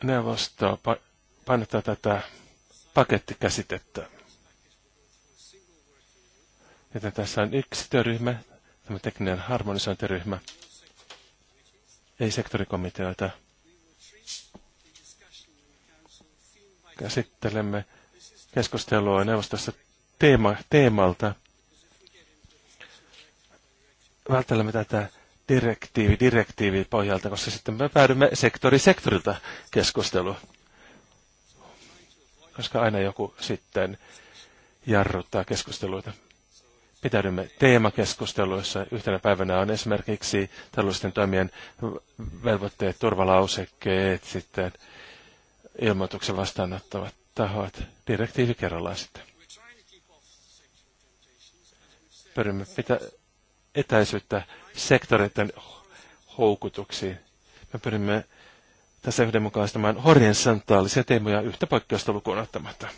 Neuvosto painottaa tätä pakettikäsitettä. Joten tässä on yksi työryhmä, tämä tekninen harmonisointiryhmä, ei sektorikomiteoita. Käsittelemme keskustelua neuvostossa teema, teemalta. Välttelemme tätä direktiivi direktiivi pohjalta, koska sitten me päädymme sektori sektorilta keskusteluun. Koska aina joku sitten jarruttaa keskusteluita. Pitäydymme teemakeskusteluissa. Yhtenä päivänä on esimerkiksi taloudellisten toimien velvoitteet, turvalausekkeet, sitten ilmoituksen vastaanottavat tahot, direktiivi kerrallaan sitten. Pyrimme pitää etäisyyttä sektoreiden houkutuksiin. Me pyrimme tässä yhdenmukaistamaan horjensantaalisia teemoja yhtä poikkeusta lukuun ottamatta.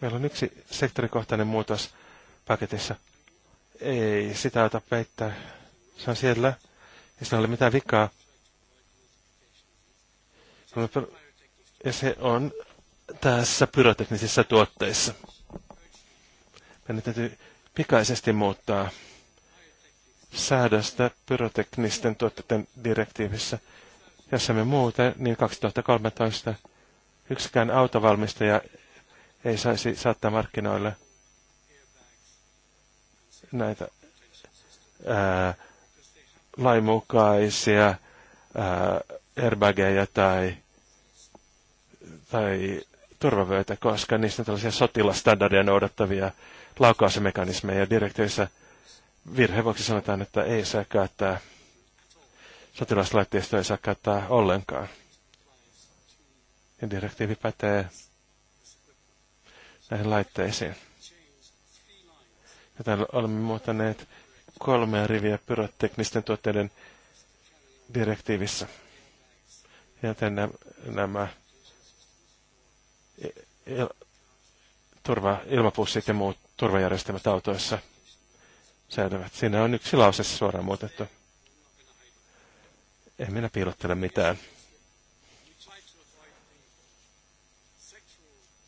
Meillä on yksi sektorikohtainen muutos paketissa. Ei sitä ota peittää. Se on siellä. Ei siinä ole mitään vikaa. Ja se on tässä pyroteknisissä tuotteissa. Meidän täytyy pikaisesti muuttaa säädöstä pyroteknisten tuotteiden direktiivissä. Jos me muuten, niin 2013 yksikään autovalmistaja ei saisi saattaa markkinoille näitä ää, laimukaisia airbageja tai tai turvavöitä koska niissä on tällaisia sotilastandardeja noudattavia ja Direktiivissä virheen vuoksi sanotaan, että ei saa käyttää, sotilaslaitteistoa ei saa käyttää ollenkaan. Ja direktiivi pätee näihin laitteisiin. Ja täällä olemme muuttaneet kolmea riviä pyroteknisten tuotteiden direktiivissä. Joten nämä turva, ilmapussit ja muut turvajärjestelmät autoissa säilyvät. Siinä on yksi lause suoraan muutettu. En minä piilottele mitään.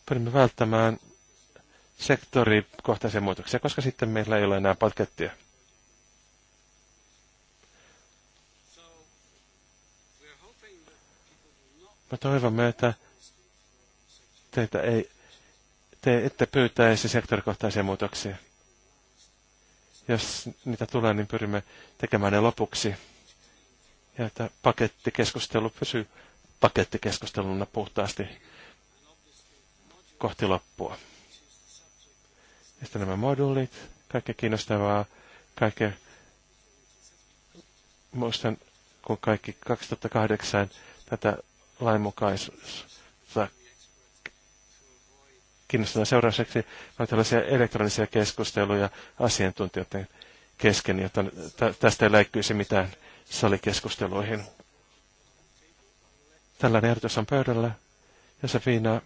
Pyrimme välttämään sektorikohtaisia muutoksia, koska sitten meillä ei ole enää pakettia. Me toivomme, että teitä ei, te ette pyytäisi sektorikohtaisia muutoksia. Jos niitä tulee, niin pyrimme tekemään ne lopuksi. Ja että pakettikeskustelu pysyy pakettikeskusteluna puhtaasti kohti loppua. Ja sitten nämä moduulit, kaikki kiinnostavaa, kaikki, muistan kun kaikki 2008 tätä lainmukaisuus kiinnostuneena seuraavaksi on tällaisia elektronisia keskusteluja asiantuntijoiden kesken, jotta tästä ei läikkyisi mitään salikeskusteluihin. Tällainen ehdotus on pöydällä. Josefina,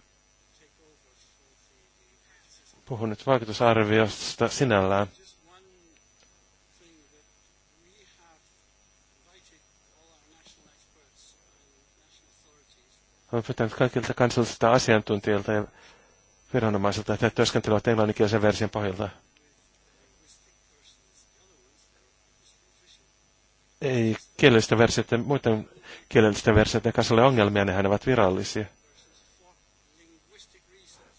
puhun nyt vaikutusarviosta sinällään. Olen pitänyt kaikilta kansallisilta asiantuntijoilta ja viranomaiselta, että he työskentelevät englanninkielisen version pohjalta. Ei kielellisten versioiden, muiden kielellisten versioiden kanssa ole ongelmia, nehän ovat virallisia.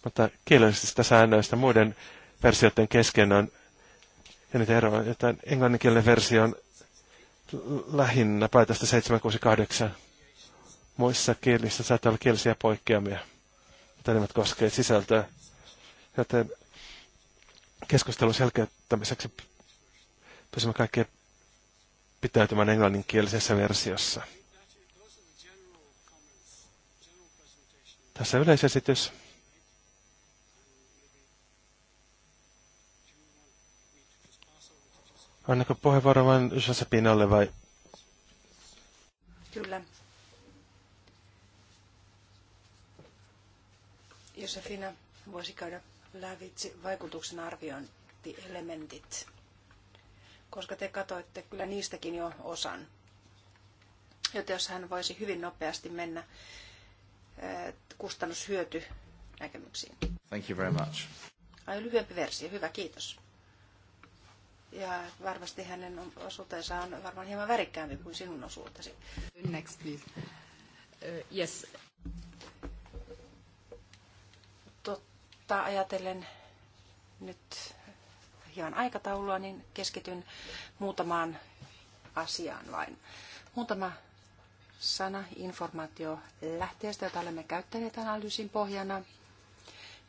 Mutta kielellisistä säännöistä muiden versioiden kesken on eniten eroa, että englanninkielinen versio on lähinnä paitasta 768. Muissa kielissä saattaa olla kielisiä poikkeamia. Tämä koskee sisältöä. Joten keskustelun selkeyttämiseksi pysymme kaikkien pitäytymään englanninkielisessä versiossa. Tässä yleisesitys. Annako puheenvuoro vain Josepinelle vai? Kyllä. Josefina voisi käydä lävitse vaikutuksen arviointielementit, koska te katoitte kyllä niistäkin jo osan. Joten jos hän voisi hyvin nopeasti mennä eh, kustannushyöty näkemyksiin. Thank you very much. Ai lyhyempi versio, hyvä, kiitos. Ja varmasti hänen osuutensa on varmaan hieman värikkäämpi kuin sinun osuutesi. Next, please. Uh, yes. kohtaa ajatellen nyt hieman aikataulua, niin keskityn muutamaan asiaan vain. Muutama sana informaatio lähteestä, jota olemme käyttäneet analyysin pohjana.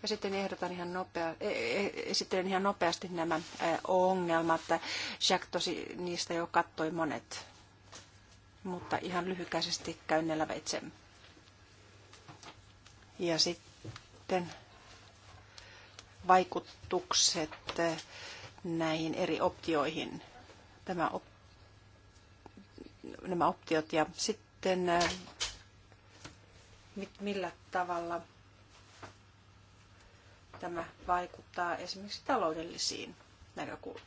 Ja sitten ehdotan ihan nopea, e- e- esittelen ihan nopeasti nämä ongelmat. Jack tosi niistä jo kattoi monet, mutta ihan lyhykäisesti käyn ne Ja sitten vaikutukset näihin eri optioihin, tämä op, nämä optiot ja sitten äh, mit, millä tavalla tämä vaikuttaa esimerkiksi taloudellisiin näkökulmiin.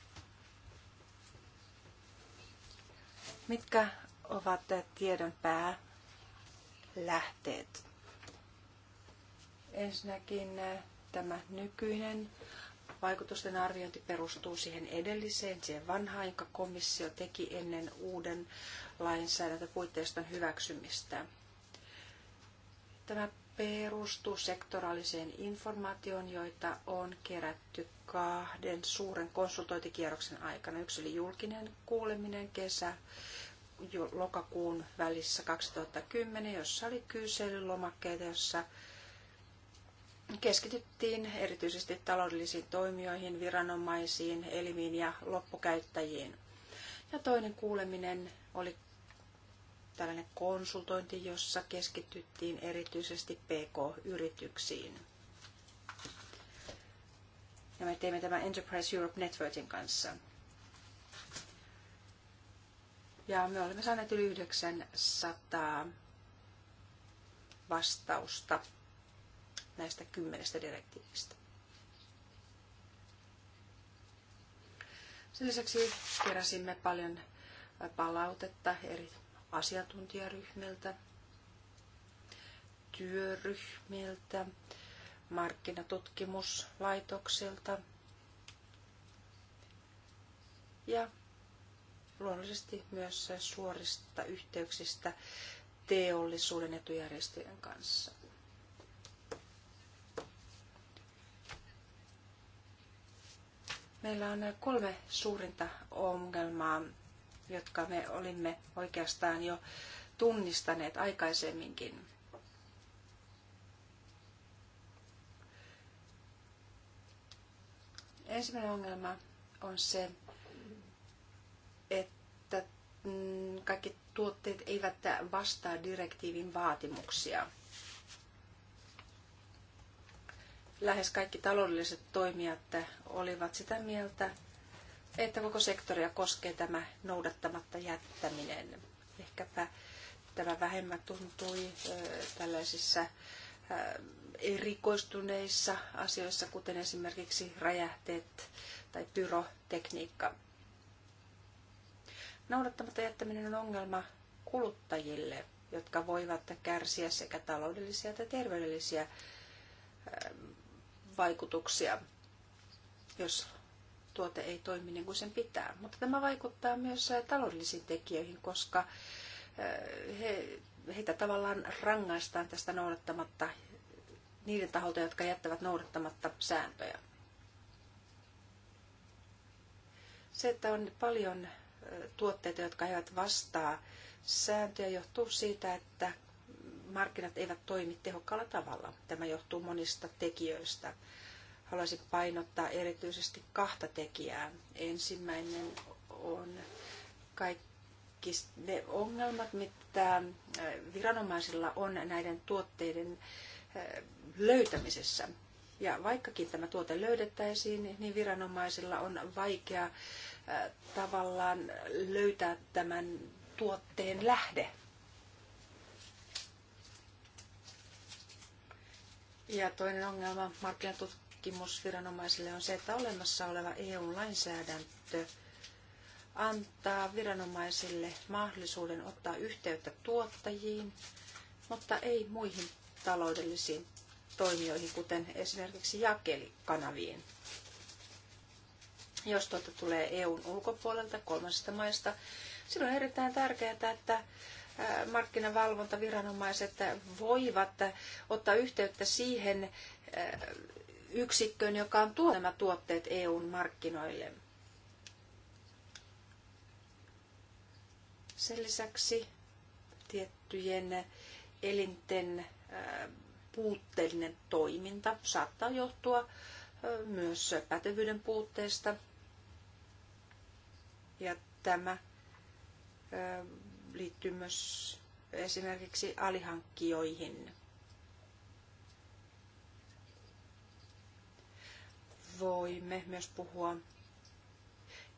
Mitkä ovat tiedon päälähteet? Ensinnäkin äh, tämä nykyinen vaikutusten arviointi perustuu siihen edelliseen, siihen vanhaan, jonka komissio teki ennen uuden lainsäädäntöpuitteiston hyväksymistä. Tämä perustuu sektoraaliseen informaatioon, joita on kerätty kahden suuren konsultointikierroksen aikana. Yksi oli julkinen kuuleminen kesä lokakuun välissä 2010, jossa oli kyselylomakkeita, jossa keskityttiin erityisesti taloudellisiin toimijoihin, viranomaisiin, elimiin ja loppukäyttäjiin. Ja toinen kuuleminen oli tällainen konsultointi, jossa keskityttiin erityisesti PK-yrityksiin. Ja me teimme tämän Enterprise Europe Networkin kanssa. Ja me olemme saaneet yli 900 vastausta näistä kymmenestä direktiivistä. Sen lisäksi keräsimme paljon palautetta eri asiantuntijaryhmiltä, työryhmiltä, markkinatutkimuslaitoksilta ja luonnollisesti myös suorista yhteyksistä teollisuuden etujärjestöjen kanssa. Meillä on kolme suurinta ongelmaa, jotka me olimme oikeastaan jo tunnistaneet aikaisemminkin. Ensimmäinen ongelma on se, että mm, kaikki tuotteet eivät vastaa direktiivin vaatimuksia. lähes kaikki taloudelliset toimijat olivat sitä mieltä, että koko sektoria koskee tämä noudattamatta jättäminen. Ehkäpä tämä vähemmän tuntui tällaisissa erikoistuneissa asioissa, kuten esimerkiksi räjähteet tai pyrotekniikka. Noudattamatta jättäminen on ongelma kuluttajille, jotka voivat kärsiä sekä taloudellisia että terveydellisiä vaikutuksia, jos tuote ei toimi niin kuin sen pitää. Mutta tämä vaikuttaa myös äh, taloudellisiin tekijöihin, koska äh, he, heitä tavallaan rangaistaan tästä noudattamatta niiden taholta, jotka jättävät noudattamatta sääntöjä. Se, että on paljon äh, tuotteita, jotka eivät vastaa sääntöjä, johtuu siitä, että markkinat eivät toimi tehokkaalla tavalla. Tämä johtuu monista tekijöistä. Haluaisin painottaa erityisesti kahta tekijää. Ensimmäinen on kaikki ne ongelmat, mitä äh, viranomaisilla on näiden tuotteiden äh, löytämisessä. Ja vaikkakin tämä tuote löydettäisiin, niin viranomaisilla on vaikea äh, tavallaan löytää tämän tuotteen lähde Ja toinen ongelma markkinatutkimusviranomaisille on se, että olemassa oleva EU-lainsäädäntö antaa viranomaisille mahdollisuuden ottaa yhteyttä tuottajiin, mutta ei muihin taloudellisiin toimijoihin, kuten esimerkiksi jakelikanaviin. Jos tuotta tulee EUn ulkopuolelta, kolmansista maista, silloin on erittäin tärkeää, että markkinavalvontaviranomaiset voivat ottaa yhteyttä siihen yksikköön, joka on tuonut nämä tuotteet EUn markkinoille. Sen lisäksi tiettyjen elinten puutteellinen toiminta saattaa johtua myös pätevyyden puutteesta. Ja tämä liittyy myös esimerkiksi alihankkijoihin. Voimme myös puhua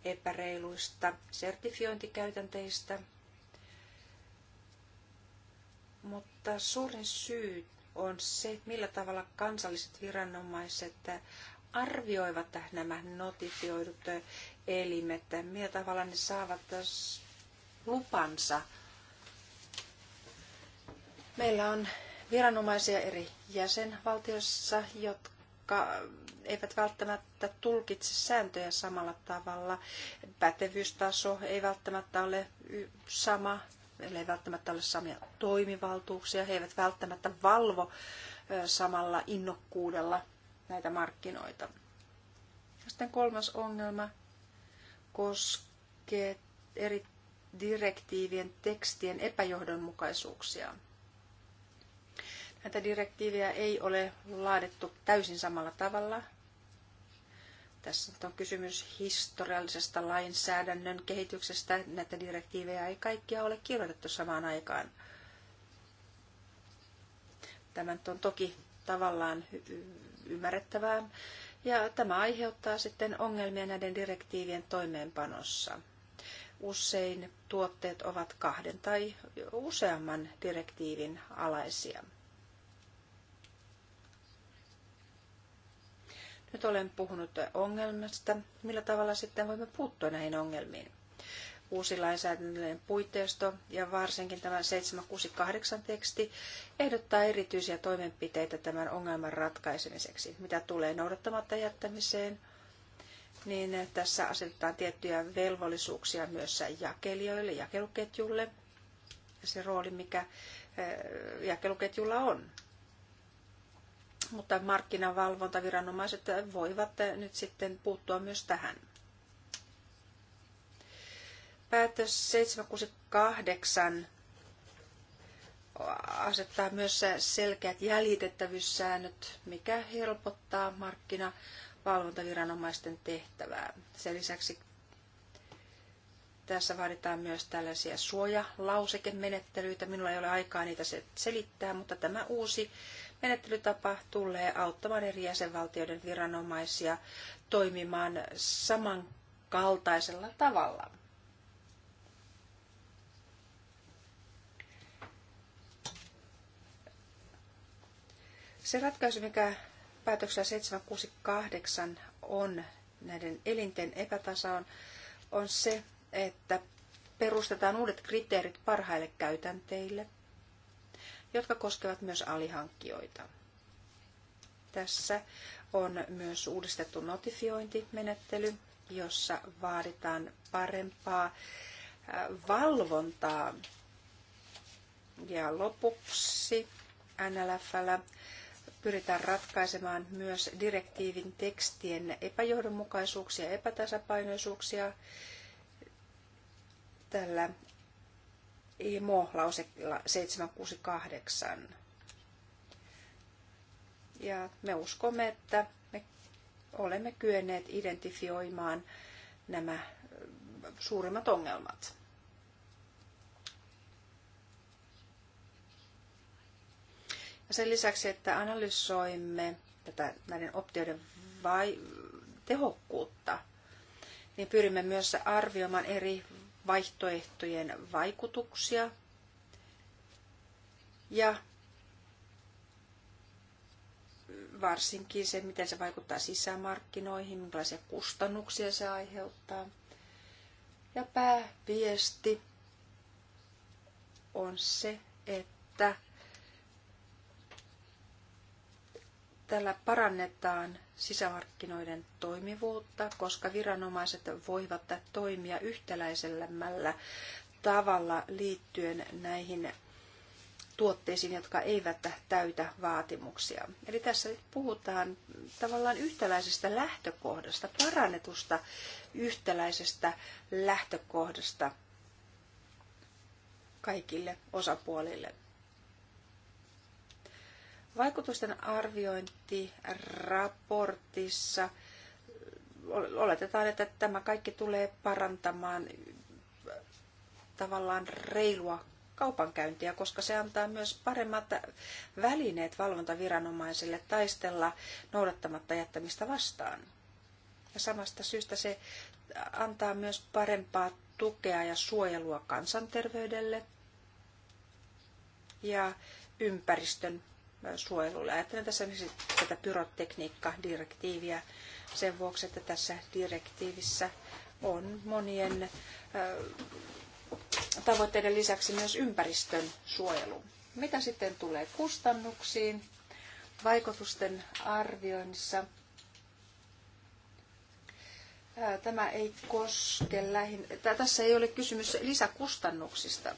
epäreiluista sertifiointikäytänteistä, mutta suurin syy on se, millä tavalla kansalliset viranomaiset arvioivat nämä notifioidut elimet, millä tavalla ne saavat lupansa. Meillä on viranomaisia eri jäsenvaltioissa, jotka eivät välttämättä tulkitse sääntöjä samalla tavalla. Pätevyystaso ei välttämättä ole sama, meillä ei välttämättä ole samia toimivaltuuksia, he eivät välttämättä valvo samalla innokkuudella näitä markkinoita. Sitten kolmas ongelma koskee eri direktiivien tekstien epäjohdonmukaisuuksia. Näitä direktiivejä ei ole laadittu täysin samalla tavalla. Tässä on kysymys historiallisesta lainsäädännön kehityksestä. Näitä direktiivejä ei kaikkia ole kirjoitettu samaan aikaan. Tämä on toki tavallaan ymmärrettävää. Ja tämä aiheuttaa sitten ongelmia näiden direktiivien toimeenpanossa usein tuotteet ovat kahden tai useamman direktiivin alaisia. Nyt olen puhunut ongelmasta, millä tavalla sitten voimme puuttua näihin ongelmiin. Uusi lainsäädännöllinen puitteisto ja varsinkin tämä 768 teksti ehdottaa erityisiä toimenpiteitä tämän ongelman ratkaisemiseksi, mitä tulee noudattamatta jättämiseen, niin tässä asetetaan tiettyjä velvollisuuksia myös jakelijoille, jakeluketjulle ja se rooli, mikä eh, jakeluketjulla on. Mutta markkinavalvontaviranomaiset voivat nyt sitten puuttua myös tähän. Päätös 768 asettaa myös selkeät jäljitettävyyssäännöt, mikä helpottaa markkina valvontaviranomaisten tehtävää. Sen lisäksi tässä vaaditaan myös tällaisia suojalausekemenettelyitä. Minulla ei ole aikaa niitä selittää, mutta tämä uusi menettelytapa tulee auttamaan eri jäsenvaltioiden viranomaisia toimimaan samankaltaisella tavalla. Se ratkaisu, mikä päätöksellä 768 on näiden elinten on, on se, että perustetaan uudet kriteerit parhaille käytänteille, jotka koskevat myös alihankkijoita. Tässä on myös uudistettu notifiointimenettely, jossa vaaditaan parempaa äh, valvontaa. Ja lopuksi NLFllä pyritään ratkaisemaan myös direktiivin tekstien epäjohdonmukaisuuksia ja epätasapainoisuuksia tällä imo lausekkeella 768. Ja me uskomme, että me olemme kyenneet identifioimaan nämä suurimmat ongelmat. Sen lisäksi, että analysoimme tätä näiden optioiden vai, tehokkuutta, niin pyrimme myös arvioimaan eri vaihtoehtojen vaikutuksia ja varsinkin se, miten se vaikuttaa sisämarkkinoihin, minkälaisia kustannuksia se aiheuttaa. Ja pääviesti on se, että Tällä parannetaan sisämarkkinoiden toimivuutta, koska viranomaiset voivat toimia yhtäläisemmällä tavalla liittyen näihin tuotteisiin, jotka eivät täytä vaatimuksia. Eli tässä nyt puhutaan tavallaan yhtäläisestä lähtökohdasta, parannetusta yhtäläisestä lähtökohdasta kaikille osapuolille. Vaikutusten arviointiraportissa oletetaan, että tämä kaikki tulee parantamaan tavallaan reilua kaupankäyntiä, koska se antaa myös paremmat välineet valvontaviranomaisille taistella noudattamatta jättämistä vastaan. Ja samasta syystä se antaa myös parempaa tukea ja suojelua kansanterveydelle ja ympäristön suojelulle. Ajattelen tässä tätä pyrotekniikka-direktiiviä sen vuoksi, että tässä direktiivissä on monien tavoitteiden lisäksi myös ympäristön suojelu. Mitä sitten tulee kustannuksiin, vaikutusten arvioinnissa? Tämä ei koske lähin... Tässä ei ole kysymys lisäkustannuksista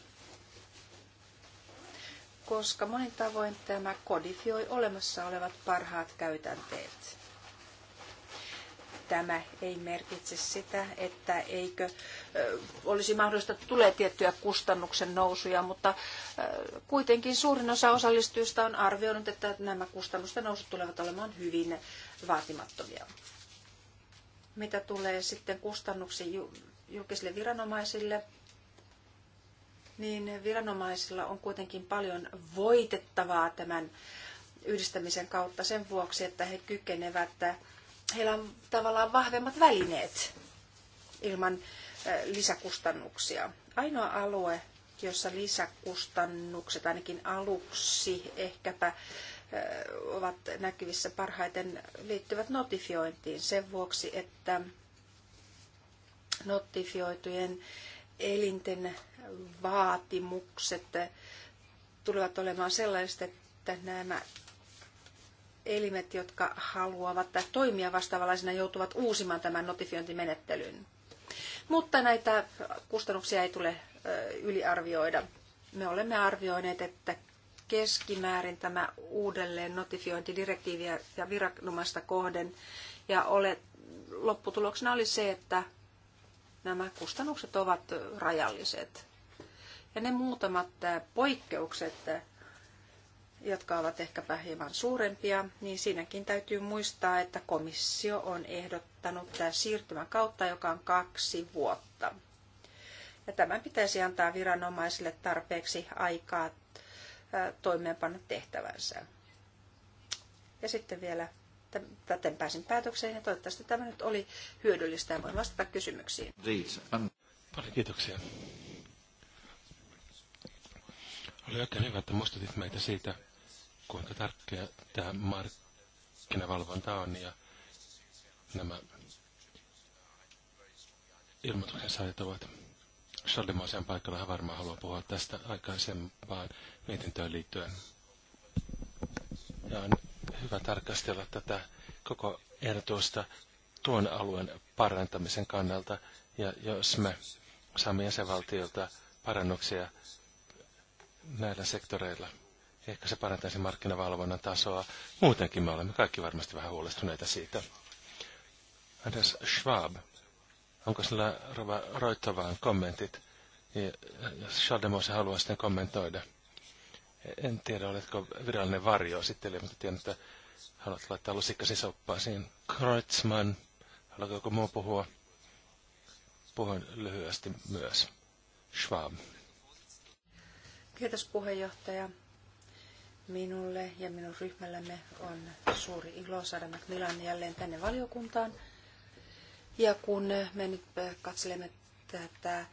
koska monin tavoin tämä kodifioi olemassa olevat parhaat käytänteet. Tämä ei merkitse sitä, että eikö olisi mahdollista, että tulee tiettyjä kustannuksen nousuja, mutta kuitenkin suurin osa osallistujista on arvioinut, että nämä kustannusten nousut tulevat olemaan hyvin vaatimattomia. Mitä tulee sitten kustannuksiin julkisille viranomaisille, niin viranomaisilla on kuitenkin paljon voitettavaa tämän yhdistämisen kautta sen vuoksi, että he kykenevät, heillä on tavallaan vahvemmat välineet ilman lisäkustannuksia. Ainoa alue, jossa lisäkustannukset ainakin aluksi ehkäpä ovat näkyvissä parhaiten, liittyvät notifiointiin sen vuoksi, että notifioitujen elinten vaatimukset tulevat olemaan sellaiset, että nämä elimet, jotka haluavat toimia vastaavanlaisena, joutuvat uusimaan tämän notifiointimenettelyn. Mutta näitä kustannuksia ei tule yliarvioida. Me olemme arvioineet, että keskimäärin tämä uudelleen notifiointidirektiiviä ja viranomaista kohden. Ja ole, lopputuloksena oli se, että nämä kustannukset ovat rajalliset. Ja ne muutamat poikkeukset, jotka ovat ehkäpä hieman suurempia, niin siinäkin täytyy muistaa, että komissio on ehdottanut tämä siirtymän kautta, joka on kaksi vuotta. Ja tämän pitäisi antaa viranomaisille tarpeeksi aikaa toimeenpanna tehtävänsä. Ja sitten vielä täten pääsin päätökseen ja toivottavasti tämä nyt oli hyödyllistä ja voin vastata kysymyksiin. Um, Paljon kiitoksia. Oli oikein hyvä, että muistutit meitä siitä, kuinka tärkeä tämä markkinavalvonta on ja nämä ilmoituksen saajat ovat. Charlie paikalla hän varmaan haluaa puhua tästä aikaisempaan mietintöön liittyen. Ja on hyvä tarkastella tätä koko ehdotusta tuon alueen parantamisen kannalta. Ja jos me saamme jäsenvaltiolta parannuksia näillä sektoreilla. Ehkä se parantaisi markkinavalvonnan tasoa. Muutenkin me olemme kaikki varmasti vähän huolestuneita siitä. Anders Schwab, onko sillä Rova Roittovaan kommentit? Ja Schaldemose haluaa sitten kommentoida. En tiedä, oletko virallinen varjo sitten, mutta tiedän, että haluat laittaa lusikkasi soppaa siihen. Kreutzmann, haluatko joku muu puhua? Puhun lyhyesti myös. Schwab. Kiitos puheenjohtaja. Minulle ja minun ryhmällämme on suuri ilo saada Macmillan jälleen tänne valiokuntaan. Ja kun me nyt äh, katselemme tätä äh,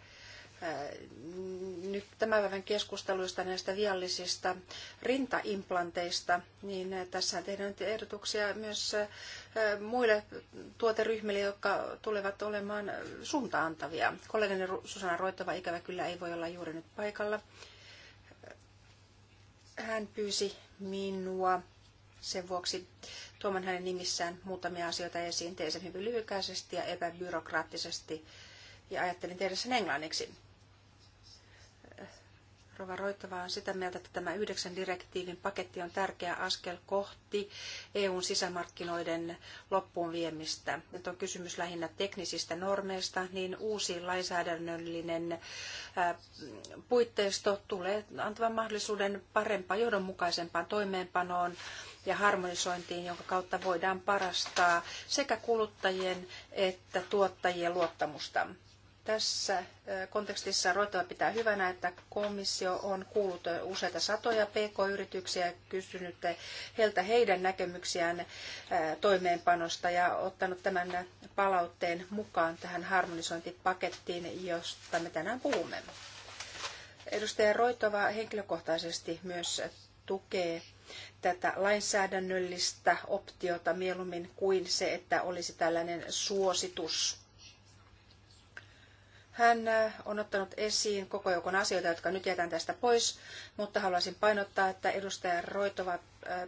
nyt tämän päivän keskusteluista näistä viallisista rintaimplanteista, niin tässä tehdään ehdotuksia myös äh, muille tuoteryhmille, jotka tulevat olemaan suuntaantavia. Kollegani Susanna Roittava ikävä kyllä ei voi olla juuri nyt paikalla. Hän pyysi minua sen vuoksi tuomaan hänen nimissään muutamia asioita esiin. Tein sen hyvin lyhykäisesti ja epäbyrokraattisesti ja ajattelin tehdä sen englanniksi. Rova Roittava on sitä mieltä, että tämä yhdeksän direktiivin paketti on tärkeä askel kohti EUn sisämarkkinoiden loppuun viemistä. Nyt on kysymys lähinnä teknisistä normeista, niin uusi lainsäädännöllinen puitteisto tulee antamaan mahdollisuuden parempaan johdonmukaisempaan toimeenpanoon ja harmonisointiin, jonka kautta voidaan parastaa sekä kuluttajien että tuottajien luottamusta. Tässä kontekstissa Roittava pitää hyvänä, että komissio on kuullut useita satoja pk-yrityksiä ja kysynyt heiltä heidän näkemyksiään toimeenpanosta ja ottanut tämän palautteen mukaan tähän harmonisointipakettiin, josta me tänään puhumme. Edustaja Roitova henkilökohtaisesti myös tukee tätä lainsäädännöllistä optiota mieluummin kuin se, että olisi tällainen suositus hän äh, on ottanut esiin koko joukon asioita, jotka nyt jätän tästä pois, mutta haluaisin painottaa, että edustaja Roitova äh,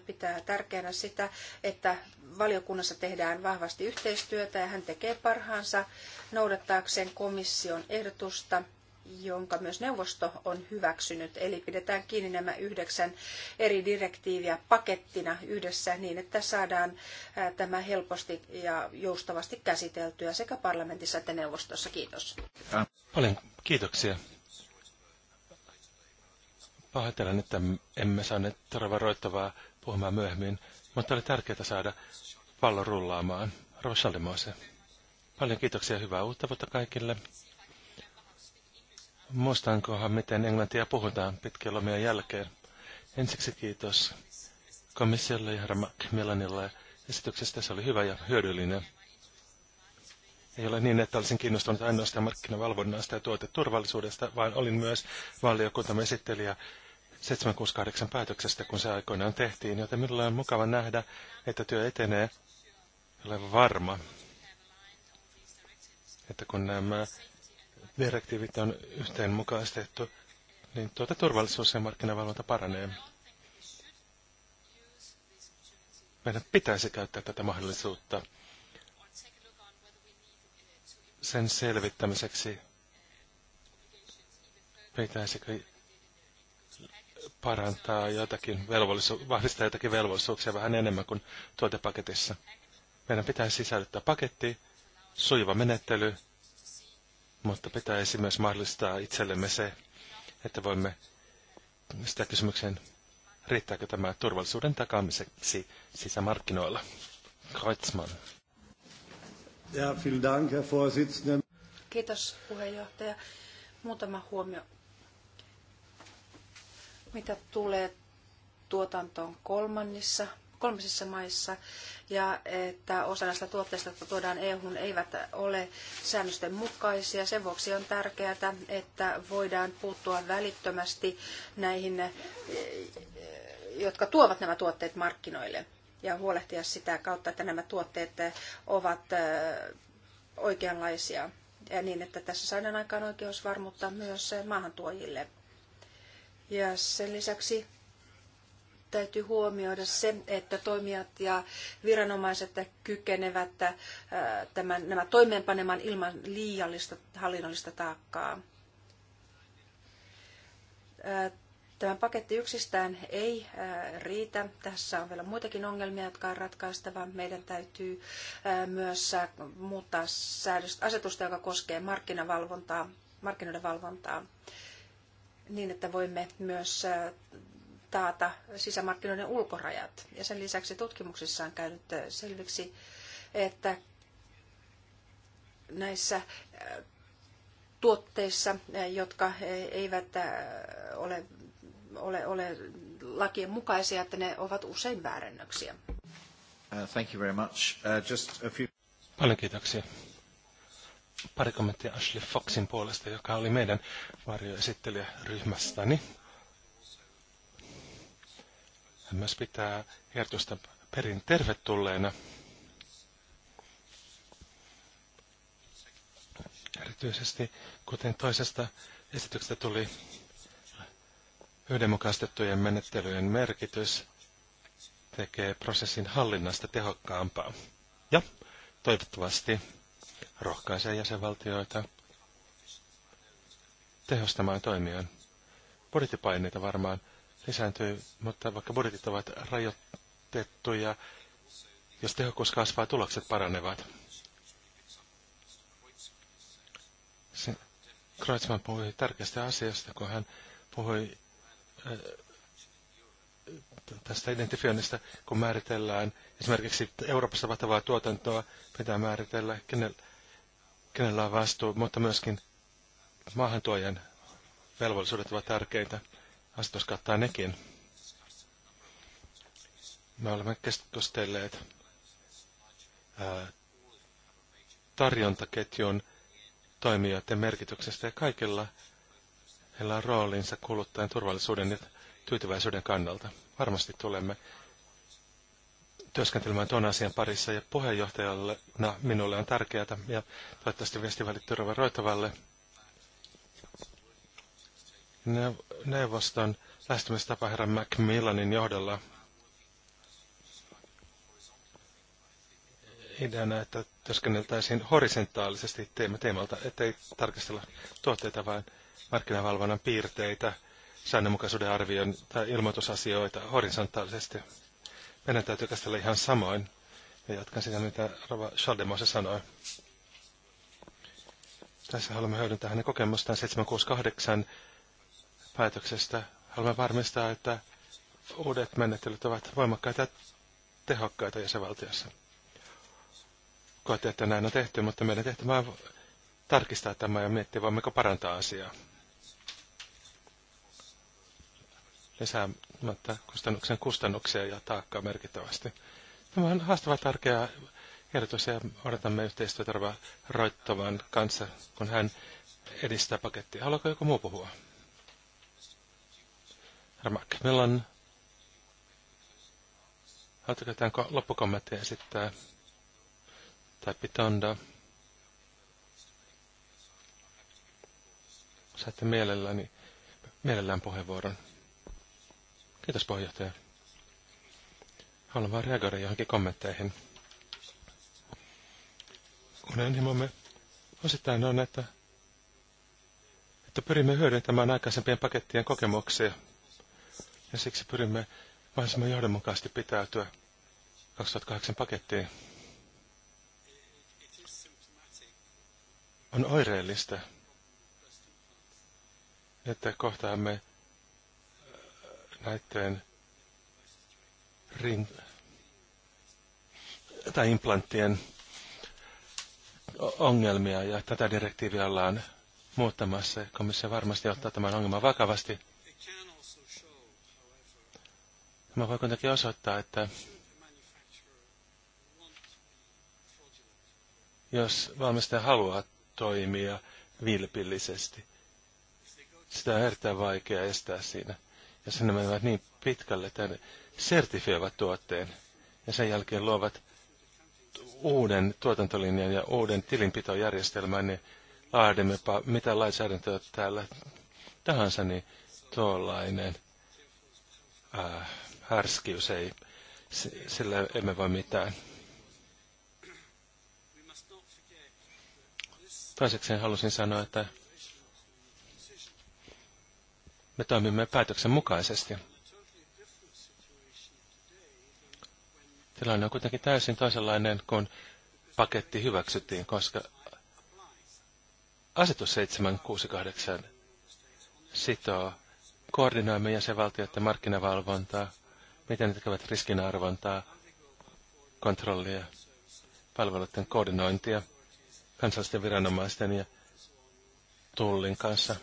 pitää tärkeänä sitä, että valiokunnassa tehdään vahvasti yhteistyötä ja hän tekee parhaansa noudattaakseen komission ehdotusta jonka myös neuvosto on hyväksynyt. Eli pidetään kiinni nämä yhdeksän eri direktiiviä pakettina yhdessä niin, että saadaan tämä helposti ja joustavasti käsiteltyä sekä parlamentissa että neuvostossa. Kiitos. Paljon kiitoksia. Pahoittelen, että emme saaneet varoittavaa puhumaan myöhemmin, mutta oli tärkeää saada pallo rullaamaan. Rosalimoise. Paljon kiitoksia ja hyvää uutta vuotta kaikille. Muistankohan, miten englantia puhutaan pitkän lomien jälkeen? Ensiksi kiitos komissiolle ja Macmillanille esityksestä. Se oli hyvä ja hyödyllinen. Ei ole niin, että olisin kiinnostunut ainoastaan markkinavalvonnasta ja tuoteturvallisuudesta, vaan olin myös valiokuntamme esittelijä 768 päätöksestä, kun se aikoinaan tehtiin, joten minulla on mukava nähdä, että työ etenee. Olen varma, että kun nämä direktiivit on yhteenmukaistettu, niin tuota turvallisuus ja markkinavalvonta paranee. Meidän pitäisi käyttää tätä mahdollisuutta sen selvittämiseksi, pitäisikö parantaa jotakin velvollisuuksia, vahvistaa jotakin velvollisuuksia vähän enemmän kuin tuotepaketissa. Meidän pitää sisällyttää paketti, sujuva menettely, mutta pitäisi myös mahdollistaa itsellemme se, että voimme sitä kysymykseen, riittääkö tämä turvallisuuden takaamiseksi sisämarkkinoilla. Kreutzmann. Ja, vielen Dank, Herr Vorsitzender. Kiitos puheenjohtaja. Muutama huomio. Mitä tulee tuotantoon kolmannissa kolmisissa maissa ja että osa näistä tuotteista, jotka tuodaan EU:hun, eivät ole säännösten mukaisia. Sen vuoksi on tärkeää, että voidaan puuttua välittömästi näihin, jotka tuovat nämä tuotteet markkinoille ja huolehtia sitä kautta, että nämä tuotteet ovat oikeanlaisia ja niin, että tässä saadaan aikaan oikeusvarmuutta myös maahantuojille. Ja sen lisäksi täytyy huomioida se, että toimijat ja viranomaiset kykenevät äh, tämän, nämä toimeenpanemaan ilman liiallista hallinnollista taakkaa. Äh, tämä paketti yksistään ei äh, riitä. Tässä on vielä muitakin ongelmia, jotka on ratkaistava. Meidän täytyy myös muuttaa säädöstä, asetusta, joka koskee markkinavalvontaa, markkinoiden valvontaa, niin että voimme myös taata sisämarkkinoiden ulkorajat. Ja sen lisäksi tutkimuksissa on käynyt äh, selviksi, että näissä äh, tuotteissa, äh, jotka eivät ole, ole, ole lakien mukaisia, että ne ovat usein väärennöksiä. Uh, thank you very much. Uh, just a few... Paljon kiitoksia. Pari kommenttia Ashley Foxin puolesta, joka oli meidän varjoesittelijäryhmästäni. Hän myös pitää ehdotusta perin tervetulleena. Erityisesti, kuten toisesta esityksestä tuli yhdenmukaistettujen menettelyjen merkitys, tekee prosessin hallinnasta tehokkaampaa. Ja toivottavasti rohkaisee jäsenvaltioita tehostamaan toimiaan. Budjettipaineita varmaan lisääntyy, mutta vaikka budjetit ovat rajoitettuja, jos tehokkuus kasvaa, tulokset paranevat. Kreutzmann puhui tärkeästä asiasta, kun hän puhui ää, äh, tästä identifioinnista, kun määritellään esimerkiksi Euroopassa vahtavaa tuotantoa, pitää määritellä, kenellä, kenellä on vastuu, mutta myöskin maahantuojan velvollisuudet ovat tärkeitä. Asetus kattaa nekin. Me olemme keskustelleet tarjontaketjun toimijoiden merkityksestä ja kaikilla heillä on roolinsa kuluttajan turvallisuuden ja tyytyväisyyden kannalta. Varmasti tulemme työskentelemään tuon asian parissa ja puheenjohtajalle minulle on tärkeää ja toivottavasti viesti välittyy Roitavalle neuvoston lähestymistapa herran Macmillanin johdolla ideana, että työskenneltäisiin horisontaalisesti teemalta, ettei tarkastella tuotteita, vaan markkinavalvonnan piirteitä, säännönmukaisuuden arvion tai ilmoitusasioita horisontaalisesti. Meidän täytyy käsitellä ihan samoin, ja jatkan sitä, mitä Rova Schaldemose sanoi. Tässä haluamme hyödyntää hänen kokemustaan 768 päätöksestä. Haluamme varmistaa, että uudet menettelyt ovat voimakkaita ja tehokkaita jäsenvaltiossa. Koette, että näin on tehty, mutta meidän tehtävä on tarkistaa tämä ja miettiä, voimmeko parantaa asiaa. Lisäämättä kustannuksen kustannuksia ja taakkaa merkittävästi. Tämä on haastava tärkeä ehdotus ja odotamme yhteistyötä Roittovan kanssa, kun hän edistää pakettia. Haluaako joku muu puhua? Herra Macmillan, Haluatteko tämän loppukommentti esittää? Tai Pitonda? Saatte mielelläni, mielellään puheenvuoron. Kiitos puheenjohtaja. Haluan vain reagoida johonkin kommentteihin. Unelmomme osittain on, että, että pyrimme hyödyntämään aikaisempien pakettien kokemuksia – ja siksi pyrimme mahdollisimman johdonmukaisesti pitäytyä 2008 pakettiin. On oireellista, että kohtaamme äh, näiden rin- tai implanttien ongelmia ja tätä direktiiviä ollaan muuttamassa. Komissio varmasti ottaa tämän ongelman vakavasti. Mä voin kuitenkin osoittaa, että jos valmistaja haluaa toimia vilpillisesti, sitä on erittäin vaikea estää siinä. Ja sinne menevät niin pitkälle, että sertifioivat tuotteen ja sen jälkeen luovat uuden tuotantolinjan ja uuden tilinpitojärjestelmän, niin laadimmepa mitä lainsäädäntöä täällä tahansa, niin tuollainen ää, äh, härskiys, ei, sillä emme voi mitään. Toiseksi halusin sanoa, että me toimimme päätöksen mukaisesti. Tilanne on kuitenkin täysin toisenlainen, kun paketti hyväksyttiin, koska asetus 768 sitoo koordinoimme jäsenvaltioiden markkinavalvontaa miten ne tekevät riskinarvontaa, kontrollia, palveluiden koordinointia kansallisten viranomaisten ja tullin kanssa.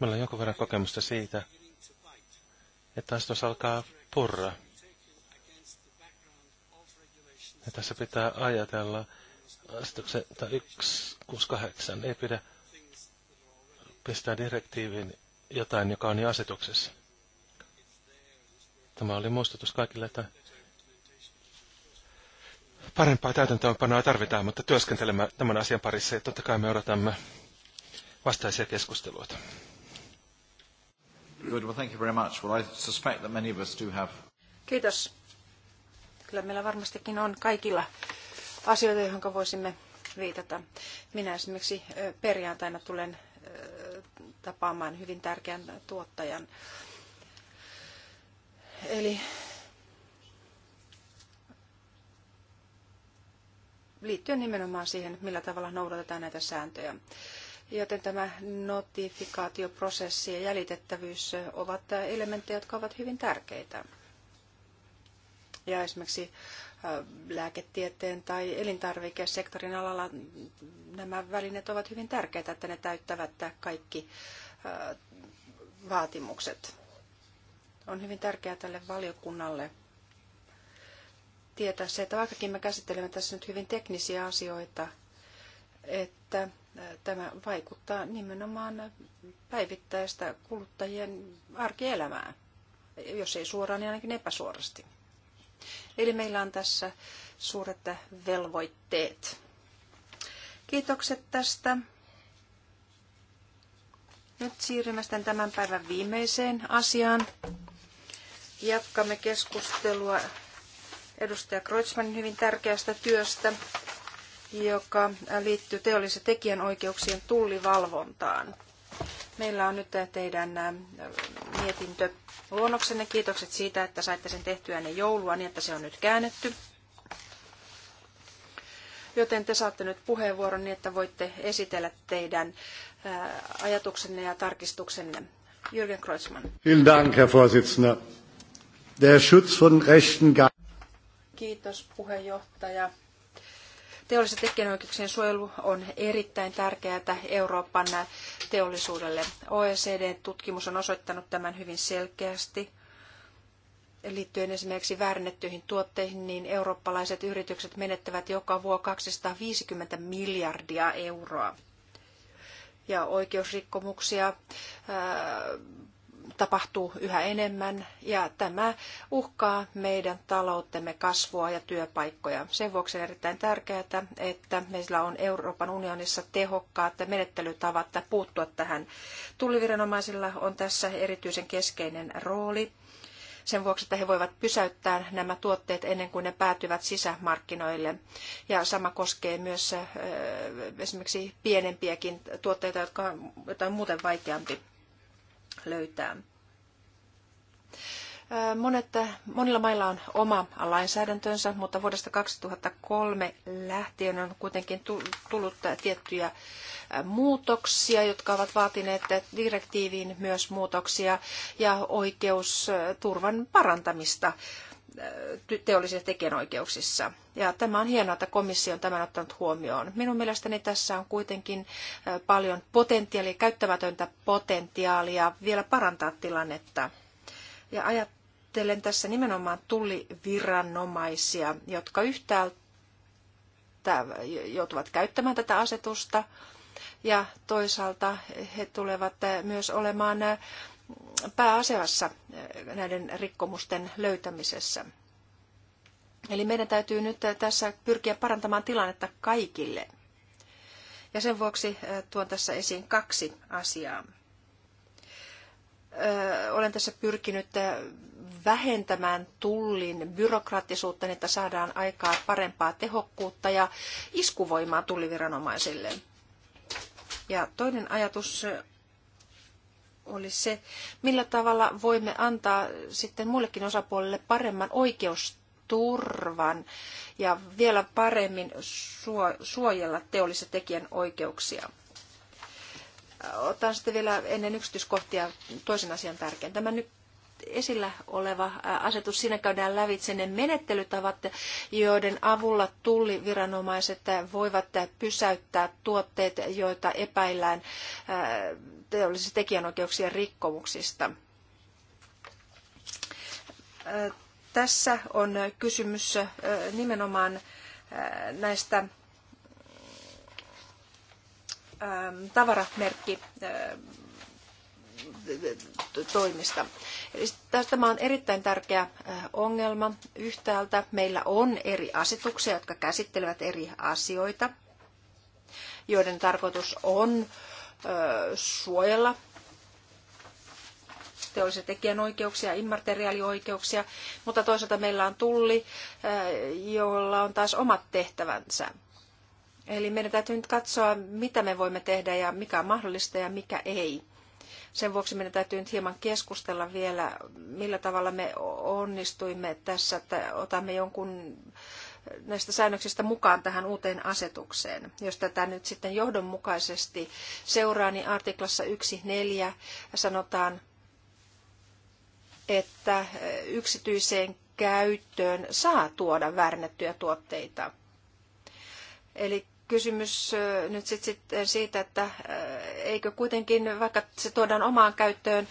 Meillä on jonkun verran kokemusta siitä, että astus alkaa purra. Ja tässä pitää ajatella astuksen 168. Ei pidä pistää direktiivin jotain, joka on jo asetuksessa. Tämä oli muistutus kaikille, että parempaa täytäntöönpanoa tarvitaan, mutta työskentelemme tämän asian parissa ja totta kai me odotamme vastaisia keskusteluita. Good, well, thank you very much. Well, I suspect that many of us do have... Kiitos. Kyllä meillä varmastikin on kaikilla asioita, joihin voisimme viitata. Minä esimerkiksi perjantaina tulen tapaamaan hyvin tärkeän tuottajan Eli liittyen nimenomaan siihen, millä tavalla noudatetaan näitä sääntöjä. Joten tämä notifikaatioprosessi ja jäljitettävyys ovat elementtejä, jotka ovat hyvin tärkeitä. Ja esimerkiksi lääketieteen tai elintarvikesektorin alalla nämä välineet ovat hyvin tärkeitä, että ne täyttävät kaikki vaatimukset on hyvin tärkeää tälle valiokunnalle tietää se, että vaikkakin me käsittelemme tässä nyt hyvin teknisiä asioita, että äh, tämä vaikuttaa nimenomaan päivittäistä kuluttajien arkielämään, jos ei suoraan, niin ainakin epäsuorasti. Eli meillä on tässä suuret velvoitteet. Kiitokset tästä. Nyt siirrymme sitten tämän päivän viimeiseen asiaan. Jatkamme keskustelua edustaja Kreutzmannin hyvin tärkeästä työstä, joka liittyy teollisen tekijänoikeuksien tullivalvontaan. Meillä on nyt teidän mietintö luonnoksenne. Kiitokset siitä, että saitte sen tehtyä ennen joulua niin, että se on nyt käännetty. Joten te saatte nyt puheenvuoron niin, että voitte esitellä teidän ajatuksenne ja tarkistuksenne. Jürgen Kreuzmann. Vielen Dank, Herr Vorsitzender. Der Schutz von Rechten... Kiitos puheenjohtaja. Teollisen tekijänoikeuksien suojelu on erittäin tärkeää Euroopan teollisuudelle. OECD-tutkimus on osoittanut tämän hyvin selkeästi. Liittyen esimerkiksi väärennettyihin tuotteihin, niin eurooppalaiset yritykset menettävät joka vuosi 250 miljardia euroa. Ja oikeusrikkomuksia tapahtuu yhä enemmän ja tämä uhkaa meidän taloutemme kasvua ja työpaikkoja. Sen vuoksi on erittäin tärkeää, että meillä on Euroopan unionissa tehokkaat menettelytavat puuttua tähän. Tulliviranomaisilla on tässä erityisen keskeinen rooli sen vuoksi, että he voivat pysäyttää nämä tuotteet ennen kuin ne päätyvät sisämarkkinoille. Ja sama koskee myös esimerkiksi pienempiäkin tuotteita, jotka on, joita on muuten vaikeampi löytää. Monet, monilla mailla on oma lainsäädäntönsä, mutta vuodesta 2003 lähtien on kuitenkin tullut tiettyjä muutoksia, jotka ovat vaatineet direktiiviin myös muutoksia ja oikeusturvan parantamista teollisissa tekijänoikeuksissa. Ja tämä on hienoa, että komissio on tämän ottanut huomioon. Minun mielestäni tässä on kuitenkin paljon potentiaalia, käyttämätöntä potentiaalia vielä parantaa tilannetta. Ja ajattelen tässä nimenomaan tulliviranomaisia, jotka yhtäältä joutuvat käyttämään tätä asetusta ja toisaalta he tulevat myös olemaan pääasemassa äh, näiden rikkomusten löytämisessä. Eli meidän täytyy nyt äh, tässä pyrkiä parantamaan tilannetta kaikille. Ja sen vuoksi äh, tuon tässä esiin kaksi asiaa. Olen tässä pyrkinyt vähentämään tullin byrokraattisuutta, niin että saadaan aikaa parempaa tehokkuutta ja iskuvoimaa tulliviranomaisille. Ja toinen ajatus oli se, millä tavalla voimme antaa sitten muillekin osapuolille paremman oikeusturvan ja vielä paremmin suojella teollisen tekijän oikeuksia. Otan sitten vielä ennen yksityiskohtia toisen asian tärkeän. Tämän esillä oleva asetus. Siinä käydään lävitse ne menettelytavat, joiden avulla tulliviranomaiset voivat pysäyttää tuotteet, joita epäillään teollisista tekijänoikeuksien rikkomuksista. Tässä on kysymys nimenomaan näistä tavaramerkki toimista. Eli tämä on erittäin tärkeä ongelma. Yhtäältä meillä on eri asetuksia, jotka käsittelevät eri asioita, joiden tarkoitus on suojella teollisia tekijänoikeuksia, immateriaalioikeuksia, mutta toisaalta meillä on tulli, jolla on taas omat tehtävänsä. Eli meidän täytyy nyt katsoa, mitä me voimme tehdä ja mikä on mahdollista ja mikä ei. Sen vuoksi meidän täytyy nyt hieman keskustella vielä, millä tavalla me onnistuimme tässä, että otamme jonkun näistä säännöksistä mukaan tähän uuteen asetukseen. Jos tätä nyt sitten johdonmukaisesti seuraa, niin artiklassa 1.4 sanotaan, että yksityiseen käyttöön saa tuoda väärennettyjä tuotteita. Eli kysymys nyt sitten siitä, että eikö kuitenkin, vaikka se tuodaan omaan käyttöön,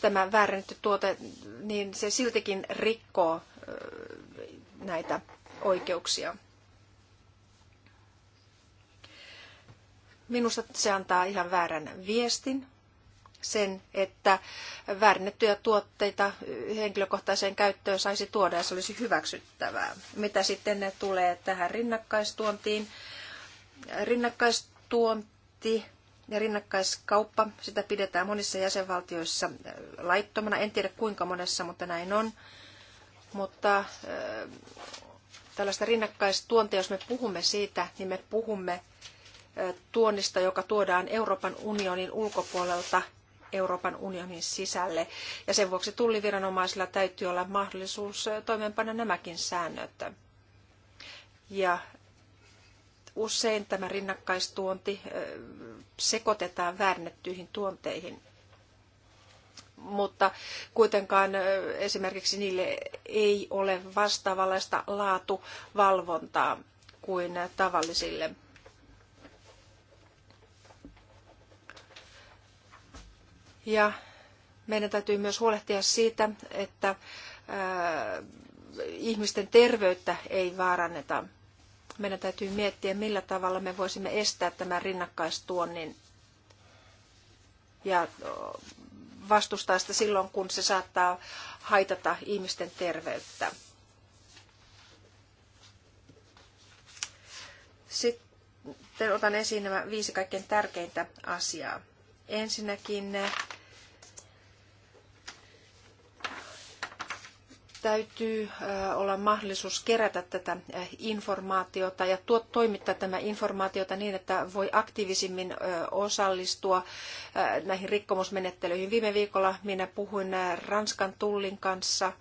tämä väärennetty tuote, niin se siltikin rikkoo näitä oikeuksia. Minusta se antaa ihan väärän viestin sen, että väärennettyjä tuotteita henkilökohtaiseen käyttöön saisi tuoda ja se olisi hyväksyttävää. Mitä sitten ne tulee tähän rinnakkaistuontiin, rinnakkaistuonti ja rinnakkaiskauppa, sitä pidetään monissa jäsenvaltioissa äh, laittomana. En tiedä kuinka monessa, mutta näin on. Mutta äh, tällaista rinnakkaistuontia, jos me puhumme siitä, niin me puhumme äh, tuonnista, joka tuodaan Euroopan unionin ulkopuolelta Euroopan unionin sisälle. Ja sen vuoksi tulliviranomaisilla täytyy olla mahdollisuus toimeenpanna nämäkin säännöt. Ja usein tämä rinnakkaistuonti sekoitetaan väärennettyihin tuonteihin. Mutta kuitenkaan esimerkiksi niille ei ole vastaavanlaista laatuvalvontaa kuin tavallisille. Ja meidän täytyy myös huolehtia siitä, että ihmisten terveyttä ei vaaranneta meidän täytyy miettiä, millä tavalla me voisimme estää tämän rinnakkaistuonnin ja vastustaa sitä silloin, kun se saattaa haitata ihmisten terveyttä. Sitten otan esiin nämä viisi kaikkein tärkeintä asiaa. Ensinnäkin täytyy olla mahdollisuus kerätä tätä informaatiota ja tuo, toimittaa tämä informaatiota niin, että voi aktiivisimmin osallistua näihin rikkomusmenettelyihin. Viime viikolla minä puhuin Ranskan tullin kanssa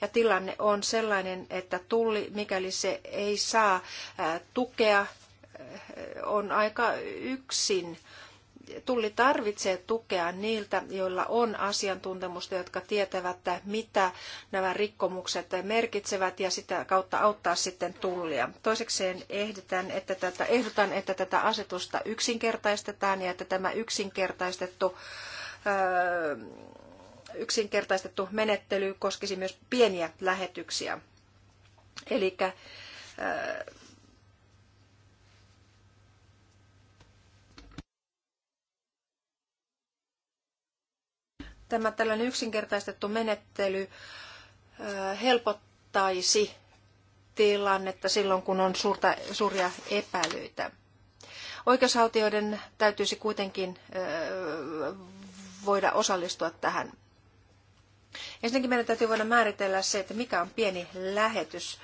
ja tilanne on sellainen, että tulli, mikäli se ei saa tukea, on aika yksin Tulli tarvitsee tukea niiltä, joilla on asiantuntemusta, jotka tietävät, mitä nämä rikkomukset merkitsevät ja sitä kautta auttaa sitten tullia. Toisekseen ehdotan, että tätä, ehdotan, että tätä asetusta yksinkertaistetaan ja että tämä yksinkertaistettu öö, yksinkertaistettu menettely koskisi myös pieniä lähetyksiä. Eli öö, tämä tällainen yksinkertaistettu menettely helpottaisi tilannetta silloin, kun on suurta, suuria epäilyitä. Oikeushaltijoiden täytyisi kuitenkin voida osallistua tähän. Ensinnäkin meidän täytyy voida määritellä se, että mikä on pieni lähetys.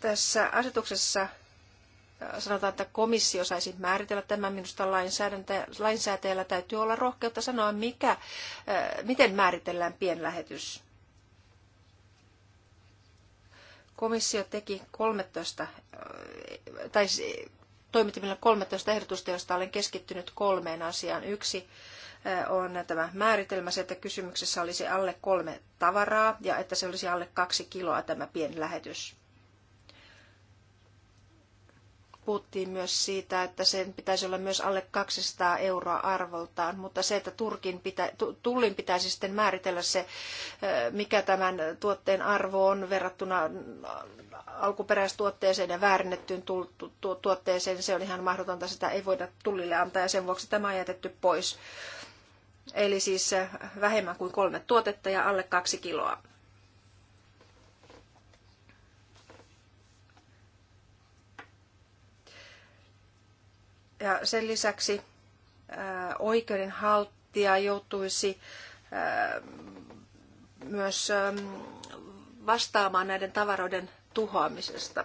Tässä asetuksessa sanotaan, että komissio saisi määritellä tämän. Minusta lainsäätäjällä täytyy olla rohkeutta sanoa, mikä, äh, miten määritellään pienlähetys. Komissio teki 13, äh, tai toimitimilla 13 ehdotusta, joista olen keskittynyt kolmeen asiaan. Yksi äh, on tämä määritelmä, se, että kysymyksessä olisi alle kolme tavaraa ja että se olisi alle kaksi kiloa tämä pienlähetys puhuttiin myös siitä, että sen pitäisi olla myös alle 200 euroa arvoltaan, mutta se, että Turkin pitä, tullin pitäisi sitten määritellä se, mikä tämän tuotteen arvo on verrattuna alkuperäistuotteeseen ja väärennettyyn tuotteeseen, se on ihan mahdotonta, sitä ei voida tullille antaa ja sen vuoksi tämä on jätetty pois. Eli siis vähemmän kuin kolme tuotetta ja alle kaksi kiloa. Ja sen lisäksi äh, oikeudenhaltija joutuisi äh, myös ähm, vastaamaan näiden tavaroiden tuhoamisesta.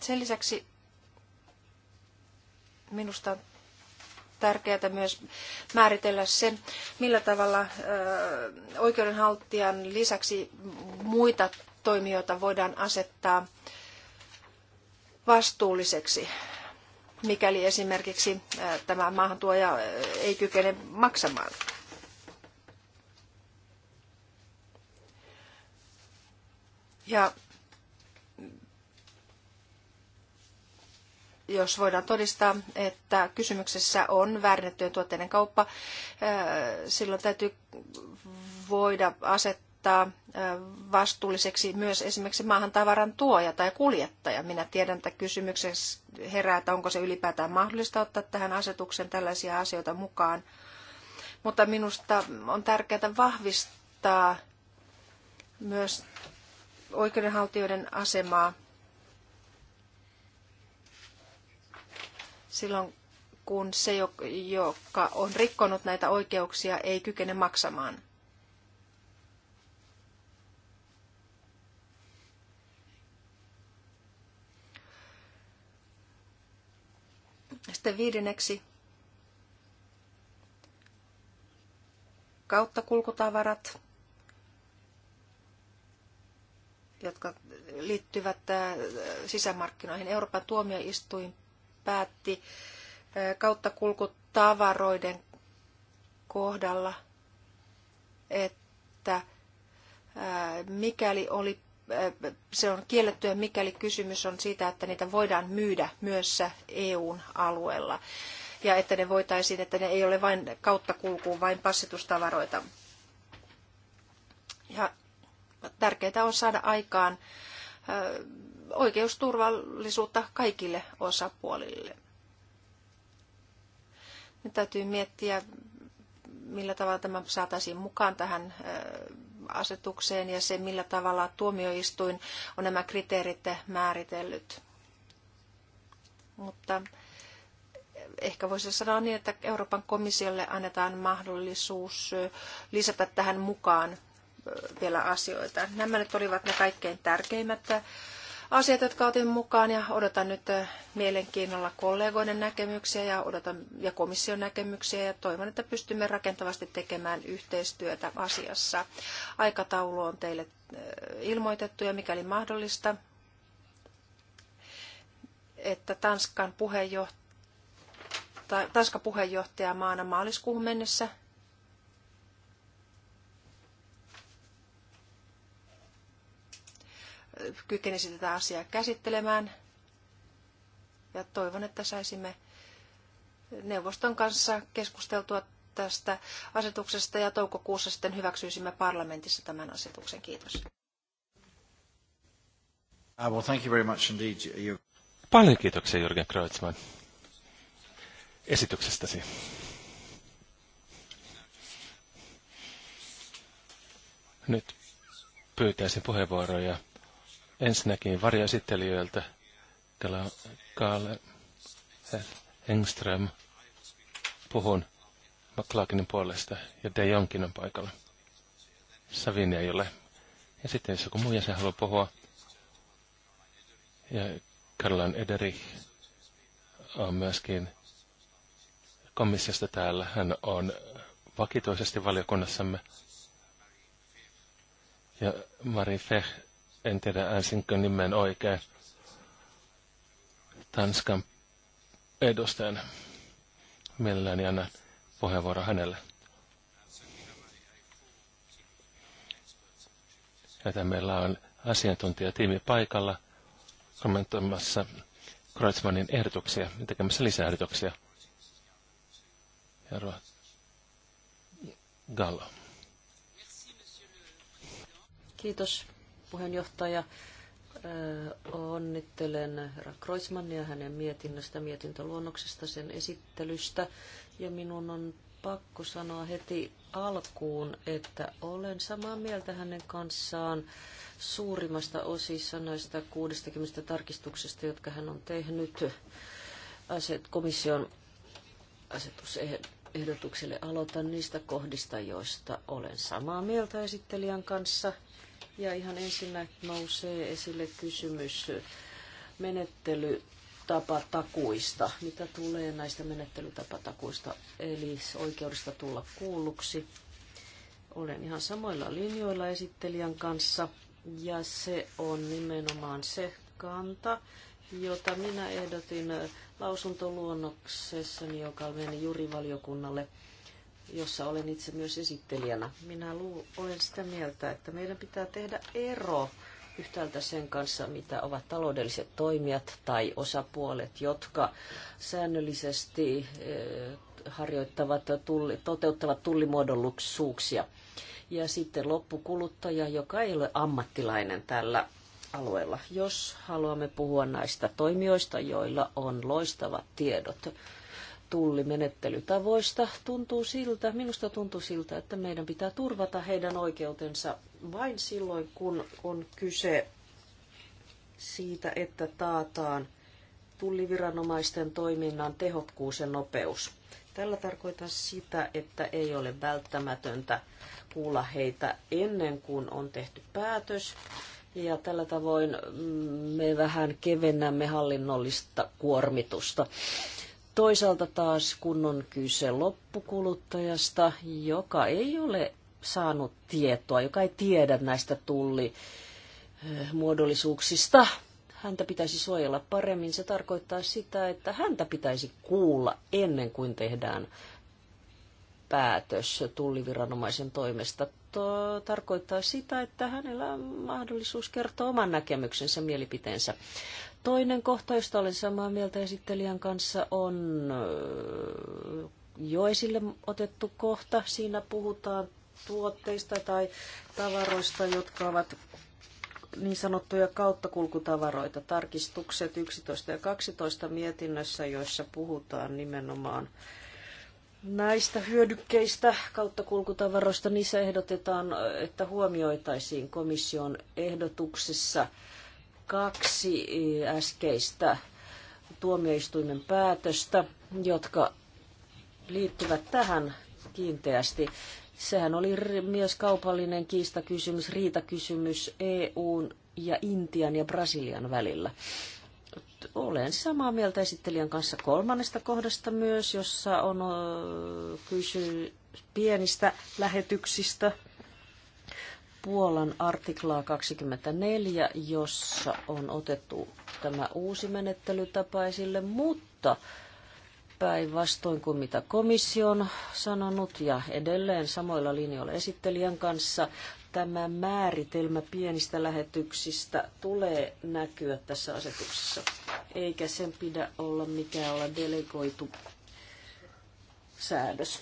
Sen lisäksi minusta on tärkeää myös määritellä se, millä tavalla äh, oikeudenhaltijan lisäksi muita toimijoita voidaan asettaa vastuulliseksi mikäli esimerkiksi tämä maahantuoja ei kykene maksamaan. Ja jos voidaan todistaa, että kysymyksessä on väärennettyjen tuotteiden kauppa, silloin täytyy voida asettaa asettaa vastuulliseksi myös esimerkiksi maahantavaran tuoja tai kuljettaja. Minä tiedän, että kysymyksessä herää, että onko se ylipäätään mahdollista ottaa tähän asetukseen tällaisia asioita mukaan. Mutta minusta on tärkeää vahvistaa myös oikeudenhaltijoiden asemaa silloin, kun se, joka on rikkonut näitä oikeuksia, ei kykene maksamaan. Sitten viidenneksi kauttakulkutavarat, jotka liittyvät äh, sisämarkkinoihin. Euroopan tuomioistuin päätti äh, kauttakulkutavaroiden kohdalla, että äh, mikäli oli se on kiellettyä, mikäli kysymys on siitä, että niitä voidaan myydä myös EUn alueella. Ja että ne voitaisiin, että ne ei ole vain kautta kulkuun, vain passitustavaroita. Ja tärkeää on saada aikaan oikeusturvallisuutta kaikille osapuolille. Nyt täytyy miettiä, millä tavalla tämä saataisiin mukaan tähän asetukseen ja se, millä tavalla tuomioistuin on nämä kriteerit määritellyt. Mutta ehkä voisi sanoa niin, että Euroopan komissiolle annetaan mahdollisuus lisätä tähän mukaan vielä asioita. Nämä nyt olivat ne kaikkein tärkeimmät asiat, jotka otin mukaan ja odotan nyt mielenkiinnolla kollegoiden näkemyksiä ja, odotan, ja komission näkemyksiä ja toivon, että pystymme rakentavasti tekemään yhteistyötä asiassa. Aikataulu on teille ilmoitettu ja mikäli mahdollista, että Tanskan puheenjohtaja, Tanska maana maaliskuuhun mennessä kykenisi tätä asiaa käsittelemään. Ja toivon, että saisimme neuvoston kanssa keskusteltua tästä asetuksesta ja toukokuussa sitten hyväksyisimme parlamentissa tämän asetuksen. Kiitos. Ah, well, thank you very much indeed. Paljon kiitoksia Jürgen Kreutzmann esityksestäsi. Nyt pyytäisin puheenvuoroja Ensinnäkin varjoesittelijöiltä. Täällä on Kaale Engström. Puhun maklaakinin puolesta ja De Jongkin on paikalla. Savini ei ole. Ja sitten jos joku muu jäsen haluaa puhua. Ja Karlan Ederich on myöskin komissiosta täällä. Hän on vakituisesti valiokunnassamme. Ja Marie Fech en tiedä äänsinkö nimen oikein, Tanskan edustajan. Mielelläni annan puheenvuoro hänelle. Ja meillä on asiantuntijatiimi paikalla kommentoimassa Kreutzmannin ehdotuksia ja tekemässä lisäehdotuksia. Herra Gallo. Kiitos puheenjohtaja. Onnittelen herra Kreuzmannia hänen mietinnöstä, mietintöluonnoksesta, sen esittelystä. Ja minun on pakko sanoa heti alkuun, että olen samaa mieltä hänen kanssaan suurimmasta osissa näistä 60 tarkistuksesta, jotka hän on tehnyt aset, komission asetusehdotukselle. Aloitan niistä kohdista, joista olen samaa mieltä esittelijän kanssa – ja ihan ensinnä nousee esille kysymys menettelytapatakuista. mitä tulee näistä menettelytapatakuista, eli oikeudesta tulla kuulluksi. Olen ihan samoilla linjoilla esittelijän kanssa, ja se on nimenomaan se kanta, jota minä ehdotin lausuntoluonnoksessani, joka meni jurivaliokunnalle jossa olen itse myös esittelijänä. Minä luu, olen sitä mieltä, että meidän pitää tehdä ero yhtäältä sen kanssa, mitä ovat taloudelliset toimijat tai osapuolet, jotka säännöllisesti eh, harjoittavat, tulli, toteuttavat tullimuodolluksuuksia. Ja sitten loppukuluttaja, joka ei ole ammattilainen tällä alueella. Jos haluamme puhua näistä toimijoista, joilla on loistavat tiedot, tullimenettelytavoista. Tuntuu siltä, minusta tuntuu siltä, että meidän pitää turvata heidän oikeutensa vain silloin, kun on kyse siitä, että taataan tulliviranomaisten toiminnan tehokkuus ja nopeus. Tällä tarkoitan sitä, että ei ole välttämätöntä kuulla heitä ennen kuin on tehty päätös. Ja tällä tavoin mm, me vähän kevennämme hallinnollista kuormitusta. Toisaalta taas kun on kyse loppukuluttajasta, joka ei ole saanut tietoa, joka ei tiedä näistä tullimuodollisuuksista, eh, häntä pitäisi suojella paremmin. Se tarkoittaa sitä, että häntä pitäisi kuulla ennen kuin tehdään päätös tulliviranomaisen toimesta. Tuo tarkoittaa sitä, että hänellä on mahdollisuus kertoa oman näkemyksensä, mielipiteensä. Toinen kohta, josta olen samaa mieltä esittelijän kanssa, on jo esille otettu kohta. Siinä puhutaan tuotteista tai tavaroista, jotka ovat niin sanottuja kauttakulkutavaroita. Tarkistukset 11 ja 12 mietinnössä, joissa puhutaan nimenomaan näistä hyödykkeistä kauttakulkutavaroista, niissä ehdotetaan, että huomioitaisiin komission ehdotuksessa – kaksi äskeistä tuomioistuimen päätöstä, jotka liittyvät tähän kiinteästi. Sehän oli myös kaupallinen kiistakysymys, riitakysymys EUn ja Intian ja Brasilian välillä. Olen samaa mieltä esittelijän kanssa kolmannesta kohdasta myös, jossa on kysy pienistä lähetyksistä, Puolan artiklaa 24, jossa on otettu tämä uusi menettelytapa esille, mutta päinvastoin kuin mitä komissio on sanonut ja edelleen samoilla linjoilla esittelijän kanssa, tämä määritelmä pienistä lähetyksistä tulee näkyä tässä asetuksessa, eikä sen pidä olla mikään olla delegoitu säädös.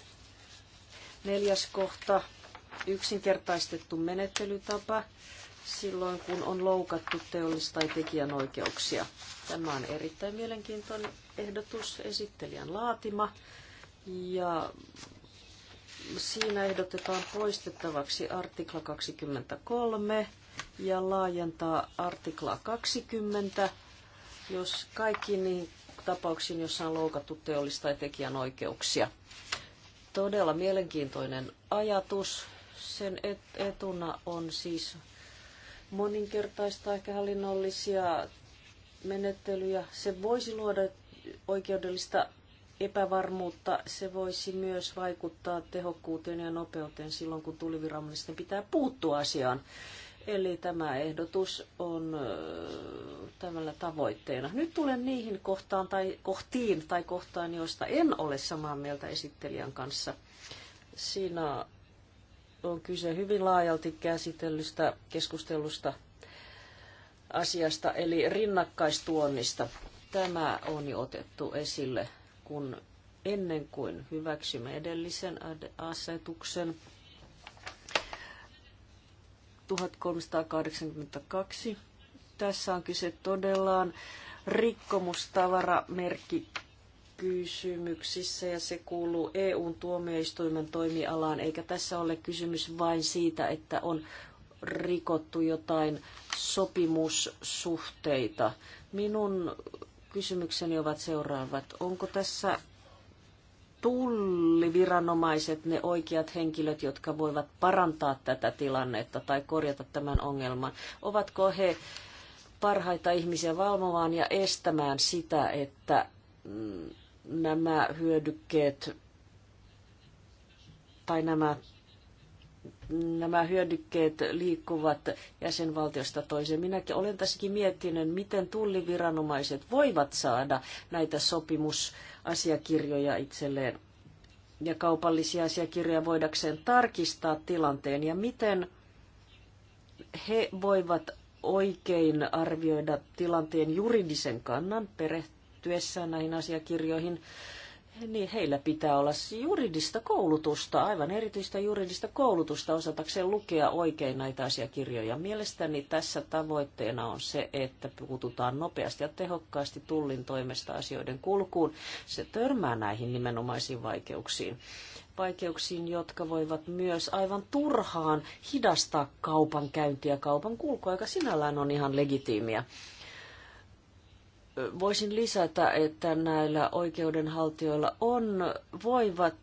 Neljäs kohta yksinkertaistettu menettelytapa silloin, kun on loukattu teollista tai tekijänoikeuksia. Tämä on erittäin mielenkiintoinen ehdotus, esittelijän laatima. Ja siinä ehdotetaan poistettavaksi artikla 23 ja laajentaa artikla 20, jos kaikki niin tapauksiin, jossa on loukattu teollista tai tekijänoikeuksia. Todella mielenkiintoinen ajatus sen etuna on siis moninkertaista ehkä hallinnollisia menettelyjä. Se voisi luoda oikeudellista epävarmuutta. Se voisi myös vaikuttaa tehokkuuteen ja nopeuteen silloin, kun tuliviranomaisten pitää puuttua asiaan. Eli tämä ehdotus on tämällä tavoitteena. Nyt tulen niihin kohtaan tai kohtiin tai kohtaan, joista en ole samaa mieltä esittelijän kanssa. Siinä on kyse hyvin laajalti käsitellystä keskustelusta asiasta, eli rinnakkaistuonnista. Tämä on jo otettu esille, kun ennen kuin hyväksymme edellisen asetuksen 1382. Tässä on kyse todellaan rikkomustavaramerkki kysymyksissä ja se kuuluu EUn tuomioistuimen toimialaan, eikä tässä ole kysymys vain siitä, että on rikottu jotain sopimussuhteita. Minun kysymykseni ovat seuraavat. Onko tässä tulliviranomaiset ne oikeat henkilöt, jotka voivat parantaa tätä tilannetta tai korjata tämän ongelman? Ovatko he parhaita ihmisiä valvomaan ja estämään sitä, että mm, nämä hyödykkeet tai nämä, nämä hyödykkeet liikkuvat jäsenvaltiosta toiseen. Minäkin olen tässäkin miettinyt, miten tulliviranomaiset voivat saada näitä sopimusasiakirjoja itselleen ja kaupallisia asiakirjoja voidakseen tarkistaa tilanteen ja miten he voivat oikein arvioida tilanteen juridisen kannan, perehtyä perehtyessään näihin asiakirjoihin, niin heillä pitää olla juridista koulutusta, aivan erityistä juridista koulutusta osatakseen lukea oikein näitä asiakirjoja. Mielestäni tässä tavoitteena on se, että puututaan nopeasti ja tehokkaasti tullin toimesta asioiden kulkuun. Se törmää näihin nimenomaisiin vaikeuksiin vaikeuksiin, jotka voivat myös aivan turhaan hidastaa kaupan käyntiä, kaupan kulkua, joka sinällään on ihan legitiimiä voisin lisätä, että näillä oikeudenhaltijoilla on, voivat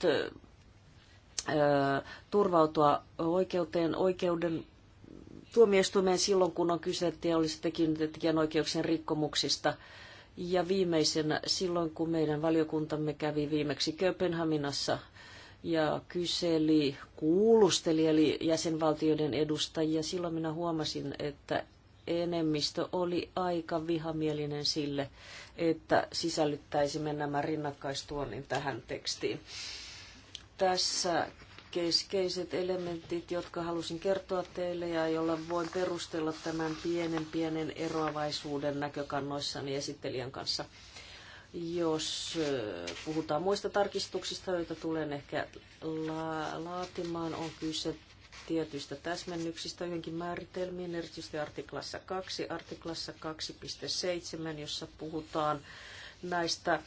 turvautua oikeuteen, oikeuden tuomioistuimeen silloin, kun on kyse teollisista oikeuksien rikkomuksista. Ja viimeisenä silloin, kun meidän valiokuntamme kävi viimeksi Kööpenhaminassa ja kyseli, kuulusteli, eli jäsenvaltioiden edustajia, silloin minä huomasin, että enemmistö oli aika vihamielinen sille, että sisällyttäisimme nämä rinnakkaistuonnin tähän tekstiin. Tässä keskeiset elementit, jotka halusin kertoa teille ja jolla voin perustella tämän pienen pienen eroavaisuuden näkökannoissani esittelijän kanssa. Jos äh, puhutaan muista tarkistuksista, joita tulen ehkä laatimaan, on kyse tietyistä täsmennyksistä johonkin määritelmiin, erityisesti artiklassa 2, artiklassa 2.7, jossa puhutaan näistä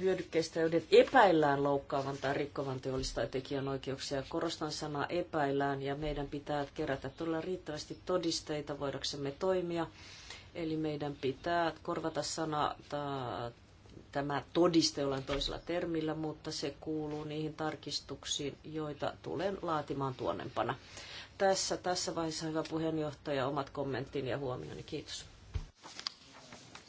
hyödykkeistä, joiden epäillään loukkaavan tai rikkovan teollista tekijänoikeuksia. Korostan sanaa epäillään ja meidän pitää kerätä todella riittävästi todisteita voidaksemme toimia. Eli meidän pitää korvata sana tämä todiste jollain toisella termillä, mutta se kuuluu niihin tarkistuksiin, joita tulen laatimaan tuonnempana. Tässä, tässä vaiheessa, hyvä puheenjohtaja, omat kommenttini ja huomioni. Kiitos.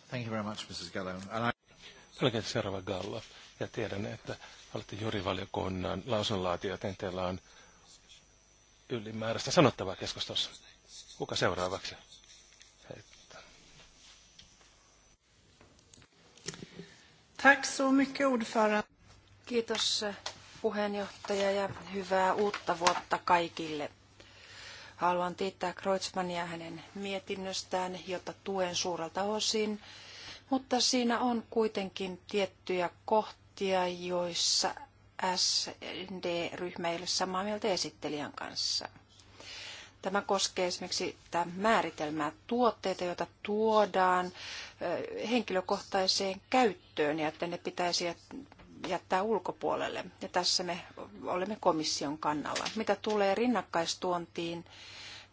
Thank you very much, Mrs. Gallo. And seuraava Gallo. Ja tiedän, että olette jurivaliokunnan lausunnonlaatija, joten teillä on ylimääräistä sanottavaa keskustossa. Kuka seuraavaksi? Tack så mycket ordförande. Kiitos puheenjohtaja ja hyvää uutta vuotta kaikille. Haluan kiittää Kreutzmannia hänen mietinnöstään, jota tuen suurelta osin, mutta siinä on kuitenkin tiettyjä kohtia, joissa SD-ryhmä ei ole samaa mieltä esittelijän kanssa. Tämä koskee esimerkiksi tämä määritelmää tuotteita, joita tuodaan henkilökohtaiseen käyttöön ja että ne pitäisi jättää ulkopuolelle. Ja tässä me olemme komission kannalla. Mitä tulee rinnakkaistuontiin,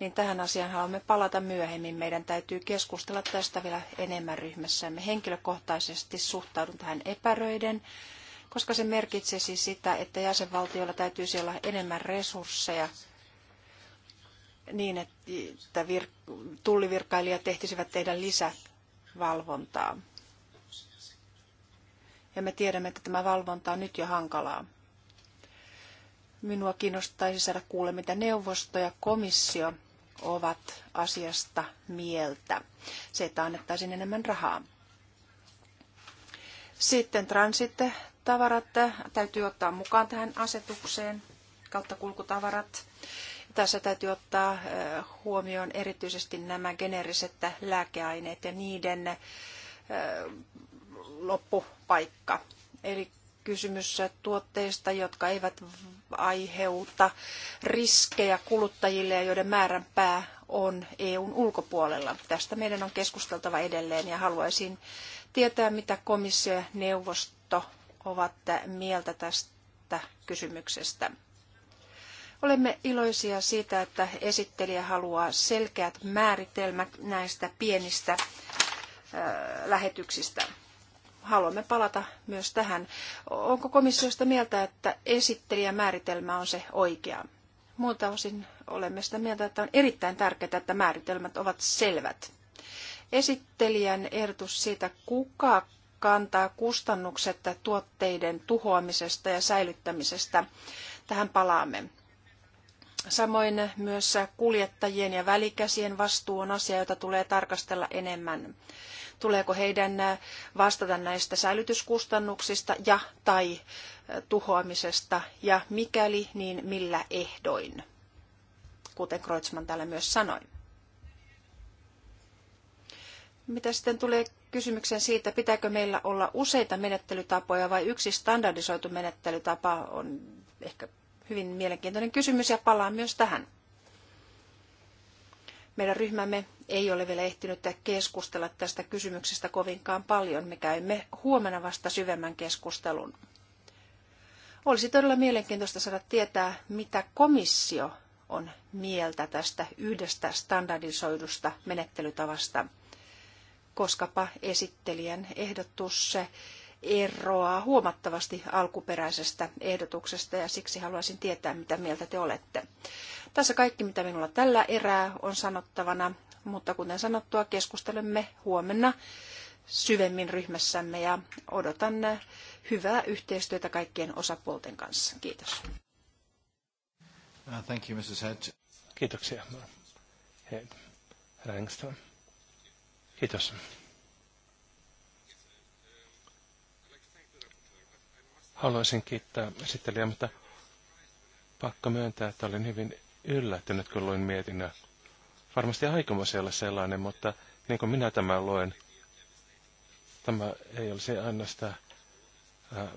niin tähän asiaan haluamme palata myöhemmin. Meidän täytyy keskustella tästä vielä enemmän ryhmässämme. Henkilökohtaisesti suhtaudun tähän epäröiden, koska se merkitsisi sitä, että jäsenvaltioilla täytyisi olla enemmän resursseja niin, että tullivirkailijat ehtisivät tehdä lisätyötä valvontaa. Ja me tiedämme, että tämä valvonta on nyt jo hankalaa. Minua kiinnostaisi saada kuulla, mitä neuvosto ja komissio ovat asiasta mieltä. Se, että annettaisiin enemmän rahaa. Sitten transitte täytyy ottaa mukaan tähän asetukseen, kautta kulkutavarat. Tässä täytyy ottaa huomioon erityisesti nämä geneeriset lääkeaineet ja niiden loppupaikka. Eli kysymys tuotteista, jotka eivät aiheuta riskejä kuluttajille ja joiden määränpää on EUn ulkopuolella. Tästä meidän on keskusteltava edelleen ja haluaisin tietää, mitä komissio ja neuvosto ovat mieltä tästä kysymyksestä. Olemme iloisia siitä, että esittelijä haluaa selkeät määritelmät näistä pienistä lähetyksistä. Haluamme palata myös tähän. Onko komissiosta mieltä, että esittelijämääritelmä on se oikea? Muilta osin olemme sitä mieltä, että on erittäin tärkeää, että määritelmät ovat selvät. Esittelijän ehdotus siitä, kuka kantaa kustannukset tuotteiden tuhoamisesta ja säilyttämisestä, tähän palaamme. Samoin myös kuljettajien ja välikäsien vastuu on asia, jota tulee tarkastella enemmän. Tuleeko heidän vastata näistä säilytyskustannuksista ja tai tuhoamisesta ja mikäli, niin millä ehdoin, kuten Kreutzmann täällä myös sanoi. Mitä sitten tulee kysymykseen siitä, pitääkö meillä olla useita menettelytapoja vai yksi standardisoitu menettelytapa on ehkä hyvin mielenkiintoinen kysymys ja palaan myös tähän. Meidän ryhmämme ei ole vielä ehtinyt keskustella tästä kysymyksestä kovinkaan paljon. Me käymme huomenna vasta syvemmän keskustelun. Olisi todella mielenkiintoista saada tietää, mitä komissio on mieltä tästä yhdestä standardisoidusta menettelytavasta, koskapa esittelijän ehdotus eroaa huomattavasti alkuperäisestä ehdotuksesta ja siksi haluaisin tietää, mitä mieltä te olette. Tässä kaikki, mitä minulla tällä erää on sanottavana, mutta kuten sanottua, keskustelemme huomenna syvemmin ryhmässämme ja odotan hyvää yhteistyötä kaikkien osapuolten kanssa. Kiitos. Uh, thank you, Mrs. Head. Kiitoksia. Head. Kiitos. Haluaisin kiittää esittelijää, mutta pakko myöntää, että olin hyvin yllättynyt, kun luin mietinnä. Varmasti aikomus ei ole sellainen, mutta niin kuin minä tämän luen, tämä ei olisi ainoastaan äh,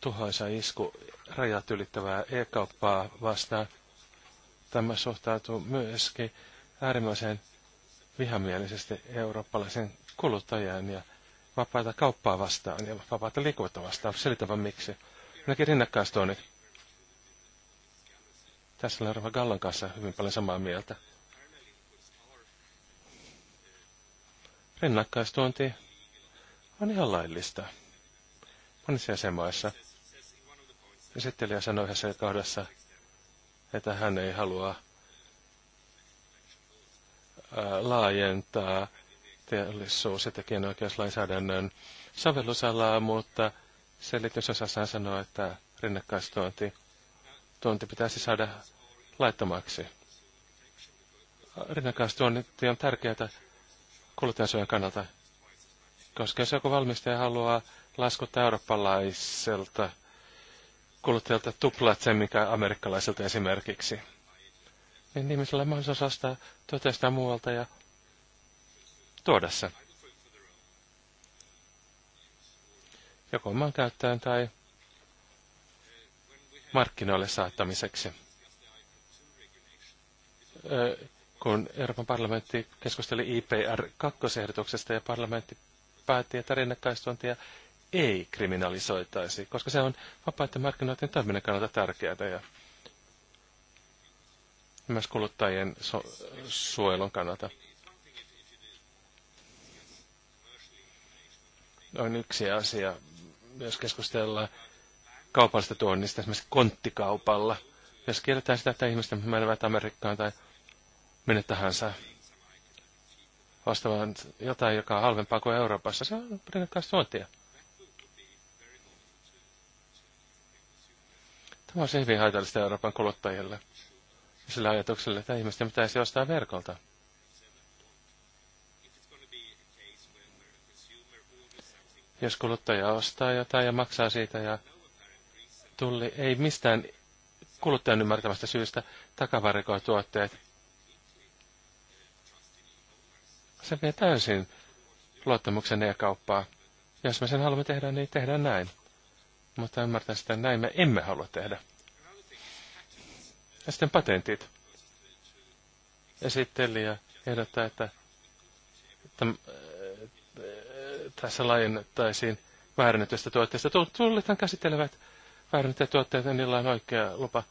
tuhoisa isku rajat ylittävää e-kauppaa vastaan. Tämä suhtautuu myöskin äärimmäisen vihamielisesti eurooppalaisen kuluttajan ja vapaata kauppaa vastaan ja vapaata liikkuvuutta vastaan. vaan miksi. Minäkin rinnakkaistoinnit. Tässä on Rova Gallan kanssa hyvin paljon samaa mieltä. Rinnakkaistuonti on ihan laillista. Monissa jäsenmaissa. Esittelijä sanoi yhdessä kohdassa, että hän ei halua laajentaa teollisuus- ja tekijänoikeuslainsäädännön sovellusalaa, mutta selitysosassa sanoo, että rinnakkaistuonti tuonti pitäisi saada laittomaksi. Rinnakkaistuonti on tärkeää kuluttajansuojan kannalta, koska jos joku valmistaja haluaa laskuttaa eurooppalaiselta kuluttajalta tuplat sen, mikä amerikkalaiselta esimerkiksi, niin ihmisellä on mahdollisuus ostaa tuotteesta muualta ja tuoda sen. Joko oman käyttäjän tai markkinoille saattamiseksi. Kun Euroopan parlamentti keskusteli IPR-2-ehdotuksesta ja parlamentti päätti, että rinnakkaistuontia ei kriminalisoitaisi, koska se on vapaiden markkinoiden toiminnan kannalta tärkeää ja myös kuluttajien so- suojelun kannalta. on yksi asia, jos keskustellaan kaupallista tuonnista, esimerkiksi konttikaupalla. Jos kielletään sitä, että ihmiset menevät Amerikkaan tai minne tahansa ostamaan jotain, joka on halvempaa kuin Euroopassa, se on rinnakkaista tuontia. Tämä on hyvin haitallista Euroopan kuluttajille. Sillä ajatuksella, että ihmisten pitäisi ostaa verkolta. Jos kuluttaja ostaa jotain ja maksaa siitä ja tulli ei mistään kuluttajan ymmärtämästä syystä takavarikoi tuotteet, se vie täysin luottamuksen ja kauppaa. Jos me sen haluamme tehdä, niin tehdään näin. Mutta ymmärtää sitä, näin me emme halua tehdä. Ja sitten patentit. Esittelijä ehdottaa, että, että tässä laajennettaisiin väärennetystä tuotteista. Tullithan käsittelevät väärennettyjä tuotteita, niin niillä on oikea lupa.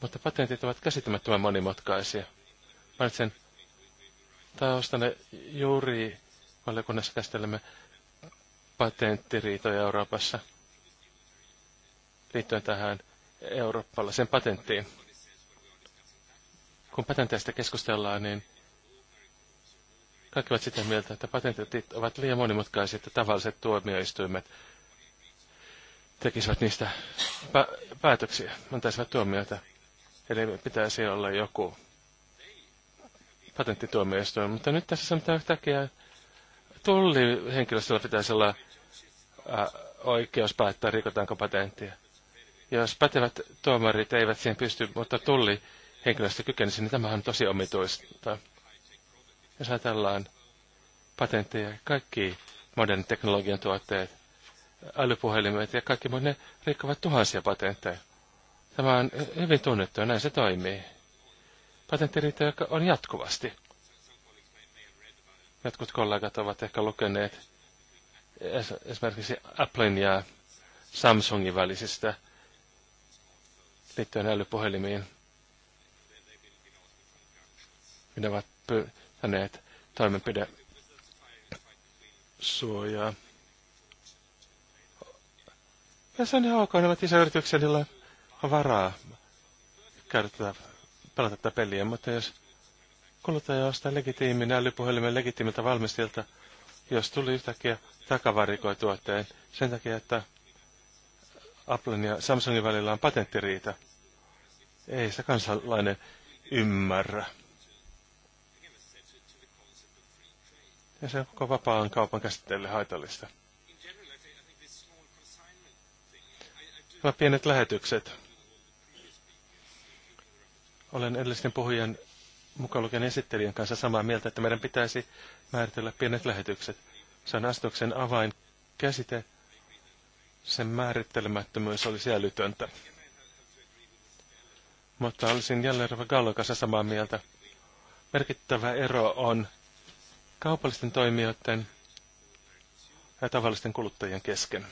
Mutta patentit ovat käsittämättömän monimutkaisia. Mainitsen taustanne juuri valiokunnassa käsittelemme patenttiriitoja Euroopassa liittyen tähän eurooppalaiseen patenttiin. Kun patenteista keskustellaan, niin kaikki ovat sitä mieltä, että patentit ovat liian monimutkaisia, että tavalliset tuomioistuimet tekisivät niistä päätöksiä, antaisivat tuomioita. Eli pitäisi olla joku patenttituomioistuin, mutta nyt tässä sanotaan yhtäkkiä, tullihenkilöstöllä pitäisi olla ä, oikeus päättää, rikotaanko patenttia. Jos pätevät tuomarit eivät siihen pysty, mutta tulli henkilöstö kykenisi, niin tämähän on tosi omituista. Jos ajatellaan patentteja, kaikki modernin teknologian tuotteet, älypuhelimet ja kaikki muut, ne rikkovat tuhansia patentteja. Tämä on hyvin tunnettu ja näin se toimii. Patenttiriita, joka on jatkuvasti. Jotkut kollegat ovat ehkä lukeneet esimerkiksi Applen ja Samsungin välisistä liittyen älypuhelimiin. Ne ovat py- käyttäneet toimenpide suojaa. Ja se on ihan ok, ne ovat on varaa käydä tätä, pelata tätä peliä, mutta jos kuluttaja ostaa legitiimin älypuhelimen legitiimiltä valmistilta, jos tuli yhtäkkiä takavarikoi tuotteen sen takia, että Applen ja Samsungin välillä on patenttiriita. Ei sitä kansalainen ymmärrä. Ja se on koko vapaan kaupan käsitteelle haitallista. Nämä pienet lähetykset. Olen edellisten puhujan mukaan lukien esittelijän kanssa samaa mieltä, että meidän pitäisi määritellä pienet lähetykset. Se on avain käsite Sen määrittelemättömyys oli älytöntä. Mutta olisin jälleen Gallo kanssa samaa mieltä. Merkittävä ero on kaupallisten toimijoiden ja tavallisten kuluttajien kesken.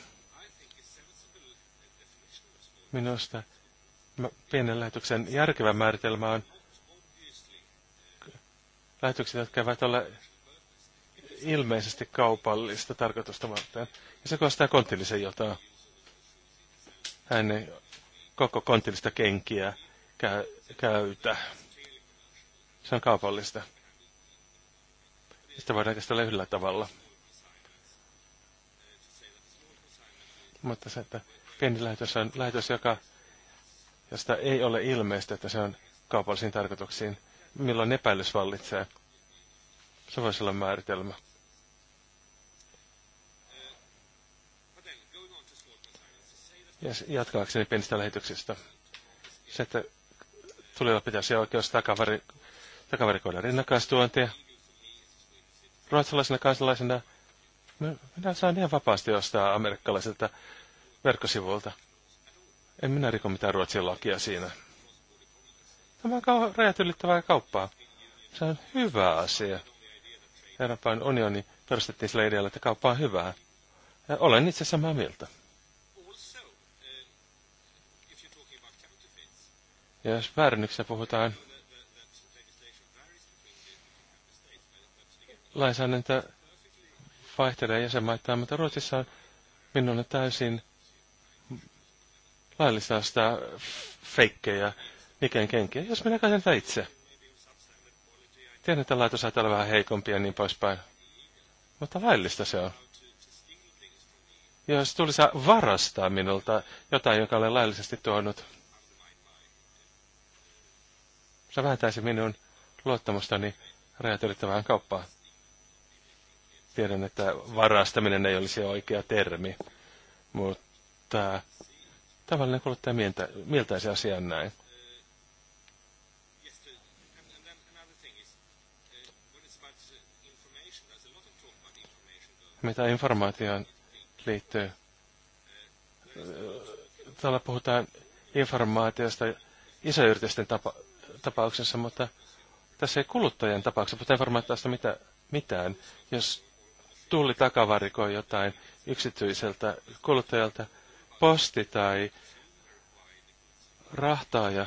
Minusta pienen lähetyksen järkevä määritelmä on lähetykset, jotka eivät ole ilmeisesti kaupallista tarkoitusta varten. Ja se koostaa kontillisen jotain. Hän ei koko kontillista kenkiä käytä. Se on kaupallista. Sitä voidaan käsitellä yhdellä tavalla. Mutta se, että pieni lähetys on lähetys, joka, josta ei ole ilmeistä, että se on kaupallisiin tarkoituksiin, milloin epäilys vallitsee. Se voisi olla määritelmä. Ja jatkaakseni pienistä lähetyksistä. Se, että tulilla pitäisi oikeus takavari, takavarikoida rinnakkaistuontia ruotsalaisena kansalaisena minä saan ihan vapaasti ostaa amerikkalaiselta verkkosivulta. En minä riko mitään ruotsin lakia siinä. Tämä on rajat ylittävää kauppaa. Se on hyvä asia. Euroopan unioni perustettiin sillä idealla, että kauppa on hyvää. Ja olen itse samaa mieltä. Ja jos väärinnyksessä puhutaan lainsäädäntö vaihtelee jäsenmaittain, mutta Ruotsissa on minun täysin laillista sitä feikkejä Niken kenkiä, jos minä käytän sitä itse. Tiedän, että laito saattaa olla vähän heikompi ja niin poispäin. Mutta laillista se on. Jos tulisi varastaa minulta jotain, joka olen laillisesti tuonut, se vähentäisi minun luottamustani rajat ylittävään kauppaan. Tiedän, että varastaminen ei olisi oikea termi, mutta tavallinen kuluttaja mieltä, mieltäisi asian näin. Mitä informaatioon liittyy? Täällä puhutaan informaatiosta isoyritysten tapa, tapauksessa, mutta tässä ei kuluttajan tapauksessa puhuta informaatiosta mitään. Jos tulli takavarikoi jotain yksityiseltä kuluttajalta, posti tai rahtaaja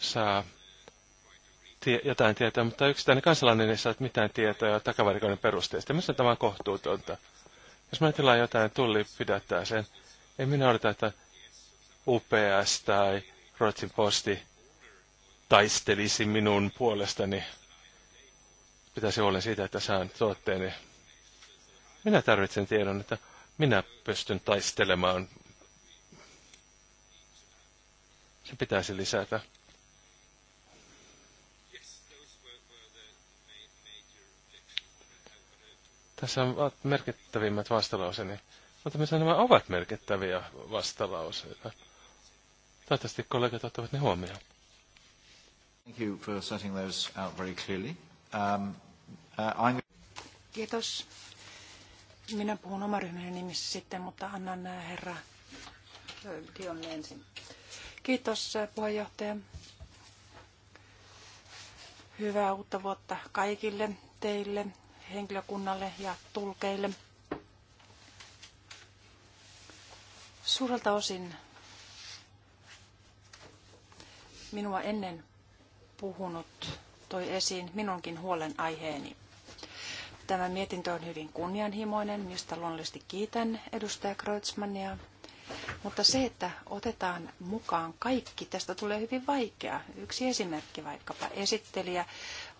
saa tie, jotain tietoa, mutta yksittäinen kansalainen ei saa mitään tietoa takavarikoinnin perusteista. Mistä tämä on kohtuutonta? Jos mä ajatellaan jotain, tulli pidättää sen. Ei minä odota, että UPS tai Ruotsin posti taistelisi minun puolestani. Pitäisi olla siitä, että saan tuotteeni minä tarvitsen tiedon, että minä pystyn taistelemaan. Se pitäisi lisätä. Tässä on merkittävimmät vastalauseni. Mutta missä nämä ovat merkittäviä vastalauseita? Toivottavasti kollegat ottavat ne huomioon. Thank you for setting those out very clearly. Um, uh, I'm... Kiitos. Minä puhun oma ryhmäni nimissä sitten, mutta annan äh, herra äh, Dion ensin. Kiitos äh, puheenjohtaja. Hyvää uutta vuotta kaikille teille, henkilökunnalle ja tulkeille. Suurelta osin minua ennen puhunut toi esiin minunkin huolenaiheeni. Tämä mietintö on hyvin kunnianhimoinen, mistä luonnollisesti kiitän edustaja Kreutzmannia. Mutta se, että otetaan mukaan kaikki, tästä tulee hyvin vaikea. Yksi esimerkki vaikkapa esittelijä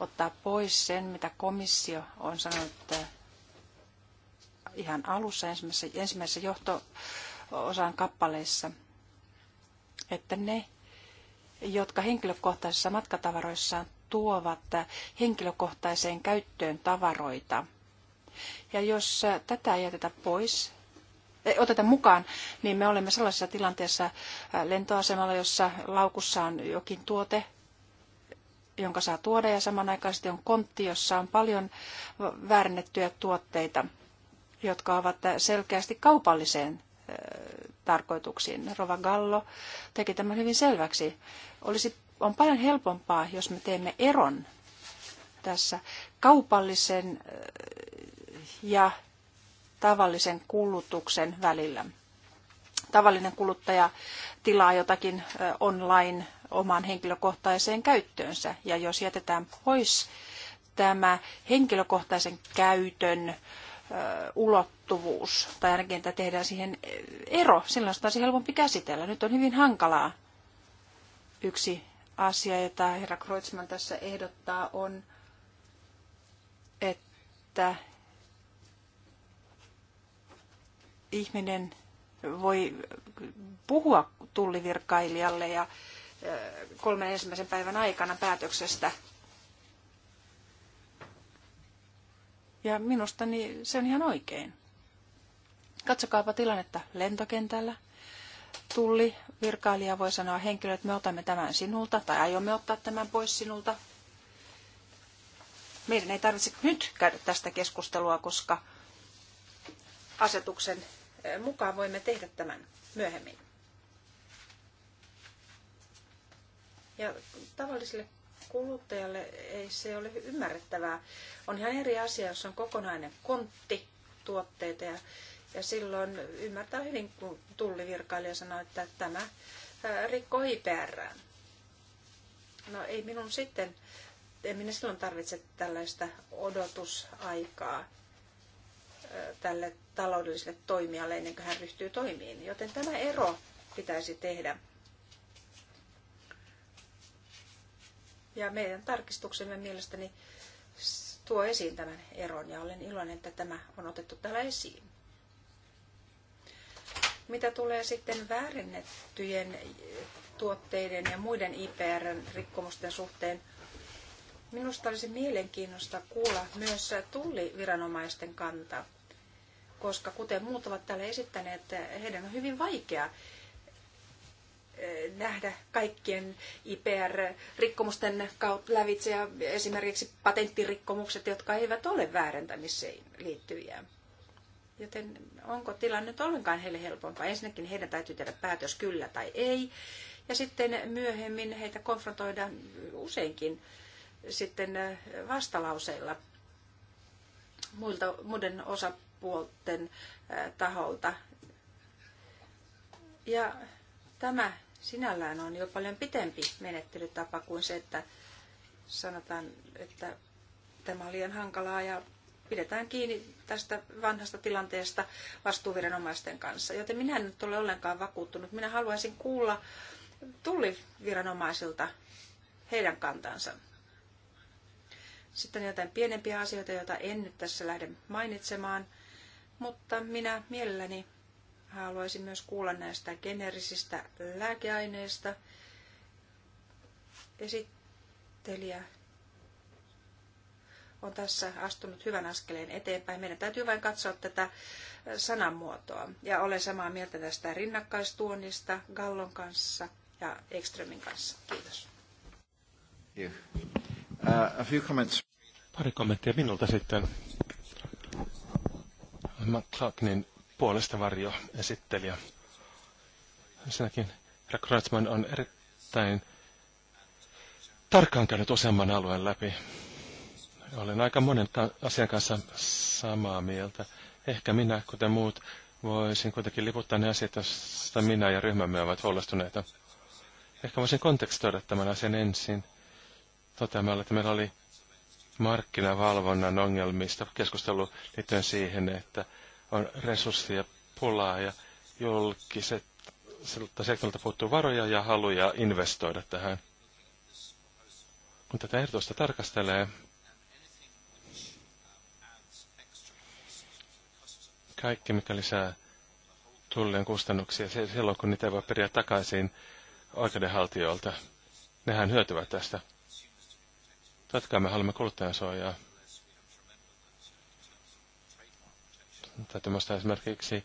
ottaa pois sen, mitä komissio on sanonut äh, ihan alussa ensimmäisessä, ensimmäisessä johto-osan kappaleessa, että ne, jotka henkilökohtaisissa matkatavaroissaan tuovat henkilökohtaiseen käyttöön tavaroita. Ja jos tätä ei jätetä pois, ei oteta mukaan, niin me olemme sellaisessa tilanteessa lentoasemalla, jossa laukussa on jokin tuote, jonka saa tuoda, ja samanaikaisesti on kontti, jossa on paljon väärennettyjä tuotteita, jotka ovat selkeästi kaupalliseen tarkoituksiin. Rova Gallo teki tämän hyvin selväksi. Olisi on paljon helpompaa, jos me teemme eron tässä kaupallisen ja tavallisen kulutuksen välillä. Tavallinen kuluttaja tilaa jotakin online omaan henkilökohtaiseen käyttöönsä. Ja jos jätetään pois tämä henkilökohtaisen käytön ulottuvuus, tai ainakin että tehdään siihen ero, silloin sitä on helpompi käsitellä. Nyt on hyvin hankalaa yksi asia, jota herra Kreutzmann tässä ehdottaa, on, että ihminen voi puhua tullivirkailijalle ja kolmen ensimmäisen päivän aikana päätöksestä. Ja minusta niin se on ihan oikein. Katsokaapa tilannetta lentokentällä, virkailija, voi sanoa henkilölle, että me otamme tämän sinulta tai aiomme ottaa tämän pois sinulta. Meidän ei tarvitse nyt käydä tästä keskustelua, koska asetuksen eh, mukaan voimme tehdä tämän myöhemmin. Ja tavallisille kuluttajalle ei se ole ymmärrettävää. On ihan eri asia, jos on kokonainen kontti tuotteita ja ja silloin ymmärtää hyvin, kun tullivirkailija sanoo, että tämä rikkoo IPR. No ei minun sitten, en minä silloin tarvitse tällaista odotusaikaa tälle taloudelliselle toimijalle ennen kuin hän ryhtyy toimiin. Joten tämä ero pitäisi tehdä. Ja meidän tarkistuksemme mielestäni tuo esiin tämän eron ja olen iloinen, että tämä on otettu täällä esiin. Mitä tulee sitten väärennettyjen tuotteiden ja muiden IPR-rikkomusten suhteen, minusta olisi mielenkiinnosta kuulla myös tulliviranomaisten kanta, koska kuten muut ovat täällä esittäneet, heidän on hyvin vaikea eh, nähdä kaikkien IPR-rikkomusten kautta lävitse ja esimerkiksi patenttirikkomukset, jotka eivät ole väärentämiseen liittyviä. Joten onko tilanne nyt ollenkaan heille helpompaa? Ensinnäkin heidän täytyy tehdä päätös kyllä tai ei. Ja sitten myöhemmin heitä konfrontoidaan useinkin sitten eh, vastalauseilla muilta, muiden osapuolten eh, taholta. Ja tämä sinällään on jo paljon pitempi menettelytapa kuin se, että sanotaan, että tämä on liian hankalaa ja pidetään kiinni tästä vanhasta tilanteesta vastuuviranomaisten kanssa. Joten minä en nyt ole ollenkaan vakuuttunut. Minä haluaisin kuulla tulliviranomaisilta heidän kantansa. Sitten jotain pienempiä asioita, joita en nyt tässä lähde mainitsemaan, mutta minä mielelläni haluaisin myös kuulla näistä generisistä lääkeaineista. Esittelijä on tässä astunut hyvän askeleen eteenpäin. Meidän täytyy vain katsoa tätä sanamuotoa. Ja olen samaa mieltä tästä rinnakkaistuonnista Gallon kanssa ja Ekströmin kanssa. Kiitos. Uh, Pari kommenttia minulta sitten. McClarkinin puolesta varjo esittelijä. Ensinnäkin herra on erittäin tarkkaan käynyt useamman alueen läpi olen aika monen asian kanssa samaa mieltä. Ehkä minä, kuten muut, voisin kuitenkin liputtaa ne asiat, joista minä ja ryhmämme ovat huolestuneita. Ehkä voisin kontekstoida tämän asian ensin toteamalla, että meillä oli markkinavalvonnan ongelmista keskustelu liittyen siihen, että on resursseja pulaa ja julkiset sektorilta puuttuu varoja ja haluja investoida tähän. Kun tätä ehdotusta tarkastelee, Kaikki, mikä lisää tullien kustannuksia silloin, kun niitä ei voi periä takaisin oikeudenhaltijoilta, nehän hyötyvät tästä. Totta kai me haluamme kuluttajansuojaa. Täytyy muistaa esimerkiksi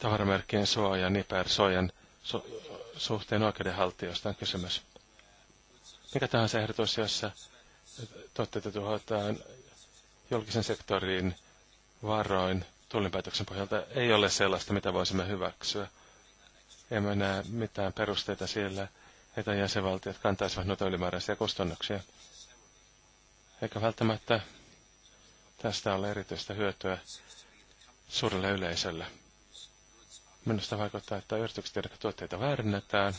tavaramerkkien suoja, niper suojan su suhteen oikeudenhaltijoista on kysymys. Mikä tahansa ehdotus, jossa tuotteita tuhotaan julkisen sektorin varoin, tullinpäätöksen pohjalta ei ole sellaista, mitä voisimme hyväksyä. Emme näe mitään perusteita siellä, että jäsenvaltiot kantaisivat noita ylimääräisiä kustannuksia. Eikä välttämättä tästä ole erityistä hyötyä suurelle yleisölle. Minusta vaikuttaa, että yritykset, joiden tuotteita väärinnetään,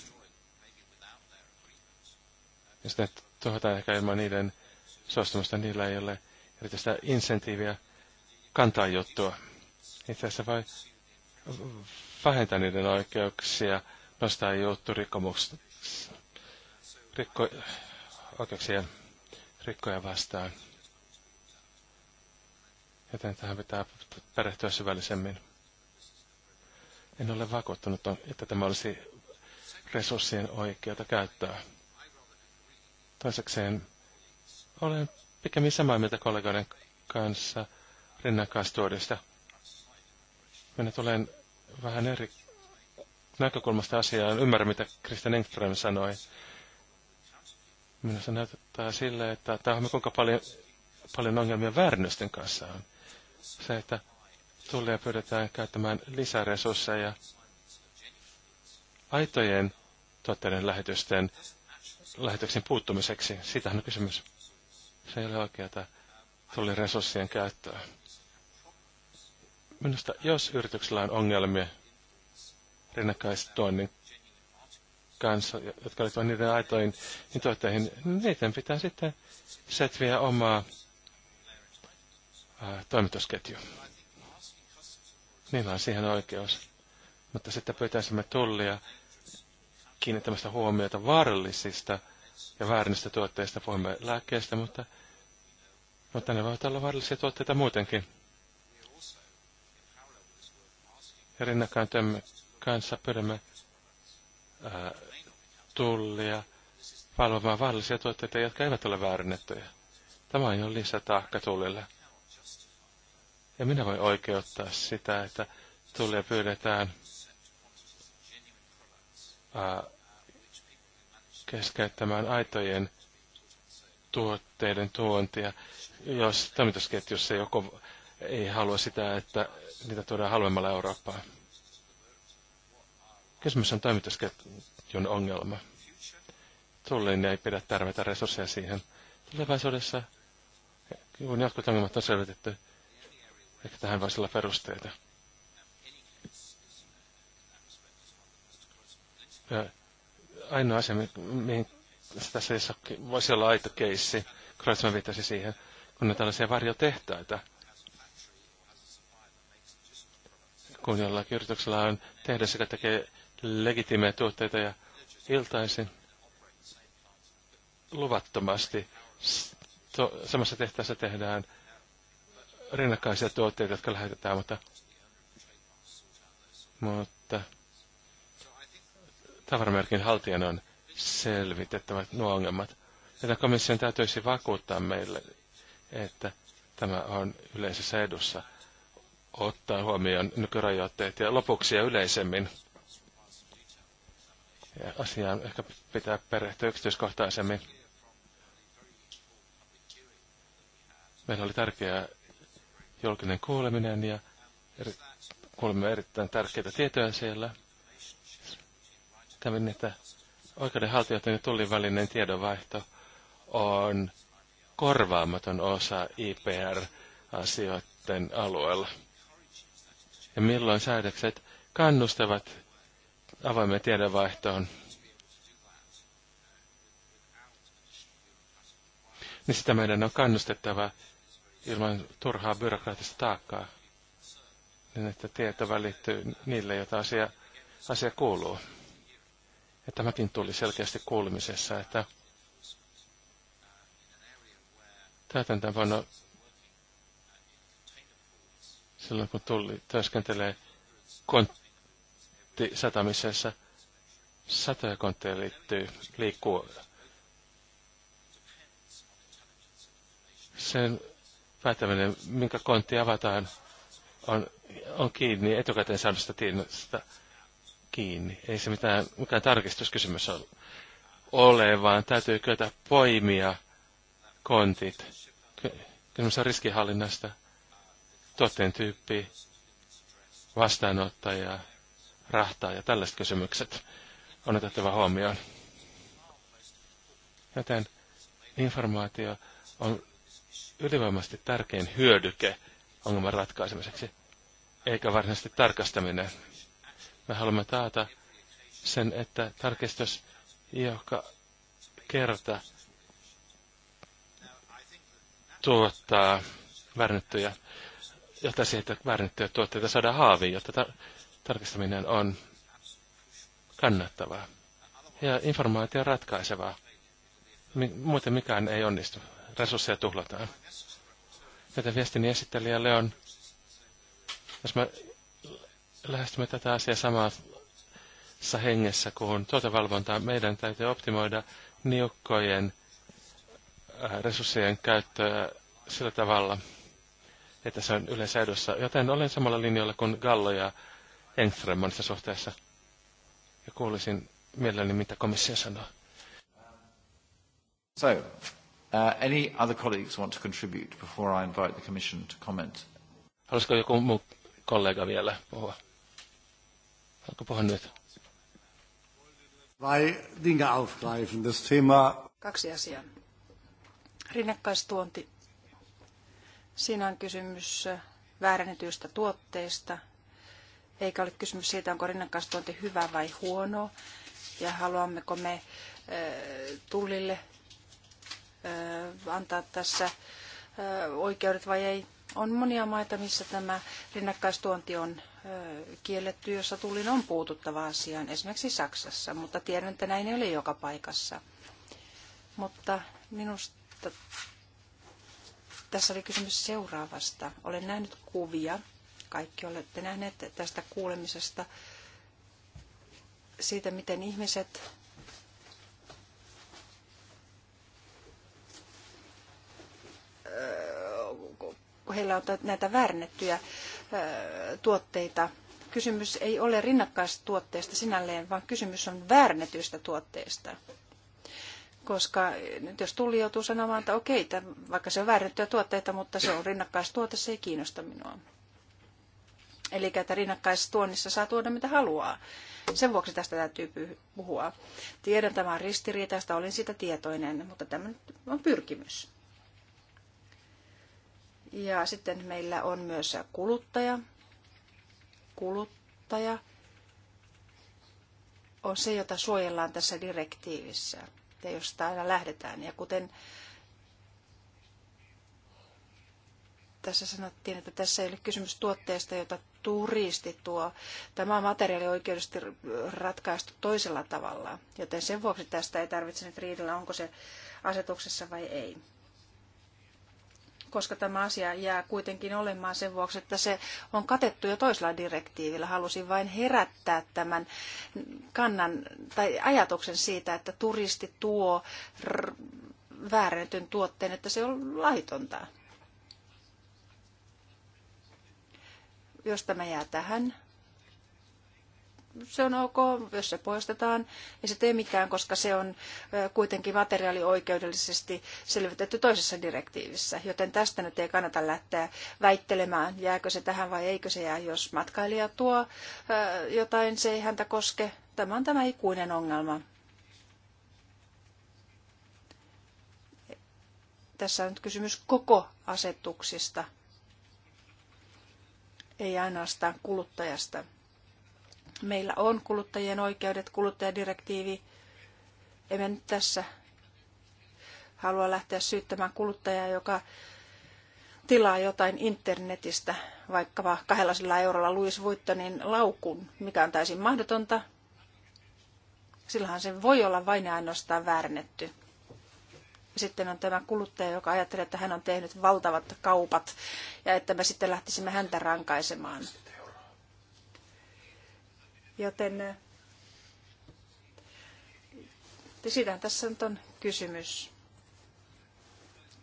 ja sitten tuhotaan ehkä ilman niiden suostumusta, niillä ei ole erityistä insentiiviä kantaa juttua. Itse asiassa voi vähentää niiden oikeuksia, nostaa juttu rikkomuksesta, rikko, oikeuksien rikkoja vastaan. Joten tähän pitää perehtyä syvällisemmin. En ole vakuuttunut, että tämä olisi resurssien oikeata käyttöä. Toisekseen olen pikemmin samaa mieltä kollegoiden kanssa rinnakkaistuodista. Minä tulen vähän eri näkökulmasta asiaan. ymmärrä, mitä Kristian Engström sanoi. Minusta näyttää sille, että tämä kuinka paljon, paljon ongelmia väärännösten kanssa on. Se, että tulee pyydetään käyttämään lisäresursseja aitojen tuotteiden lähetysten lähetyksen puuttumiseksi. Siitähän on kysymys. Se ei ole oikeata resurssien käyttöä. Minusta jos yrityksellä on ongelmia rinnakkaistoinnin kanssa, jotka liittyvät niiden aitoihin niin tuotteihin, niin niiden pitää sitten setviä omaa ää, toimitusketju. Niillä on siihen oikeus. Mutta sitten pyytäisimme tullia kiinnittämästä huomiota vaarallisista ja väärinnistä tuotteista. Puhumme lääkkeistä, mutta, mutta ne voivat olla vaarallisia tuotteita muutenkin. ja rinnakkain kanssa pyrimme ää, tullia valvomaan vaarallisia tuotteita, jotka eivät ole väärinnettyjä. Tämä on jo lisätaakka tullille. Ja minä voin oikeuttaa sitä, että tullia pyydetään ää, keskeyttämään aitojen tuotteiden tuontia, jos toimitusketjussa joku ei halua sitä, että niitä tuodaan halvemmalla Eurooppaa. Kysymys on toimitusketjun ongelma. Tullin ei pidä tarvita resursseja siihen. Tulevaisuudessa, kun jotkut ongelmat on selvitetty, ehkä tähän voisi olla perusteita. Ja ainoa asia, mihin tässä voisi olla aito keissi, Kreutzmann viittasi siihen, kun on tällaisia varjotehtaita – kun jollakin yrityksellä on tehdä sekä tekee legitiimejä tuotteita ja iltaisin luvattomasti to, samassa tehtävässä tehdään rinnakkaisia tuotteita, jotka lähetetään, mutta, mutta tavaramerkin haltijan on selvitettävä nuo ongelmat. Tätä komission täytyisi vakuuttaa meille, että tämä on yleisessä edussa ottaa huomioon nykyrajoitteet. Ja lopuksi ja yleisemmin ja asiaan ehkä pitää perehtyä yksityiskohtaisemmin. Meillä oli tärkeä julkinen kuuleminen ja eri, kuulimme erittäin tärkeitä tietoja siellä. Tämän, että oikeudenhaltijoiden niin ja tullin välinen tiedonvaihto on korvaamaton osa IPR-asioiden alueella ja milloin säädökset kannustavat avoimen tiedonvaihtoon. Niin sitä meidän on kannustettava ilman turhaa byrokraattista taakkaa, niin että tieto välittyy niille, joita asia, asia kuuluu. Ja tämäkin tuli selkeästi kuulumisessa, että täytäntöönpano silloin kun tuli työskentelee konttisatamisessa, satoja kontteja liittyy, liikkuu. Sen päättäminen, minkä kontti avataan, on, on kiinni etukäteen saadusta tiedosta kiinni. Ei se mitään, mikään tarkistuskysymys on ole, vaan täytyy kyetä poimia kontit. Kysymys on riskihallinnasta tuotteen tyyppi, vastaanottaja, ja tällaiset kysymykset on otettava huomioon. Joten informaatio on ylivoimaisesti tärkein hyödyke ongelman ratkaisemiseksi, eikä varsinaisesti tarkastaminen. Me haluamme taata sen, että tarkistus joka kerta tuottaa värnettyjä johtaa siihen, että väärennettyjä tuotteita saadaan haaviin, jotta tar- tarkistaminen on kannattavaa. Ja informaatio on ratkaisevaa. Mi- muuten mikään ei onnistu. Resursseja tuhlataan. Joten viestini esittelijälle on, jos me lähestymme tätä asiaa samassa hengessä kuin tuotevalvontaa, meidän täytyy optimoida niukkojen äh, resurssien käyttöä sillä tavalla, että se on yleensä edossa. Joten olen samalla linjalla kuin Gallo ja Engström monissa suhteessa. Ja kuulisin mielelläni, mitä komissio sanoo. So, uh, any other colleagues want to contribute before I invite the commission to comment? Haluaisiko joku muu kollega vielä puhua? Haluatko puhua nyt? Vai Dinge aufgreifen, das Thema... Kaksi asiaa. Rinnakkaistuonti Siinä on kysymys väärännetyistä tuotteista, eikä ole kysymys siitä, onko rinnakkaistuonti hyvä vai huono, ja haluammeko me tullille antaa tässä oikeudet vai ei. On monia maita, missä tämä rinnakkaistuonti on kielletty, jossa tullin on puututtava asiaan, esimerkiksi Saksassa, mutta tiedän, että näin ei ole joka paikassa. Mutta minusta tässä oli kysymys seuraavasta. Olen nähnyt kuvia, kaikki olette nähneet tästä kuulemisesta, siitä miten ihmiset heillä on näitä väärennettyjä tuotteita. Kysymys ei ole rinnakkaistuotteesta sinälleen, vaan kysymys on väärennetyistä tuotteista. Koska nyt jos tulli joutuu sanomaan, että okei, tämän, vaikka se on väärättyä tuotteita, mutta se on rinnakkaistuote, se ei kiinnosta minua. Eli että rinnakkaistuonnissa saa tuoda mitä haluaa. Sen vuoksi tästä täytyy puhua. Tiedän tämän ristiriitaista, olin sitä tietoinen, mutta tämä on pyrkimys. Ja sitten meillä on myös kuluttaja. Kuluttaja on se, jota suojellaan tässä direktiivissä ja josta täällä lähdetään. Ja kuten tässä sanottiin, että tässä ei ole kysymys tuotteesta, jota turisti tuo. Tämä on materiaalioikeudellisesti ratkaistu toisella tavalla, joten sen vuoksi tästä ei tarvitse nyt riidellä, onko se asetuksessa vai ei koska tämä asia jää kuitenkin olemaan sen vuoksi, että se on katettu jo toisella direktiivillä. Halusin vain herättää tämän kannan tai ajatuksen siitä, että turisti tuo r- väärennetyn tuotteen, että se on laitonta. Jos tämä jää tähän, se on ok, jos se poistetaan. Ei se tee mitään, koska se on kuitenkin materiaalioikeudellisesti selvitetty toisessa direktiivissä. Joten tästä nyt ei kannata lähteä väittelemään, jääkö se tähän vai eikö se jää. Jos matkailija tuo jotain, se ei häntä koske. Tämä on tämä ikuinen ongelma. Tässä on nyt kysymys koko asetuksista, ei ainoastaan kuluttajasta. Meillä on kuluttajien oikeudet, kuluttajadirektiivi. Emme nyt tässä halua lähteä syyttämään kuluttajaa, joka tilaa jotain internetistä, vaikkapa 200 eurolla Louis Vuittonin laukun, mikä on täysin mahdotonta. Sillähän se voi olla vain ja ainoastaan väärennetty. Sitten on tämä kuluttaja, joka ajattelee, että hän on tehnyt valtavat kaupat ja että me sitten lähtisimme häntä rankaisemaan. Joten eh, siitähän tässä nyt on kysymys.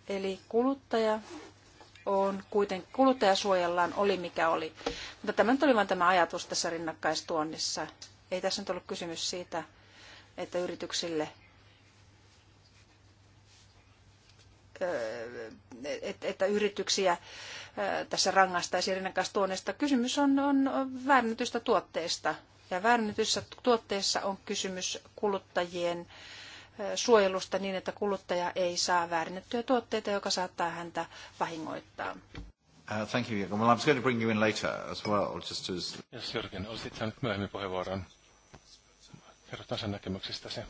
Eli kuluttaja on kuiten, kuluttajasuojellaan oli mikä oli. Mutta tämä nyt oli vain tämä ajatus tässä rinnakkaistuonnissa. Ei tässä nyt ollut kysymys siitä, että yrityksille eh, että yrityksiä eh, tässä rangaistaisiin rinnakkaistuonnista. Kysymys on, on väärännetystä tuotteesta, ja väärännetyssä tuotteessa on kysymys kuluttajien suojelusta niin, että kuluttaja ei saa väärennettyjä tuotteita, joka saattaa häntä vahingoittaa. Uh, thank you, Jürgen. Well, I'm was going to bring you in later as well, just as... Yes, Jürgen, olisit saanut myöhemmin puheenvuoron. Kerrotaan sen näkemyksistäsi.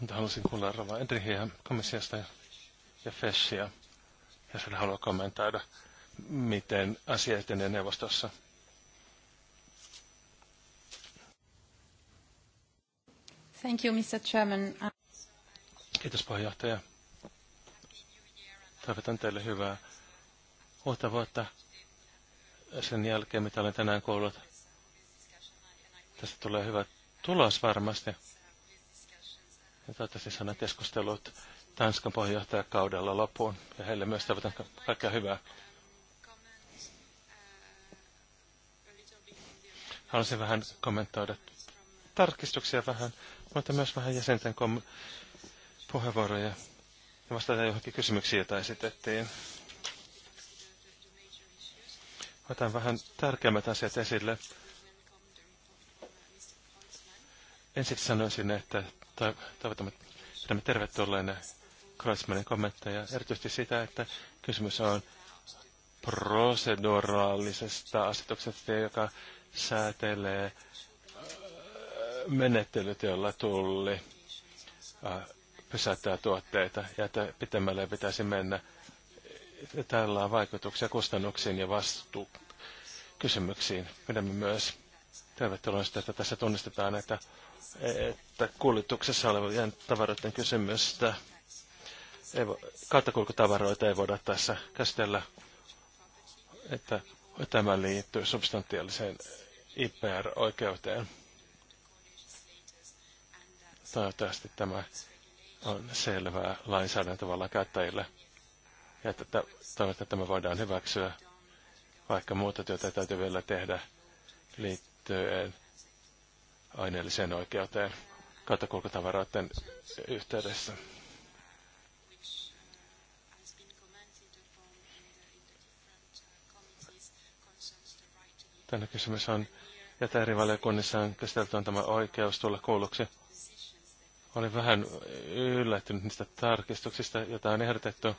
Mutta halusin kuulla Rova Edrihiä komissiasta ja Feshia, jos hän haluaa kommentoida, miten asia etenee neuvostossa. Thank you, Mr. Chairman. Kiitos puheenjohtaja. Toivotan teille hyvää uutta vuotta sen jälkeen, mitä olen tänään kuullut. Tästä tulee hyvä tulos varmasti. Ja toivottavasti saadaan keskustelut Tanskan puheenjohtajakaudella loppuun. Ja heille myös toivotan kaikkea hyvää. Haluaisin vähän kommentoida tarkistuksia vähän mutta myös vähän jäsenten kom- puheenvuoroja ja vastata johonkin kysymyksiin, joita esitettiin. Otan vähän tärkeimmät asiat esille. Ensiksi sanoisin, että toivotamme pidämme tervetulleena Krasmanin kommentteja, erityisesti sitä, että kysymys on proseduraalisesta asetuksesta, joka säätelee menettelyt, joilla tulli pysäyttää tuotteita ja että pitemmälle pitäisi mennä. Tällä on vaikutuksia kustannuksiin ja vastuukysymyksiin. Pidämme myös tervetuloa sitä, että tässä tunnistetaan, että, että kuljetuksessa olevien tavaroiden kysymystä ei vo, kauttakulkutavaroita ei voida tässä käsitellä, että tämä liittyy substantiaaliseen IPR-oikeuteen. Toivottavasti tämä on selvää lainsäädäntövallan käyttäjille. Ja että toivottavasti tämä voidaan hyväksyä, vaikka muuta työtä täytyy vielä tehdä liittyen aineelliseen oikeuteen kauttakulkutavaroiden yhteydessä. Tänne kysymys on, ja eri valiokunnissa on käsitelty on tämä oikeus tulla kuulluksi Olin vähän yllättynyt niistä tarkistuksista, joita on ehdotettu.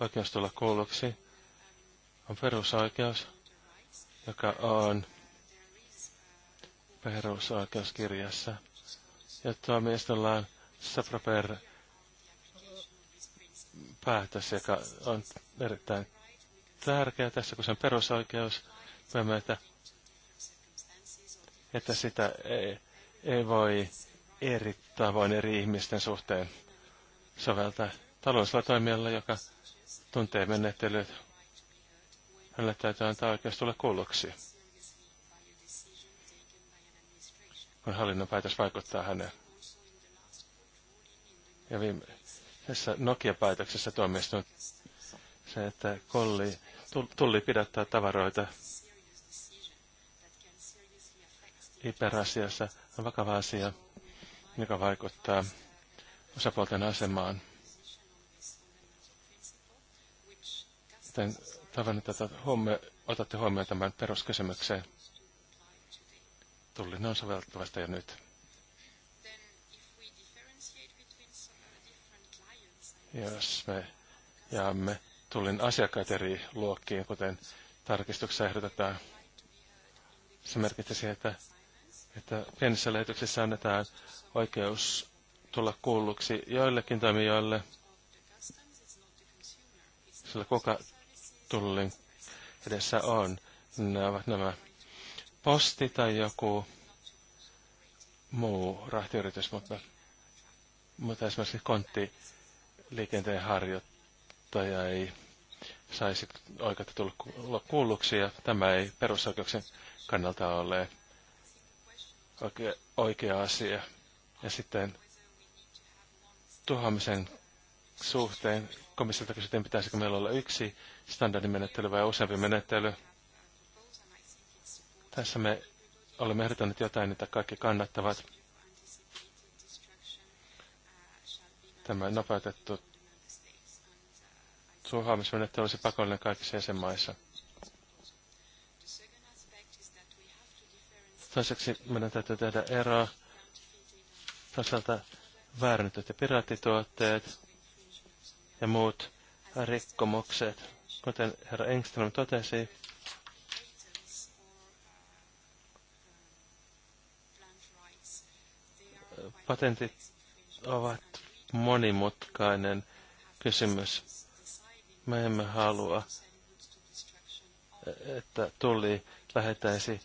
Oikeus tulla kuulluksi on perusoikeus, joka on perusoikeuskirjassa. Ja tuomioistulla on Saproper päätös, joka on erittäin tärkeä tässä, kun se on perusoikeus. Me että, että sitä ei, ei voi eri tavoin eri ihmisten suhteen soveltaa taloudellisella toimijalla, joka tuntee menettelyt. Hänelle täytyy antaa oikeus tulla kuulluksi, kun hallinnon päätös vaikuttaa häneen. Ja viime, tässä Nokia-päätöksessä tuomistunut se, että kolli, tulli pidättää tavaroita ipr on vakava asia joka vaikuttaa osapuolten asemaan. Joten toivon, että huomio, otatte huomioon tämän peruskysymykseen. Tullin on soveltuvasta jo nyt. Jos me jaamme tullin asiakkaat eri luokkiin, kuten tarkistuksessa ehdotetaan, se merkitsee, että että pienissä lähetyksissä annetaan oikeus tulla kuulluksi joillekin toimijoille, sillä kuka tullin edessä on. ne ovat nämä posti tai joku muu rahtiyritys, mutta, mutta esimerkiksi kontti liikenteen harjoittaja ei saisi oikeutta tulla kuulluksi ja tämä ei perusoikeuksien kannalta ole oikea, oikea asia. Ja sitten tuhoamisen suhteen komissiolta kysyttiin, pitäisikö meillä olla yksi standardimenettely vai useampi menettely. Tässä me olemme ehdottaneet jotain, mitä kaikki kannattavat. Tämä nopeutettu tuhoamismenettely olisi pakollinen kaikissa jäsenmaissa. Toiseksi meidän täytyy tehdä eroa toisaalta väärännetyt ja piraattituotteet ja muut rikkomukset. Kuten herra Engström totesi, patentit ovat monimutkainen kysymys. Me emme halua, että tuli lähettäisi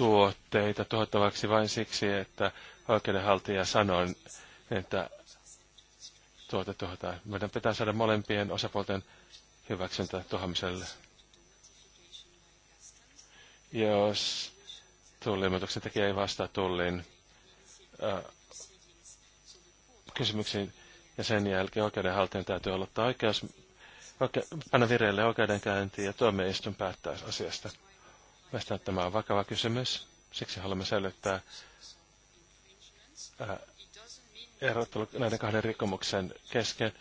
tuotteita tuottavaksi vain siksi, että oikeudenhaltija sanoi, että tuote tuotaan. Meidän pitää saada molempien osapuolten hyväksyntä tuhamiselle. Jos tullimuutoksen tekijä ei vastaa tullin äh, kysymyksiin, ja sen jälkeen oikeudenhaltijan täytyy olla oikeus, oike, panna vireille oikeudenkäyntiin ja tuomioistuin päättää asiasta. Vastaan tämä on vakava kysymys. Siksi haluamme säilyttää erottelu näiden kahden rikkomuksen kesken.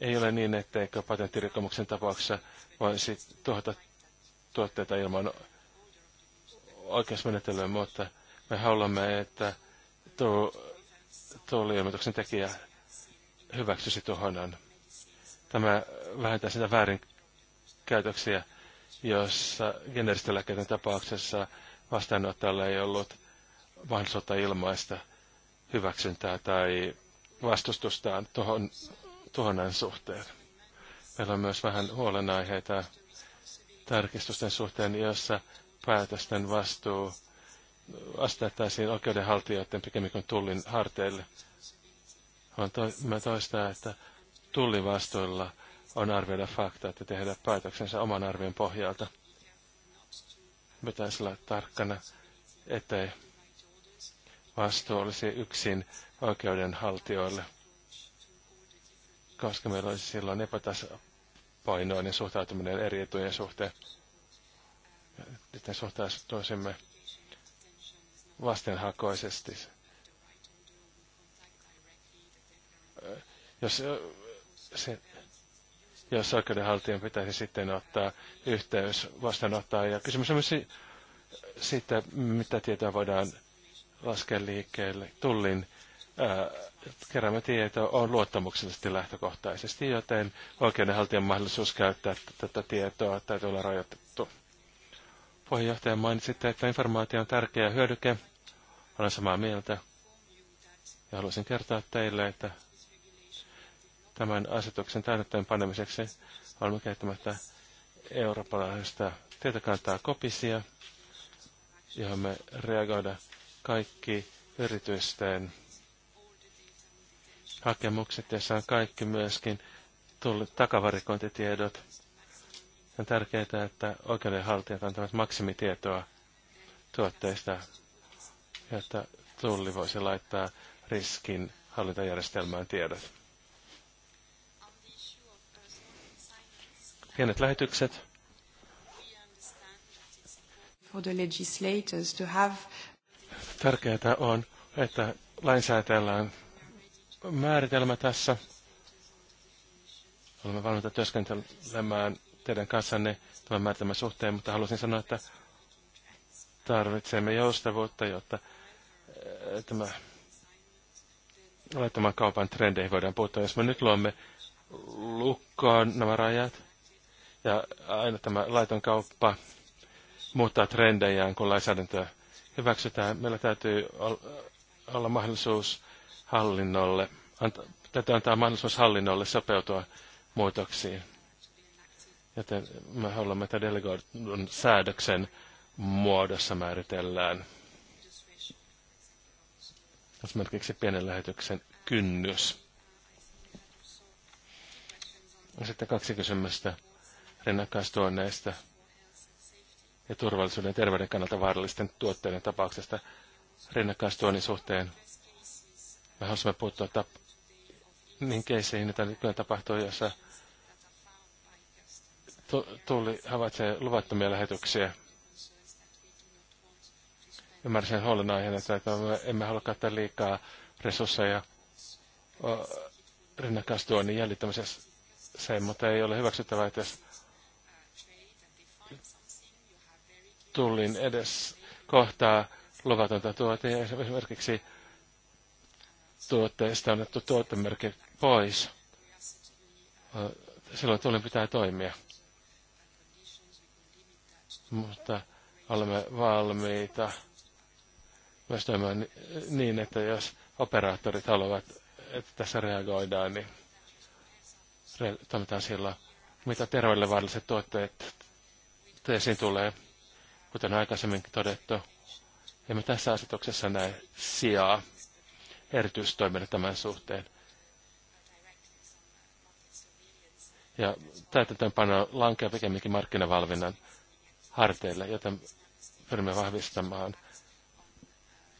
Ei ole niin, etteikö patenttirikkomuksen tapauksessa voisi tuhota tuotteita ilman oikeusmenettelyä, mutta me haluamme, että tuuliilmoituksen tekijä hyväksyisi tuhonan. Tämä vähentää sitä väärinkäytöksiä jossa geneeristen lääkkeiden tapauksessa vastaanottajalle ei ollut mahdollisuutta ilmaista hyväksyntää tai vastustustaan tuohon tuhonnan suhteen. Meillä on myös vähän huolenaiheita tarkistusten suhteen, jossa päätösten vastuu astettaisiin oikeudenhaltijoiden pikemmin kuin tullin harteille. mä toistan, että tullin vastuilla on arvioida faktat ja tehdä päätöksensä oman arvion pohjalta. Pitäisi olla tarkkana, ettei vastuu olisi yksin oikeudenhaltijoille, koska meillä olisi silloin epätasapainoinen suhtautuminen eri etujen suhteen. Sitten suhtautuisimme vastenhakoisesti. Jos se jos oikeudenhaltijan pitäisi sitten ottaa yhteys vastaanottaa. Ja kysymys on myös siitä, mitä tietoa voidaan laskea liikkeelle. Tullin keräämä tieto on luottamuksellisesti lähtökohtaisesti, joten oikeudenhaltijan mahdollisuus käyttää tätä tietoa täytyy olla rajoitettu. Puheenjohtaja mainitsitte, että informaatio on tärkeä hyödyke. Olen samaa mieltä. Ja haluaisin kertoa teille, että tämän asetuksen täytäntöön panemiseksi olemme käyttämättä eurooppalaisesta tietokantaa kopisia, johon me reagoida kaikki yritysten hakemukset, jossa on kaikki myöskin tullut takavarikointitiedot. On tärkeää, että oikeudenhaltijat antavat maksimitietoa tuotteista, jotta tulli voisi laittaa riskin hallintajärjestelmään tiedot. pienet lähetykset. For the legislators to have... Tärkeää on, että lainsäätäjällä määritelmä tässä. Olemme valmiita työskentelemään teidän kanssanne tämän määritelmän suhteen, mutta haluaisin sanoa, että tarvitsemme joustavuutta, jotta eh, tämä laittoman kaupan trendeihin voidaan puuttua. Jos me nyt luomme lukkoon nämä rajat, ja aina tämä laiton kauppa muuttaa trendejään, kun lainsäädäntöä hyväksytään. Meillä täytyy olla mahdollisuus hallinnolle, täytyy antaa mahdollisuus hallinnolle sopeutua muutoksiin. Joten me haluamme, että delegoidun säädöksen muodossa määritellään esimerkiksi pienen lähetyksen kynnys. Sitten kaksi kysymystä näistä ja turvallisuuden ja terveyden kannalta vaarallisten tuotteiden tapauksesta rinnakkaistuonnin suhteen. Me halusimme puuttua tap- niin keiseihin, että nykyään tapahtuu, jossa tuli havaitsee luvattomia lähetyksiä. Ymmärsin huolenaiheen, että me emme halua käyttää liikaa resursseja rinnakkaistuonnin jäljittämisessä, mutta ei ole hyväksyttävää, että jos tullin edes kohtaa luvatonta tuote. Esimerkiksi tuotteesta on otettu tuotemerkki pois. Silloin tullin pitää toimia. Mutta olemme valmiita myös toimimaan niin, että jos operaattorit haluavat, että tässä reagoidaan, niin toimitaan silloin, mitä terveille vaaralliset tuotteet teesiin tulee. Kuten aikaisemmin todettu, emme tässä asetuksessa näe sijaa erityistoimille tämän suhteen. Ja täytäntöönpano lankeaa pikemminkin markkinavalvinnan harteille, joten pyrimme vahvistamaan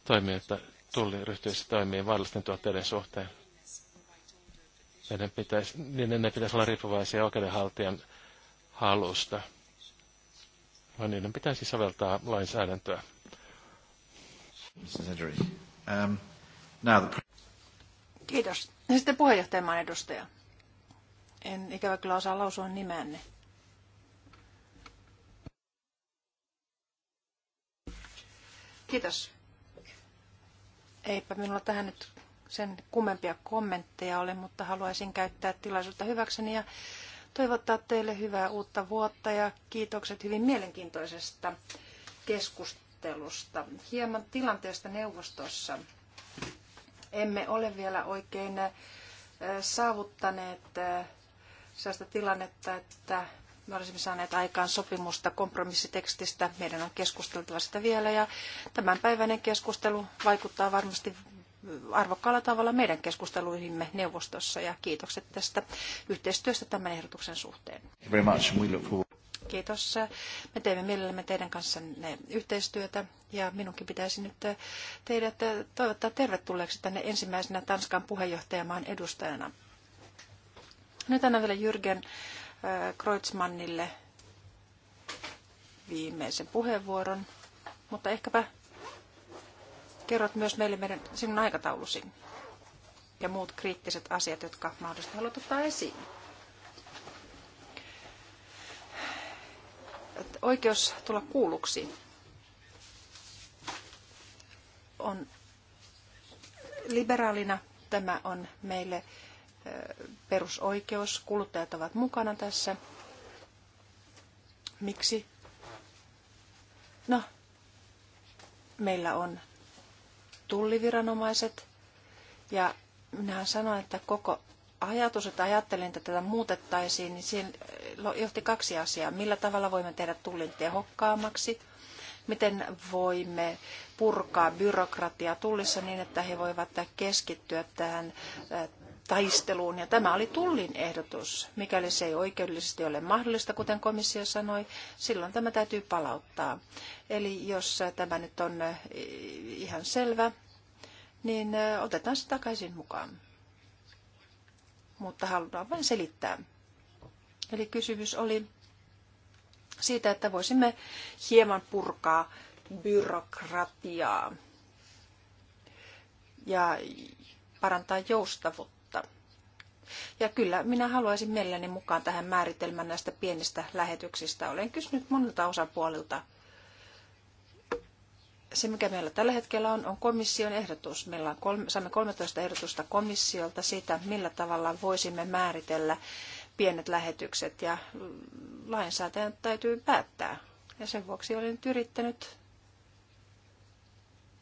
toimia, että tulli ryhtyisi toimiin vaarallisten tuotteiden suhteen. Meidän pitäisi, niin ne pitäisi olla riippuvaisia oikeudenhaltijan halusta vaan niiden pitäisi soveltaa lainsäädäntöä. Um, Kiitos. Ja sitten puheenjohtajamaan edustaja. En ikävä kyllä osaa lausua nimeänne. Kiitos. Eipä minulla tähän nyt sen kummempia kommentteja ole, mutta haluaisin käyttää tilaisuutta hyväkseni ja toivottaa teille hyvää uutta vuotta ja kiitokset hyvin mielenkiintoisesta keskustelusta. Hieman tilanteesta neuvostossa. Emme ole vielä oikein äh, saavuttaneet äh, sellaista tilannetta, että me olisimme saaneet aikaan sopimusta kompromissitekstistä. Meidän on keskusteltava sitä vielä ja tämänpäiväinen keskustelu vaikuttaa varmasti arvokkaalla tavalla meidän keskusteluihimme neuvostossa ja kiitokset tästä yhteistyöstä tämän ehdotuksen suhteen. Kiitos. Me teemme mielellämme teidän kanssanne yhteistyötä ja minunkin pitäisi nyt teidät toivottaa tervetulleeksi tänne ensimmäisenä Tanskan puheenjohtajamaan edustajana. Nyt annan vielä Jürgen äh, Kreutzmannille viimeisen puheenvuoron, mutta ehkäpä kerrot myös meille meidän, sinun aikataulusi ja muut kriittiset asiat, jotka mahdollisesti haluat ottaa esiin. Oikeus tulla kuulluksi on liberaalina tämä on meille perusoikeus. Kuluttajat ovat mukana tässä. Miksi? No, meillä on tulliviranomaiset. Ja minähän sanoin, että koko ajatus, että ajattelin, että tätä muutettaisiin, niin siihen johti kaksi asiaa. Millä tavalla voimme tehdä tullin tehokkaammaksi? Miten voimme purkaa byrokratiaa tullissa niin, että he voivat keskittyä tähän taisteluun. Ja tämä oli tullin ehdotus. Mikäli se ei oikeudellisesti ole mahdollista, kuten komissio sanoi, silloin tämä täytyy palauttaa. Eli jos tämä nyt on eh, ihan selvä, niin eh, otetaan se takaisin mukaan. Mutta halutaan vain selittää. Eli kysymys oli siitä, että voisimme hieman purkaa byrokratiaa ja parantaa joustavuutta ja kyllä, minä haluaisin mielelläni mukaan tähän määritelmän näistä pienistä lähetyksistä. Olen kysynyt monilta osapuolilta. Se, mikä meillä tällä hetkellä on, on komission ehdotus. Meillä on kolme, saamme 13 ehdotusta komissiolta siitä, millä tavalla voisimme määritellä pienet lähetykset. Ja lainsäätäjän täytyy päättää. Ja sen vuoksi olen nyt yrittänyt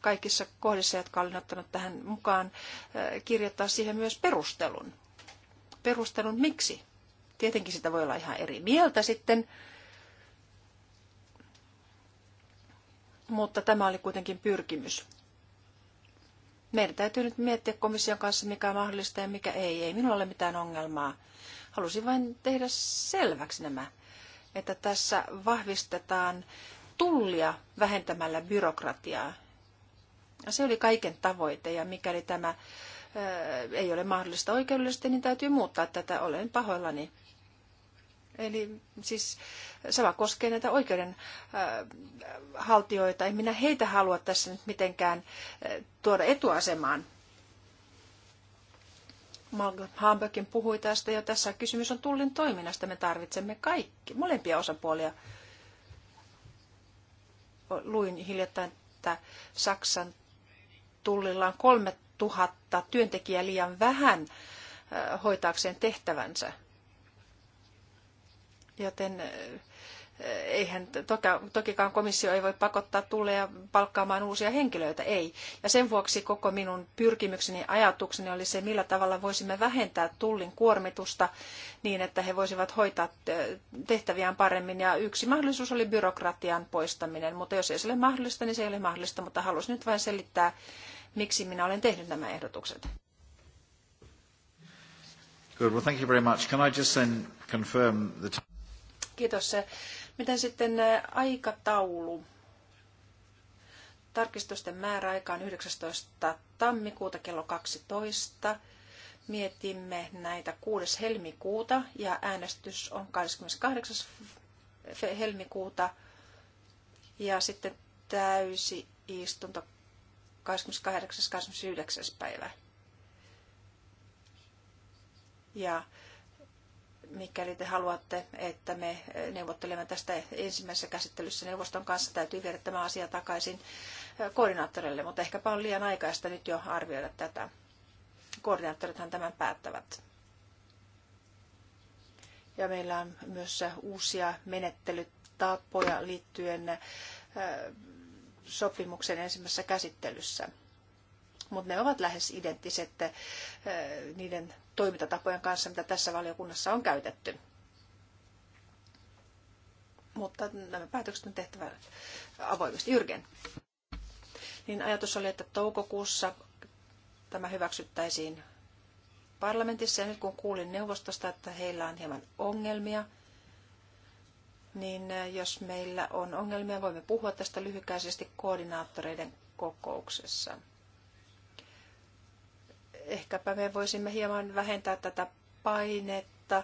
kaikissa kohdissa, jotka olen ottanut tähän mukaan, eh, kirjoittaa siihen myös perustelun perustelun miksi. Tietenkin sitä voi olla ihan eri mieltä sitten, mutta tämä oli kuitenkin pyrkimys. Meidän täytyy nyt miettiä komission kanssa, mikä on mahdollista ja mikä ei. Ei minulla ole mitään ongelmaa. Halusin vain tehdä selväksi nämä, että tässä vahvistetaan tullia vähentämällä byrokratiaa. Se oli kaiken tavoite ja mikäli tämä Äh, ei ole mahdollista oikeudellisesti, niin täytyy muuttaa tätä. Olen pahoillani. Eli siis sama koskee näitä oikeudenhaltijoita. Äh, en minä heitä halua tässä nyt mitenkään äh, tuoda etuasemaan. Malcolm Hamburgin puhui tästä jo. Tässä kysymys on tullin toiminnasta. Me tarvitsemme kaikki, molempia osapuolia. Luin hiljattain, että Saksan tullilla on kolme 000 työntekijää liian vähän hoitaakseen tehtävänsä. Joten eihän tokikaan komissio ei voi pakottaa tulleja palkkaamaan uusia henkilöitä, ei. Ja sen vuoksi koko minun pyrkimykseni ajatukseni oli se, millä tavalla voisimme vähentää tullin kuormitusta niin, että he voisivat hoitaa tehtäviään paremmin. Ja yksi mahdollisuus oli byrokratian poistaminen, mutta jos ei se ole mahdollista, niin se ei ole mahdollista, mutta halusin nyt vain selittää miksi minä olen tehnyt nämä ehdotukset. Good. Well, thank you very much. Can I just then confirm the time? Kiitos. Miten sitten aikataulu? Tarkistusten määräaika on 19. tammikuuta kello 12. Mietimme näitä 6. helmikuuta ja äänestys on 28. helmikuuta ja sitten täysi istunto 28.–29. päivä. Ja mikäli te haluatte, että me neuvottelemme tästä ensimmäisessä käsittelyssä neuvoston kanssa, täytyy viedä tämä asia takaisin koordinaattorille, mutta ehkäpä on liian aikaista nyt jo arvioida tätä. Koordinaattorithan tämän päättävät. Ja meillä on myös uusia menettelytapoja liittyen äh, sopimuksen ensimmäisessä käsittelyssä. Mutta ne ovat lähes identtiset niiden toimintatapojen kanssa, mitä tässä valiokunnassa on käytetty. Mutta nämä päätökset on tehtävä avoimesti. Jyrgen. Niin ajatus oli, että toukokuussa tämä hyväksyttäisiin parlamentissa. Ja nyt kun kuulin neuvostosta, että heillä on hieman ongelmia – niin eh, jos meillä on ongelmia, voimme puhua tästä lyhykäisesti koordinaattoreiden kokouksessa. Ehkäpä me voisimme hieman vähentää tätä painetta,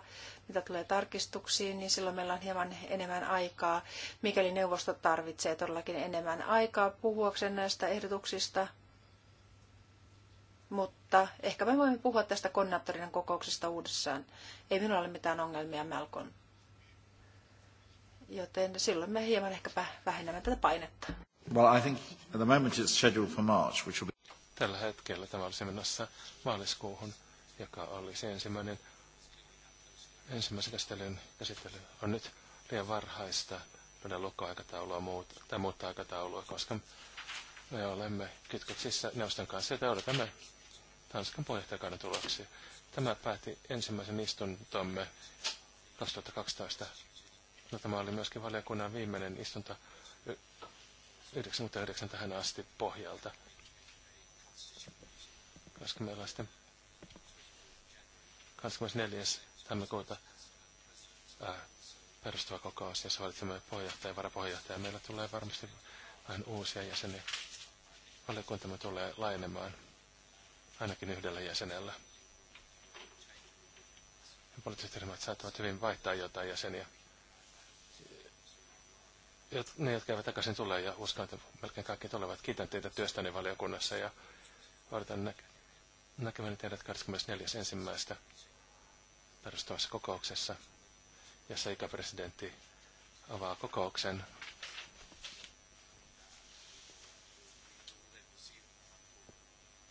mitä tulee tarkistuksiin, niin silloin meillä on hieman enemmän aikaa, mikäli neuvosto tarvitsee todellakin enemmän aikaa puhuakseen näistä ehdotuksista. Mutta ehkä me voimme puhua tästä koordinaattorien kokouksesta uudessaan. Ei minulla ole mitään ongelmia, Malcolm joten silloin me hieman ehkäpä vähennämme tätä painetta. Well, I think at the moment it's scheduled for March, which will be... Tällä hetkellä tämä olisi menossa maaliskuuhun, joka olisi ensimmäinen ensimmäisen käsittelyn käsittely. On nyt liian varhaista lyödä lukkoaikataulua muut, tai muuttaa aikataulua, koska me olemme kytköksissä neuvoston kanssa, ja odotamme Tanskan puheenjohtajakauden tuloksi. Tämä päätti ensimmäisen istuntomme 2012 No, tämä oli myöskin valiokunnan viimeinen istunto 99 tähän asti pohjalta. Koska meillä on sitten 24. tammikuuta ää, perustuva kokous, jossa valitsemme pohjohtaja ja varapohjohtaja. Meillä tulee varmasti vähän uusia jäseniä. Valiokuntamme tulee laajenemaan ainakin yhdellä jäsenellä. Poliittiset ryhmät saattavat hyvin vaihtaa jotain jäseniä ne, jotka eivät takaisin tule, ja uskon, että melkein kaikki tulevat. Kiitän teitä työstäni valiokunnassa ja odotan nä- näkemäni teidät 24.1. perustuvassa kokouksessa, jossa ikäpresidentti avaa kokouksen.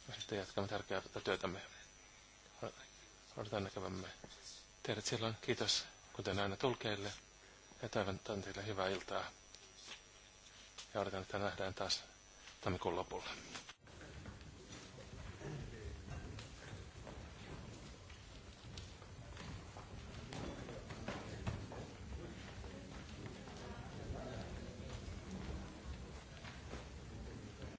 Ja sitten jatkamme tärkeää työtämme. Odotan näkevämme teidät silloin. Kiitos, kuten aina tulkeille, ja toivon teille hyvää iltaa ja odotan, että nähdään taas tammikuun lopulla.